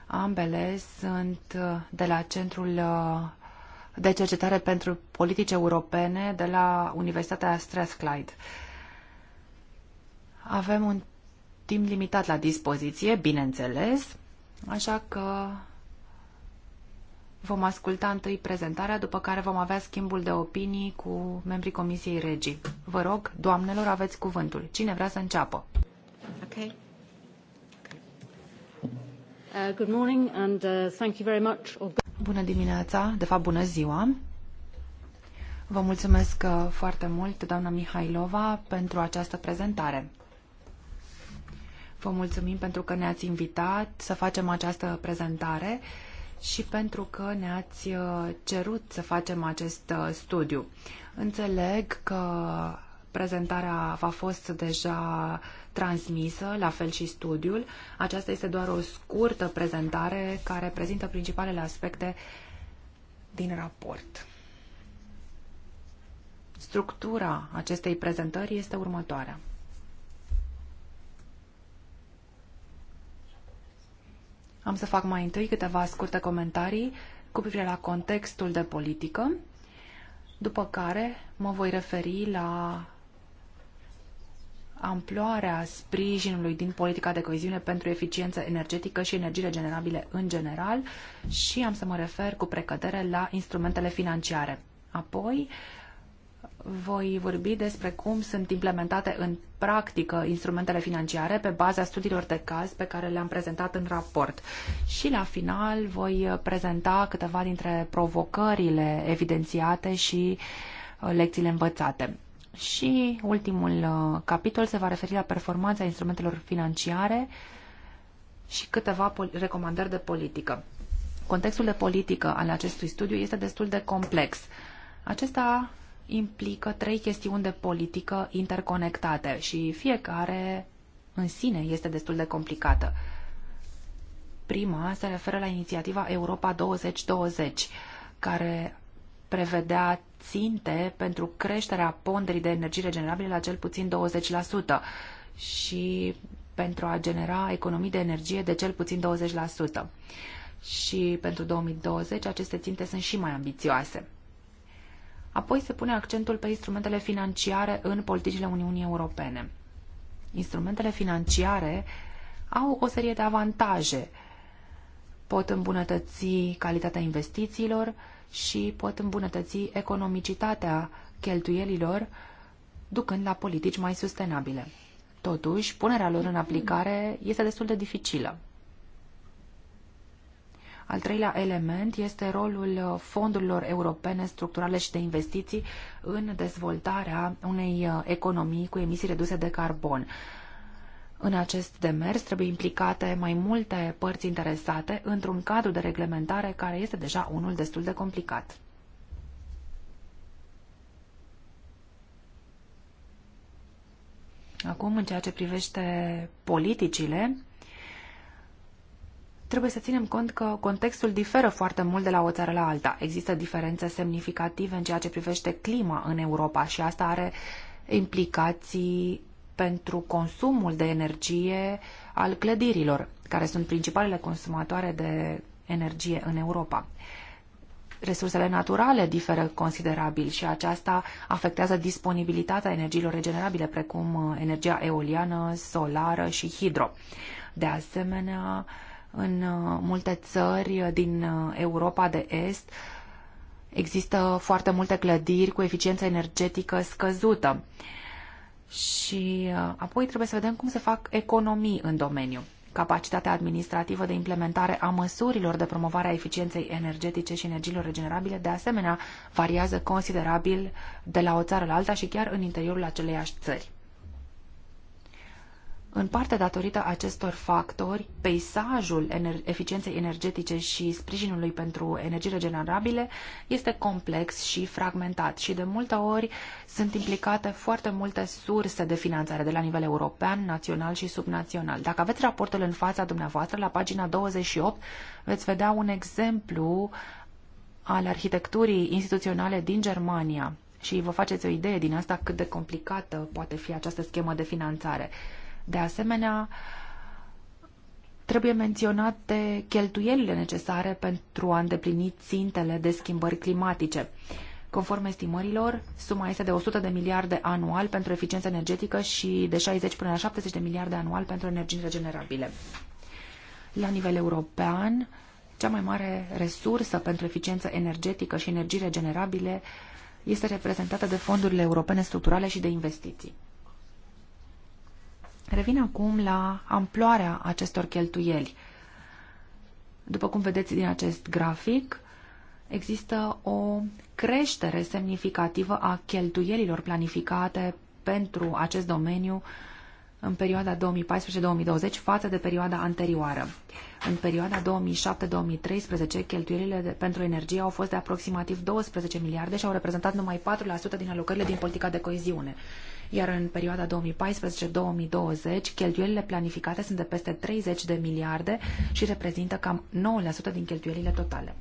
Ambele sunt de la Centrul uh, de cercetare pentru politici europene de la Universitatea Strathclyde. Avem un timp limitat la dispoziție, bineînțeles, așa că vom asculta întâi prezentarea, după care vom avea schimbul de opinii cu membrii Comisiei Regii. Vă rog, doamnelor, aveți cuvântul. Cine vrea să înceapă?
Okay. Uh, good morning and uh, thank you very much.
Bună dimineața, de fapt bună ziua. Vă mulțumesc uh, foarte mult, doamna Mihailova, pentru această prezentare. Vă mulțumim pentru că ne-ați invitat să facem această prezentare și pentru că ne-ați uh, cerut să facem acest uh, studiu. Înțeleg că Prezentarea a fost deja transmisă, la fel și studiul. Aceasta este doar o scurtă prezentare care prezintă principalele aspecte din raport. Structura acestei prezentări este următoarea. Am să fac mai întâi câteva scurte comentarii cu privire la contextul de politică, după care mă voi referi la amploarea sprijinului din politica de coeziune pentru eficiență energetică și energiile regenerabile în general și am să mă refer cu precădere la instrumentele financiare. Apoi, voi vorbi despre cum sunt implementate în practică instrumentele financiare pe baza studiilor de caz pe care le-am prezentat în raport. Și la final voi prezenta câteva dintre provocările evidențiate și uh, lecțiile învățate. Și ultimul uh, capitol se va referi la performanța instrumentelor financiare și câteva recomandări de politică. Contextul de politică al acestui studiu este destul de complex. Acesta implică trei chestiuni de politică interconectate și fiecare în sine este destul de complicată. Prima se referă la inițiativa Europa 2020, care prevedea ținte pentru creșterea ponderii de energie regenerabile la cel puțin 20% și pentru a genera economii de energie de cel puțin 20%. Și pentru 2020 aceste ținte sunt și mai ambițioase. Apoi se pune accentul pe instrumentele financiare în politicile Uniunii Europene. Instrumentele financiare au o serie de avantaje. Pot îmbunătăți calitatea investițiilor, și pot îmbunătăți economicitatea cheltuielilor, ducând la politici mai sustenabile. Totuși, punerea lor în aplicare este destul de dificilă. Al treilea element este rolul fondurilor europene structurale și de investiții în dezvoltarea unei economii cu emisii reduse de carbon. În acest demers trebuie implicate mai multe părți interesate într-un cadru de reglementare care este deja unul destul de complicat. Acum, în ceea ce privește politicile, trebuie să ținem cont că contextul diferă foarte mult de la o țară la alta. Există diferențe semnificative în ceea ce privește clima în Europa și asta are implicații pentru consumul de energie al clădirilor, care sunt principalele consumatoare de energie în Europa. Resursele naturale diferă considerabil și aceasta afectează disponibilitatea energiilor regenerabile, precum uh, energia eoliană, solară și hidro. De asemenea, în uh, multe țări din uh, Europa de Est există foarte multe clădiri cu eficiență energetică scăzută și uh, apoi trebuie să vedem cum se fac economii în domeniu. Capacitatea administrativă de implementare a măsurilor de promovare a eficienței energetice și energiilor regenerabile, de asemenea, variază considerabil de la o țară la alta și chiar în interiorul aceleiași țări. În parte datorită acestor factori, peisajul ener- eficienței energetice și sprijinului pentru energii regenerabile este complex și fragmentat și de multe ori sunt implicate foarte multe surse de finanțare de la nivel european, național și subnațional. Dacă aveți raportul în fața dumneavoastră, la pagina 28, veți vedea un exemplu al arhitecturii instituționale din Germania și vă faceți o idee din asta cât de complicată poate fi această schemă de finanțare. De asemenea, trebuie menționate cheltuielile necesare pentru a îndeplini țintele de schimbări climatice. Conform estimărilor, suma este de 100 de miliarde anual pentru eficiență energetică și de 60 până la 70 de miliarde anual pentru energii regenerabile. La nivel european, cea mai mare resursă pentru eficiență energetică și energii regenerabile este reprezentată de fondurile europene structurale și de investiții. Revin acum la amploarea acestor cheltuieli. După cum vedeți din acest grafic, există o creștere semnificativă a cheltuielilor planificate pentru acest domeniu în perioada 2014-2020 față de perioada anterioară. În perioada 2007-2013, cheltuielile de, pentru energie au fost de aproximativ 12 miliarde și au reprezentat numai 4% din alocările din politica de coeziune. Iar în perioada 2014-2020, cheltuielile planificate sunt de peste 30 de miliarde și reprezintă cam 9% din cheltuielile totale.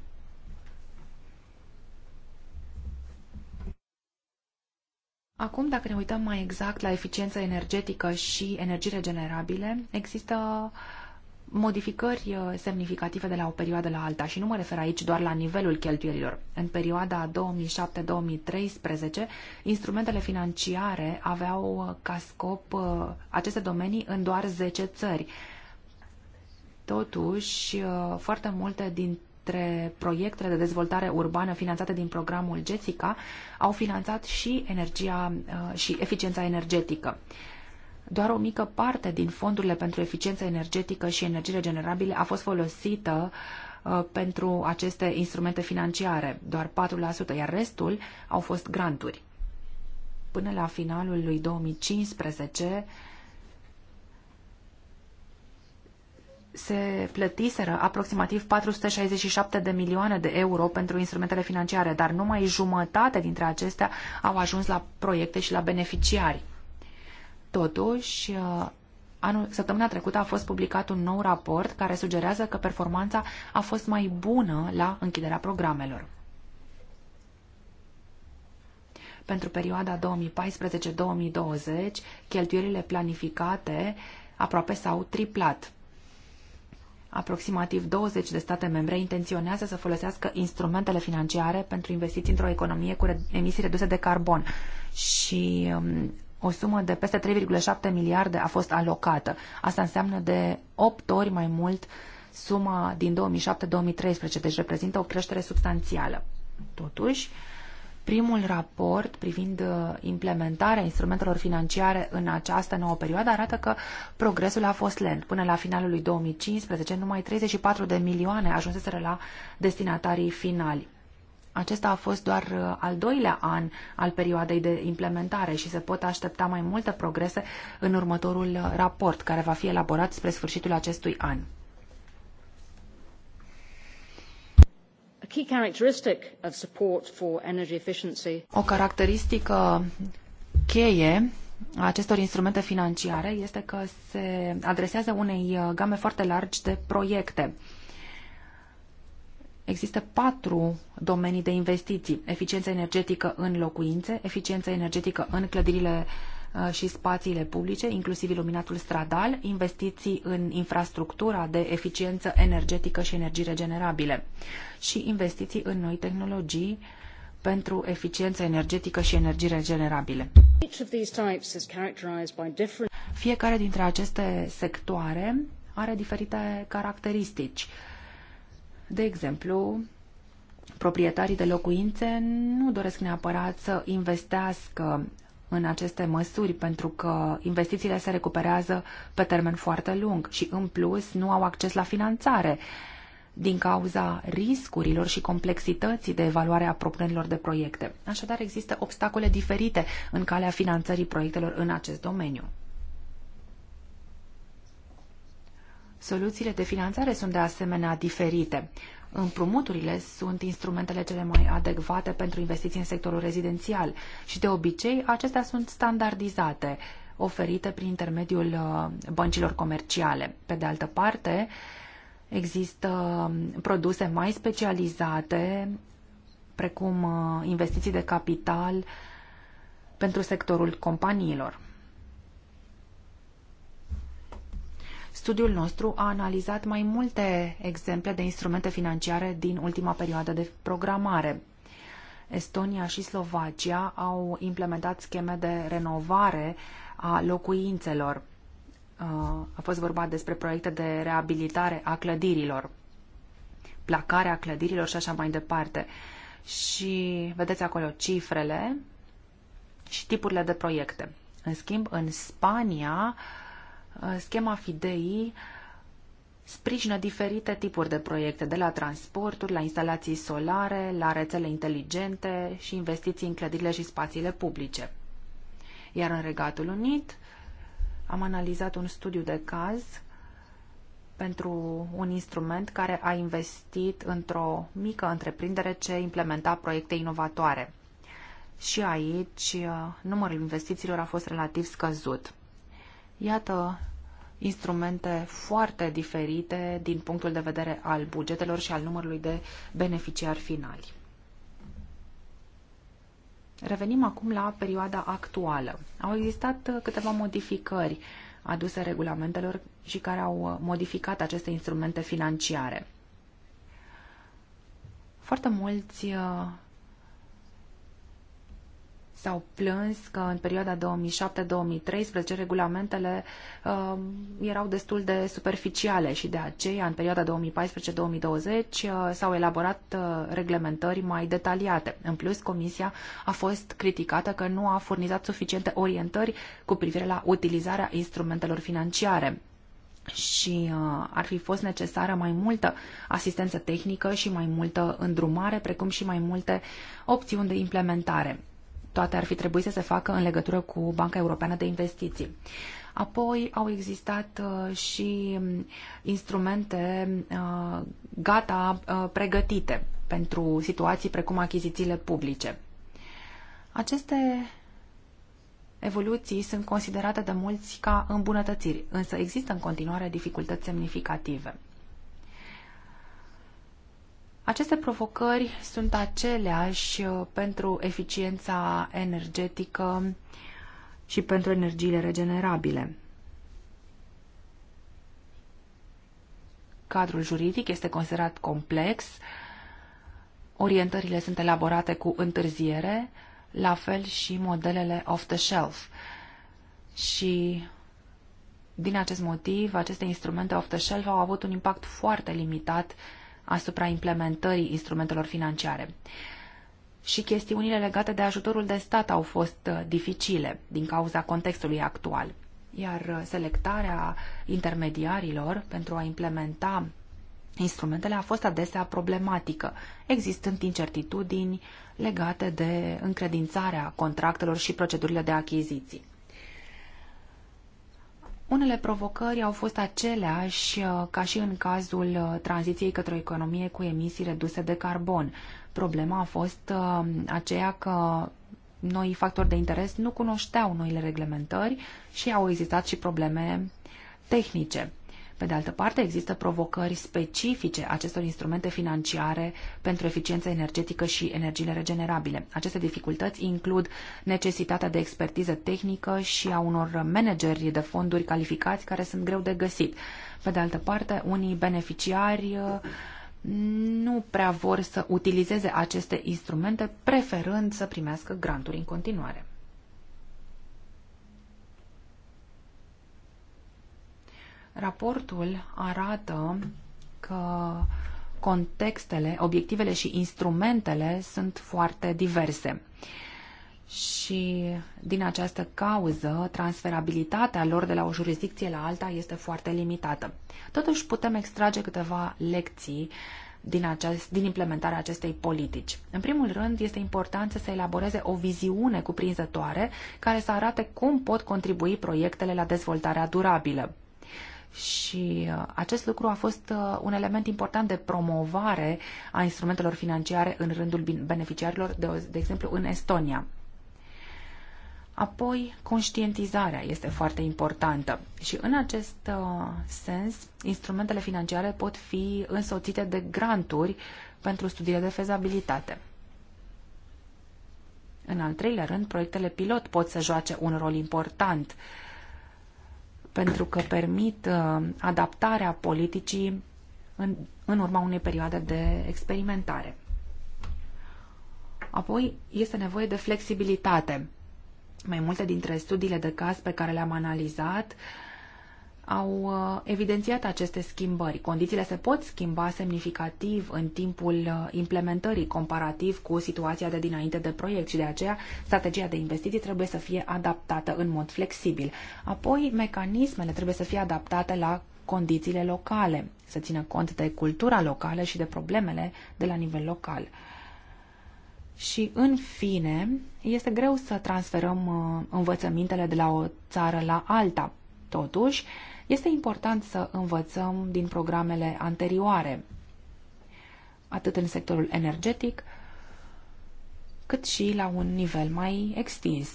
Acum, dacă ne uităm mai exact la eficiența energetică și energii regenerabile, există uh, modificări uh, semnificative de la o perioadă la alta și nu mă refer aici doar la nivelul cheltuielilor. În perioada 2007-2013, instrumentele financiare aveau uh, ca scop uh, aceste domenii în doar 10 țări. Totuși, foarte multe din dintre proiectele de dezvoltare urbană finanțate din programul Jessica au finanțat și energia și eficiența energetică doar o mică parte din fondurile pentru eficiență energetică și energie regenerabile a fost folosită uh, pentru aceste instrumente financiare, doar 4%, iar restul au fost granturi. Până la finalul lui 2015 se plătiseră aproximativ 467 de milioane de euro pentru instrumentele financiare, dar numai jumătate dintre acestea au ajuns la proiecte și la beneficiari Totuși, uh, anul, săptămâna trecută a fost publicat un nou raport care sugerează că performanța a fost mai bună la închiderea programelor. Pentru perioada 2014-2020, cheltuielile planificate aproape s-au triplat. Aproximativ 20 de state membre intenționează să folosească instrumentele financiare pentru investiții într-o economie cu emisii reduse de carbon și um, o sumă de peste 3,7 miliarde a fost alocată. Asta înseamnă de 8 ori mai mult suma din 2007-2013, deci reprezintă o creștere substanțială. Totuși, primul raport privind uh, implementarea instrumentelor financiare în această nouă perioadă arată că progresul a fost lent. Până la finalul lui 2015, numai 34 de milioane ajunseseră la destinatarii finali. Acesta a fost doar uh, al doilea an al perioadei de implementare și se pot aștepta mai multe progrese în următorul uh, raport, care va fi elaborat spre sfârșitul acestui an. O caracteristică cheie a acestor instrumente financiare este că se adresează unei uh, game foarte largi de proiecte Există patru domenii de investiții. Eficiența energetică în locuințe, eficiența energetică în clădirile uh, și spațiile publice, inclusiv iluminatul stradal, investiții în infrastructura de eficiență energetică și energii regenerabile și investiții în noi tehnologii pentru eficiență energetică și energii regenerabile. Fiecare dintre aceste sectoare are diferite caracteristici. De exemplu, proprietarii de locuințe nu doresc neapărat să investească în aceste măsuri, pentru că investițiile se recuperează pe termen foarte lung și, în plus, nu au acces la finanțare din cauza riscurilor și complexității de evaluare a propunerilor de proiecte. Așadar, există obstacole diferite în calea finanțării proiectelor în acest domeniu. Soluțiile de finanțare sunt de asemenea diferite. Împrumuturile sunt instrumentele cele mai adecvate pentru investiții în sectorul rezidențial și de obicei acestea sunt standardizate, oferite prin intermediul uh, băncilor comerciale. Pe de altă parte, există um, produse mai specializate, precum uh, investiții de capital pentru sectorul companiilor. Studiul nostru a analizat mai multe exemple de instrumente financiare din ultima perioadă de programare. Estonia și Slovacia au implementat scheme de renovare a locuințelor. Uh, a fost vorba despre proiecte de reabilitare a clădirilor, placarea clădirilor și așa mai departe. Și vedeți acolo cifrele și tipurile de proiecte. În schimb, în Spania, uh, Uh, schema FIDEI sprijină diferite tipuri de proiecte, de la transporturi, la instalații solare, la rețele inteligente și investiții în clădirile și spațiile publice. Iar în Regatul Unit am analizat un studiu de caz pentru un instrument care a investit într-o mică întreprindere ce implementa proiecte inovatoare. Și aici uh, numărul investițiilor a fost relativ scăzut. Iată instrumente foarte diferite din punctul de vedere al bugetelor și al numărului de beneficiari finali. Revenim acum la perioada actuală. Au existat câteva modificări aduse regulamentelor și care au modificat aceste instrumente financiare. Foarte mulți uh, s-au plâns că în perioada 2007-2013 regulamentele uh, erau destul de superficiale și de aceea în perioada 2014-2020 uh, s-au elaborat uh, reglementări mai detaliate. În plus, Comisia a fost criticată că nu a furnizat suficiente orientări cu privire la utilizarea instrumentelor financiare și uh, ar fi fost necesară mai multă asistență tehnică și mai multă îndrumare, precum și mai multe opțiuni de implementare toate ar fi trebuit să se facă în legătură cu Banca Europeană de Investiții. Apoi au existat uh, și um, instrumente uh, gata uh, pregătite pentru situații precum achizițiile publice. Aceste evoluții sunt considerate de mulți ca îmbunătățiri, însă există în continuare dificultăți semnificative. Aceste provocări sunt aceleași uh, pentru eficiența energetică și pentru energiile regenerabile. Cadrul juridic este considerat complex, orientările sunt elaborate cu întârziere, la fel și modelele off-the-shelf. Și din acest motiv, aceste instrumente off-the-shelf au avut un impact foarte limitat uh, asupra implementării instrumentelor financiare. Și chestiunile legate de ajutorul de stat au fost uh, dificile din cauza contextului actual. Iar uh, selectarea intermediarilor pentru a implementa instrumentele a fost adesea problematică, existând incertitudini legate de încredințarea contractelor și procedurile de achiziții. Unele provocări au fost aceleași uh, ca și în cazul uh, tranziției către o economie cu emisii reduse de carbon. Problema a fost uh, aceea că noi factori de interes nu cunoșteau noile reglementări și au existat și probleme tehnice. Pe de altă parte, există provocări specifice acestor instrumente financiare pentru eficiența energetică și energiile regenerabile. Aceste dificultăți includ necesitatea de expertiză tehnică și a unor manageri de fonduri calificați care sunt greu de găsit. Pe de altă parte, unii beneficiari uh, nu prea vor să utilizeze aceste instrumente, preferând să primească granturi în continuare. Raportul arată că contextele, obiectivele și instrumentele sunt foarte diverse. Și din această cauză, transferabilitatea lor de la o jurisdicție la alta este foarte limitată. Totuși, putem extrage câteva lecții din, acest, din implementarea acestei politici. În primul rând, este important să se elaboreze o viziune cuprinzătoare care să arate cum pot contribui proiectele la dezvoltarea durabilă. Și uh, acest lucru a fost uh, un element important de promovare a instrumentelor financiare în rândul beneficiarilor, de, de exemplu în Estonia. Apoi, conștientizarea este foarte importantă și în acest uh, sens, instrumentele financiare pot fi însoțite de granturi pentru studiile de fezabilitate. În al treilea rând, proiectele pilot pot să joace un rol important uh, pentru că permit uh, adaptarea politicii în, în urma unei perioade de experimentare. Apoi, este nevoie de flexibilitate. Mai multe dintre studiile de caz pe care le-am analizat uh, au uh, evidențiat aceste schimbări. Condițiile se pot schimba semnificativ în timpul uh, implementării comparativ cu situația de dinainte de proiect și de aceea strategia de investiții trebuie să fie adaptată în mod flexibil. Apoi, mecanismele trebuie să fie adaptate la condițiile locale, să țină cont de cultura locală și de problemele de la nivel local. Și, în fine, este greu să transferăm uh, învățămintele de la o țară la alta. Totuși, este important să învățăm din programele anterioare, atât în sectorul energetic, cât și la un nivel mai extins,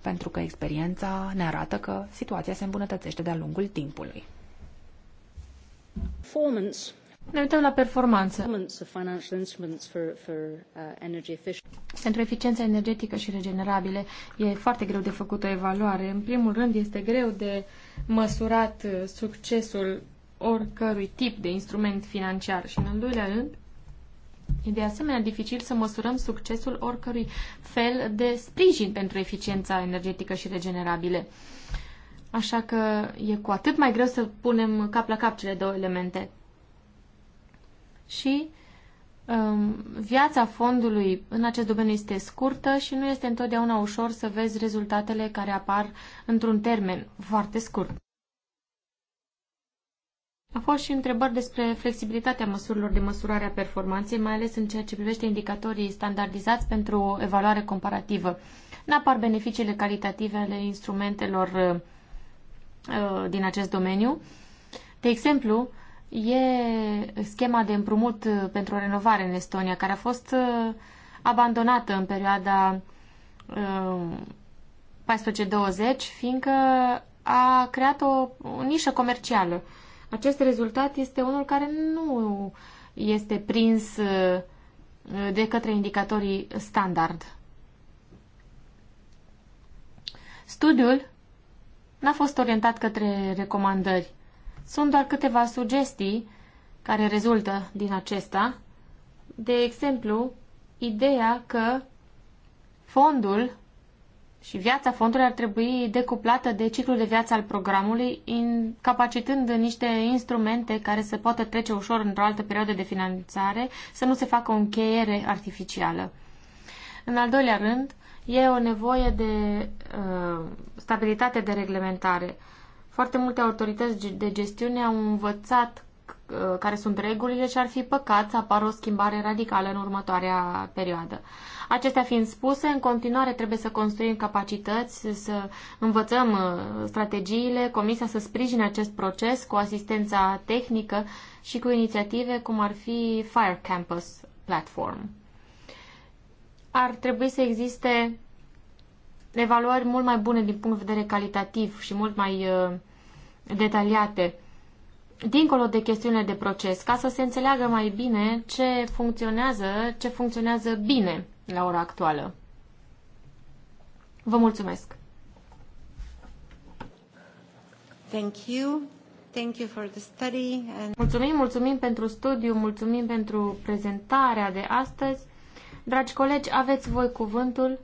pentru că experiența ne arată că situația se îmbunătățește de-a lungul timpului.
Performance. Ne uităm la performanță. Uh, pentru eficiența energetică și regenerabile e foarte greu de făcut o evaluare. În primul rând este greu de uh, măsurat uh, succesul oricărui tip de instrument financiar. Și în al doilea rând, e de asemenea dificil să măsurăm succesul oricărui fel de sprijin pentru eficiența energetică și regenerabile. Așa că e cu atât mai greu să punem cap la cap cele două elemente. Și Um, viața fondului în acest domeniu este scurtă și nu este întotdeauna ușor să vezi rezultatele care apar într-un termen foarte scurt. A fost și întrebări despre flexibilitatea măsurilor de măsurare a performanței, mai ales în ceea ce privește indicatorii standardizați pentru o evaluare comparativă. N-apar beneficiile calitative ale instrumentelor uh, uh, din acest domeniu. De exemplu, e schema de împrumut pentru renovare în Estonia, care a fost uh, abandonată în perioada 14-20, uh, fiindcă a creat o, o nișă comercială. Acest rezultat este unul care nu este prins uh, de către indicatorii standard. Studiul n-a fost orientat către recomandări sunt doar câteva sugestii care rezultă din acesta. De exemplu, ideea că fondul și viața fondului ar trebui decuplată de ciclul de viață al programului, capacitând niște instrumente care să poată trece ușor într-o altă perioadă de finanțare, să nu se facă o încheiere artificială. În al doilea rând, e o nevoie de uh, stabilitate de reglementare. Foarte multe autorități de gestiune au învățat uh, care sunt regulile și ar fi păcat să apară o schimbare radicală în următoarea perioadă. Acestea fiind spuse, în continuare trebuie să construim capacități, să învățăm uh, strategiile, Comisia să sprijine acest proces cu asistența tehnică și cu inițiative cum ar fi Fire Campus Platform. Ar trebui să existe evaluări mult mai bune din punct de vedere calitativ și mult mai uh, detaliate, dincolo de chestiune de proces, ca să se înțeleagă mai bine ce funcționează, ce funcționează bine la ora actuală. Vă mulțumesc! Thank you. Thank you for the study and... Mulțumim, mulțumim pentru studiu, mulțumim pentru prezentarea de astăzi. Dragi colegi, aveți voi cuvântul.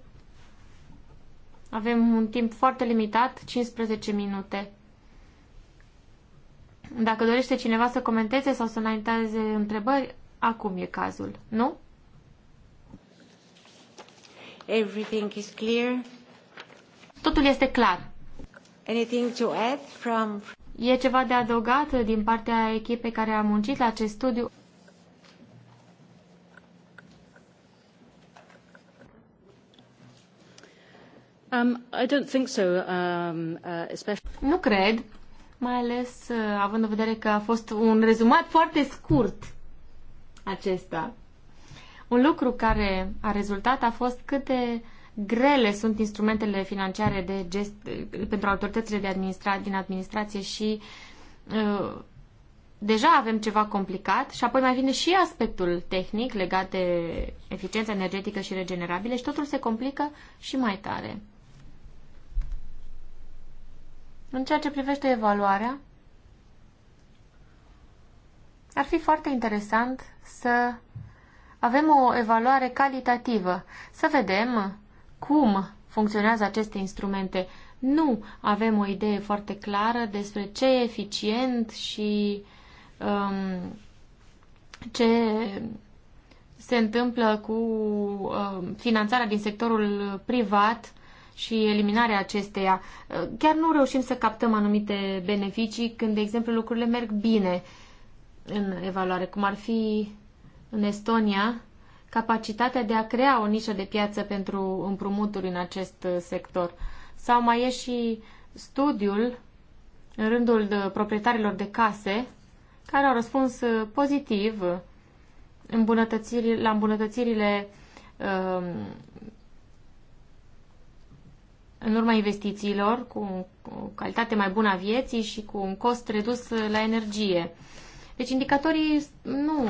Avem un timp foarte limitat, 15 minute. Dacă dorește cineva să comenteze sau să înainteze întrebări, acum e cazul, nu? Everything is clear. Totul este clar. Anything to add from... E ceva de adăugat din partea echipei care a muncit la acest studiu? Um, I don't think so, um, uh, especially... Nu cred, mai ales uh, având în vedere că a fost un rezumat foarte scurt acesta. Un lucru care a rezultat a fost cât de grele sunt instrumentele financiare de gest, pentru autoritățile de administra, din administrație și uh, deja avem ceva complicat și apoi mai vine și aspectul tehnic legat de eficiența energetică și regenerabile și totul se complică și mai tare. În ceea ce privește evaluarea, ar fi foarte interesant să avem o evaluare calitativă, să vedem cum funcționează aceste instrumente. Nu avem o idee foarte clară despre ce e eficient și um, ce se întâmplă cu um, finanțarea din sectorul privat și eliminarea acesteia. Chiar nu reușim să captăm anumite beneficii când, de exemplu, lucrurile merg bine în evaluare, cum ar fi în Estonia, capacitatea de a crea o nișă de piață pentru împrumuturi în acest sector. Sau mai e și studiul în rândul de proprietarilor de case care au răspuns uh, pozitiv îmbunătățiri, la îmbunătățirile uh, în urma investițiilor, cu o calitate mai bună a vieții și cu un cost redus la energie. Deci indicatorii nu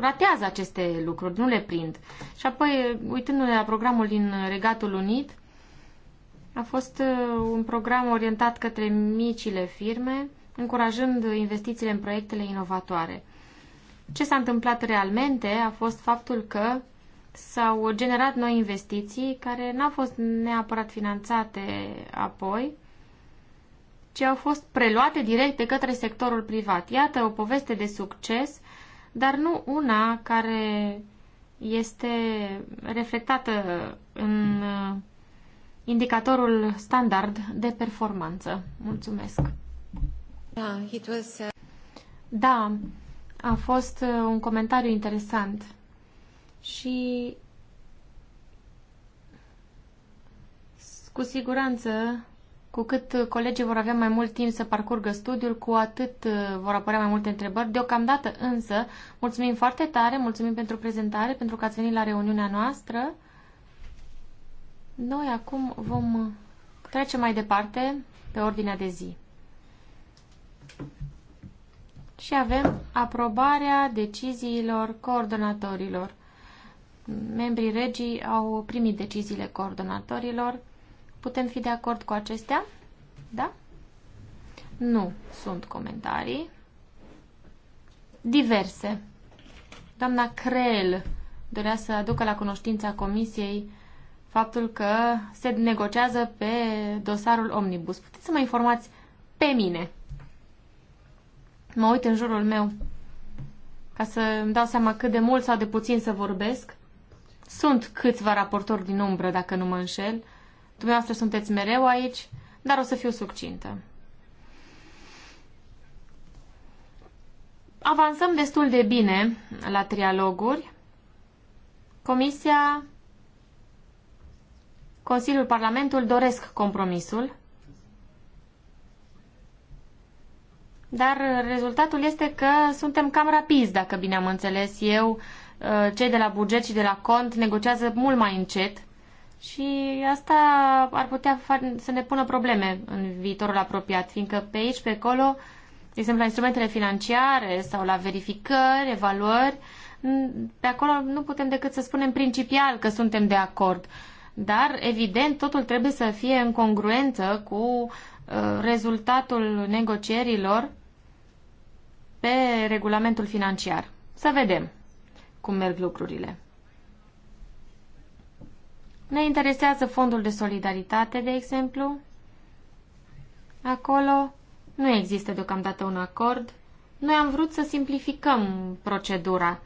ratează aceste lucruri, nu le prind. Și apoi, uitându-ne la programul din Regatul Unit, a fost uh, un program orientat către micile firme, încurajând investițiile în proiectele inovatoare. Ce s-a întâmplat realmente a fost faptul că s-au generat noi investiții care n-au fost neapărat finanțate apoi, ci au fost preluate direct de către sectorul privat. Iată o poveste de succes, dar nu una care este reflectată în uh, indicatorul standard de performanță. Mulțumesc! Uh, uh, da, a fost un comentariu interesant și cu siguranță, cu cât colegii vor avea mai mult timp să parcurgă studiul, cu atât uh, vor apărea mai multe întrebări. Deocamdată însă, mulțumim foarte tare, mulțumim pentru prezentare, pentru că ați venit la reuniunea noastră. Noi acum vom trece mai departe pe ordinea de zi. Și avem aprobarea deciziilor coordonatorilor membrii regii au primit deciziile coordonatorilor. Putem fi de acord cu acestea? Da? Nu sunt comentarii. Diverse. Doamna Creel dorea să aducă la cunoștința comisiei faptul că se negociază pe dosarul Omnibus. Puteți să mă informați pe mine. Mă uit în jurul meu ca să îmi dau seama cât de mult sau de puțin să vorbesc. Sunt câțiva raportori din umbră, dacă nu mă înșel. Dumneavoastră sunteți mereu aici, dar o să fiu succintă. Avansăm destul de bine la trialoguri. Comisia, Consiliul, Parlamentul doresc compromisul, dar rezultatul este că suntem cam rapizi, dacă bine am înțeles eu, Uh, cei de la buget și de la cont negociază mult mai încet și asta ar putea să ne pună probleme în viitorul apropiat, fiindcă pe aici, pe acolo, de exemplu, la instrumentele financiare sau la verificări, evaluări, pe acolo nu putem decât să spunem principial că suntem de acord. Dar, evident, totul trebuie să fie în congruență cu uh, rezultatul negocierilor pe regulamentul financiar. Să vedem cum merg lucrurile. Ne interesează fondul de solidaritate, de exemplu. Acolo nu există deocamdată un acord. Noi am vrut să simplificăm procedura.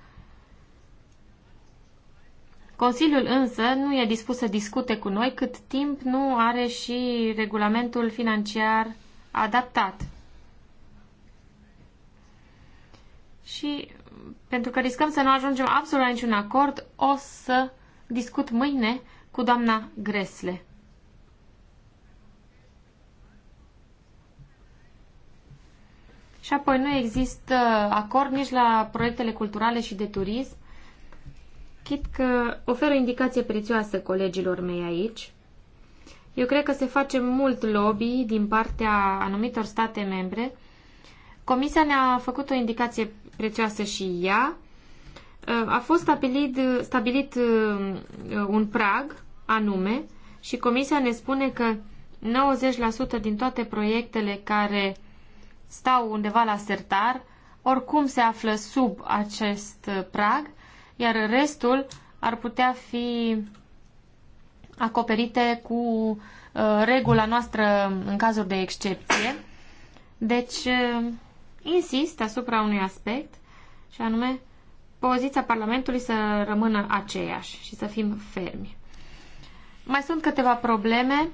Consiliul însă nu e dispus să discute cu noi cât timp nu are și regulamentul financiar adaptat. Și pentru că riscăm să nu ajungem absolut la niciun acord, o să discut mâine cu doamna Gresle. Și apoi nu există acord nici la proiectele culturale și de turism. Chit că ofer o indicație prețioasă colegilor mei aici. Eu cred că se face mult lobby din partea anumitor state membre. Comisia ne-a făcut o indicație prețioasă și ea, uh, a fost stabilit, stabilit uh, un prag anume și Comisia ne spune că 90% din toate proiectele care stau undeva la sertar oricum se află sub acest prag, iar restul ar putea fi acoperite cu uh, regula noastră în cazuri de excepție. Deci, insist asupra unui aspect, și anume poziția Parlamentului să rămână aceeași și să fim fermi. Mai sunt câteva probleme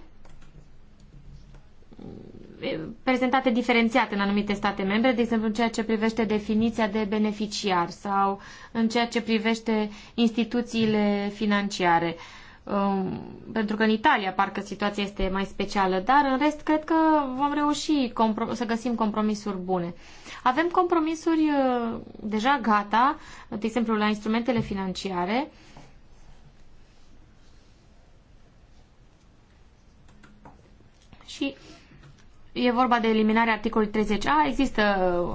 prezentate diferențiate în anumite state membre, de exemplu în ceea ce privește definiția de beneficiar sau în ceea ce privește instituțiile financiare. Uh, um, pentru că în Italia parcă situația este mai specială, dar în rest cred că vom reuși să găsim compromisuri bune. Avem compromisuri uh, deja gata, de exemplu la instrumentele financiare, și e vorba de eliminarea articolului 30A. Există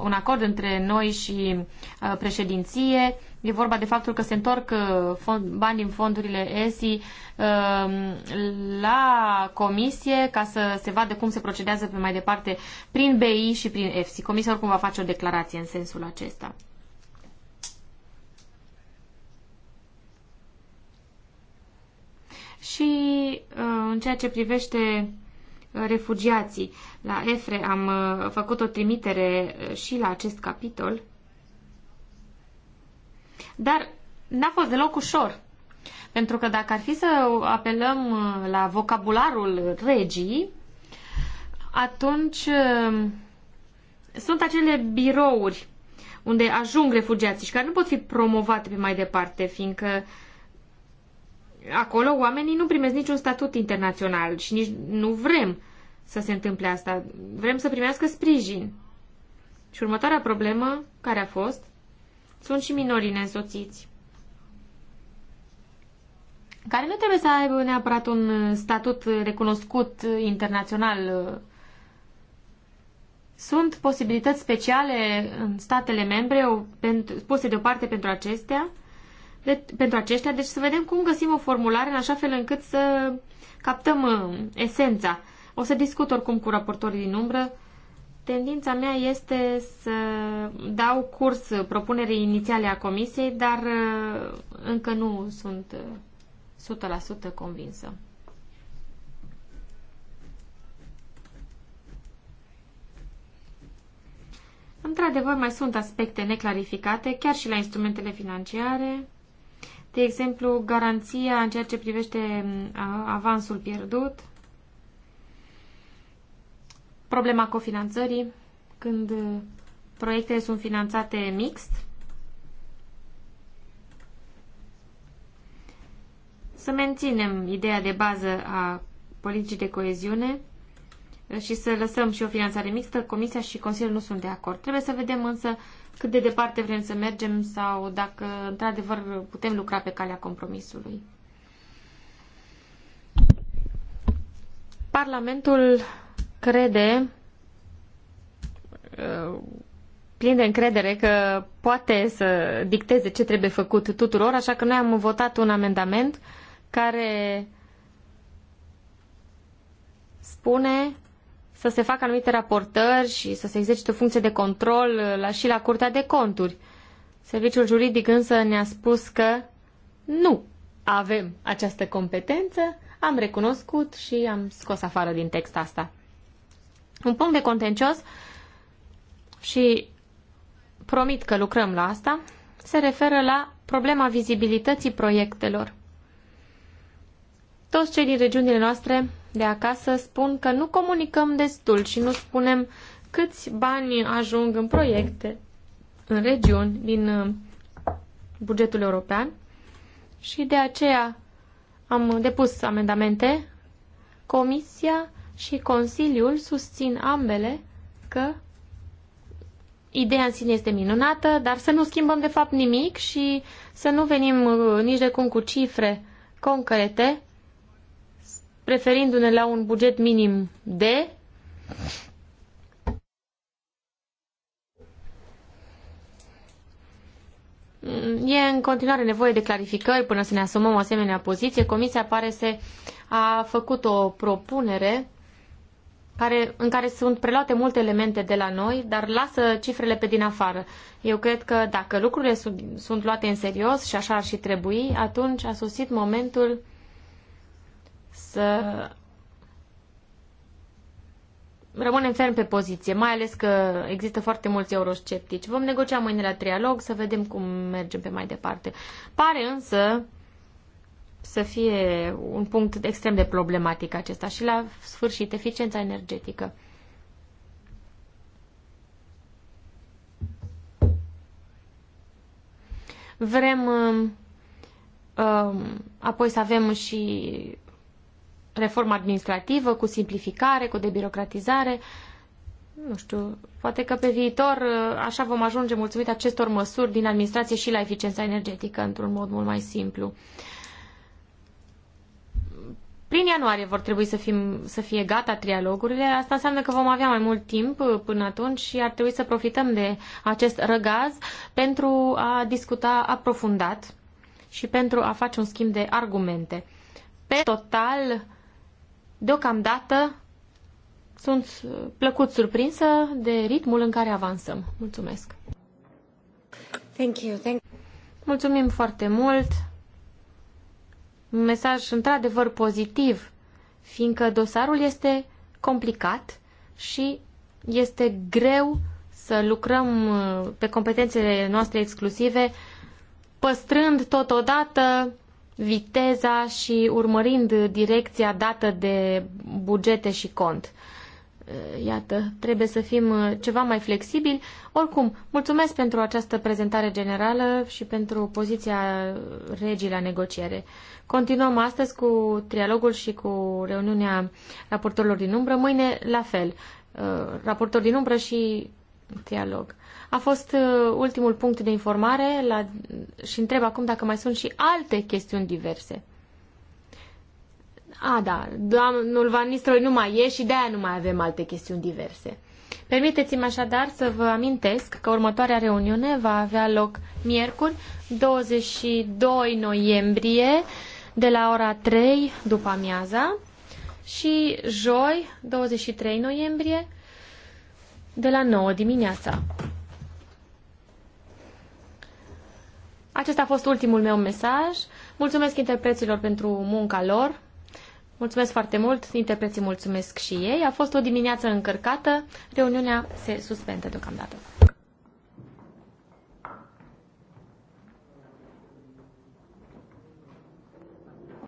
un acord între noi și uh, președinție E vorba de faptul că se întorc uh, fond, bani din fondurile ESI um, la comisie ca să se vadă cum se procedează pe mai departe prin BI și prin EFSI. Comisia oricum va face o declarație în sensul acesta. Și uh, în ceea ce privește uh, refugiații, la EFRE am făcut o trimitere și la acest capitol. Dar n-a fost deloc ușor. Pentru că dacă ar fi să apelăm uh, la vocabularul regii, atunci uh, sunt acele birouri unde ajung refugiații și care nu pot fi promovate pe mai departe, fiindcă acolo oamenii nu primesc niciun statut internațional și nici nu vrem să se întâmple asta. Vrem să primească sprijin. Și următoarea problemă care a fost sunt și minorii nesoțiți, care nu trebuie să aibă neapărat un statut recunoscut internațional. Sunt posibilități speciale în statele membre puse deoparte pentru acestea, de, pentru aceștia, deci să vedem cum găsim o formulare în așa fel încât să captăm uh, esența. O să discut oricum cu raportorii din umbră tendința mea este să dau curs propunerii inițiale a comisiei, dar uh, încă nu sunt 100% uh, convinsă. Într-adevăr, mai sunt aspecte neclarificate, chiar și la instrumentele financiare. De exemplu, garanția în ceea ce privește uh, avansul pierdut – problema cofinanțării când proiectele sunt finanțate mixt. Să menținem ideea de bază a politicii de coeziune și să lăsăm și o finanțare mixtă. Comisia și Consiliul nu sunt de acord. Trebuie să vedem însă cât de departe vrem să mergem sau dacă într-adevăr putem lucra pe calea compromisului. Parlamentul crede uh, plin de încredere că poate să dicteze ce trebuie făcut tuturor, așa că noi am votat un amendament care spune să se facă anumite raportări și să se exercite o funcție de control uh, la, și la Curtea de Conturi. Serviciul juridic însă ne-a spus că nu avem această competență, am recunoscut și am scos afară din text asta un punct de contencios și promit că lucrăm la asta, se referă la problema vizibilității proiectelor. Toți cei din regiunile noastre de acasă spun că nu comunicăm destul și nu spunem câți bani ajung în proiecte, în regiuni, din uh, bugetul european și de aceea am depus amendamente. Comisia și Consiliul susțin ambele că ideea în sine este minunată, dar să nu schimbăm de fapt nimic și să nu venim uh, nici de cum cu cifre concrete, preferindu ne la un buget minim de... Mm, e în continuare nevoie de clarificări până să ne asumăm o asemenea poziție. Comisia pare să a făcut o propunere care, în care sunt preluate multe elemente de la noi, dar lasă cifrele pe din afară. Eu cred că dacă lucrurile sunt, sunt luate în serios și așa ar și trebui, atunci a sosit momentul să rămânem ferm pe poziție, mai ales că există foarte mulți eurosceptici. Vom negocia mâine la trialog să vedem cum mergem pe mai departe. Pare însă să fie un punct extrem de problematic acesta și la sfârșit eficiența energetică. Vrem um, um, apoi să avem și reformă administrativă cu simplificare, cu debirocratizare. Nu știu, poate că pe viitor uh, așa vom ajunge mulțumit acestor măsuri din administrație și la eficiența energetică într-un mod mult mai simplu. Uh, prin ianuarie vor trebui să, fim, să fie gata trialogurile. Asta înseamnă că vom avea mai mult timp uh, până atunci și ar trebui să profităm de acest răgaz pentru a discuta aprofundat și pentru a face un schimb de argumente. Pe total, deocamdată, sunt uh, plăcut surprinsă de ritmul în care avansăm. Mulțumesc! Thank you. Thank you. Mulțumim foarte mult! Un mesaj într-adevăr pozitiv, fiindcă dosarul este complicat și este greu să lucrăm uh, pe competențele noastre exclusive, păstrând totodată viteza și urmărind direcția dată de bugete și cont. Eh, iată, trebuie să fim eh, ceva mai flexibili. Oricum, mulțumesc pentru această prezentare generală și pentru poziția regii la negociere. Continuăm astăzi cu trialogul și cu reuniunea raportorilor din umbră. Mâine, la fel, eh, raportor din umbră și trialog. A fost ultimul punct de informare la... și întreb acum dacă mai sunt și alte chestiuni diverse. A, da, domnul Van Nistelrooy nu mai e și de aia nu mai avem alte chestiuni diverse. Permiteți-mi așadar să vă amintesc că următoarea reuniune va avea loc miercuri, 22 noiembrie, de la ora 3 după amiaza și joi, 23 noiembrie, de la 9 dimineața. Acesta a fost ultimul meu mesaj. Mulțumesc interpreților pentru munca lor. Mulțumesc foarte mult, interpreții mulțumesc și ei. A fost o dimineață încărcată, reuniunea se suspendă deocamdată.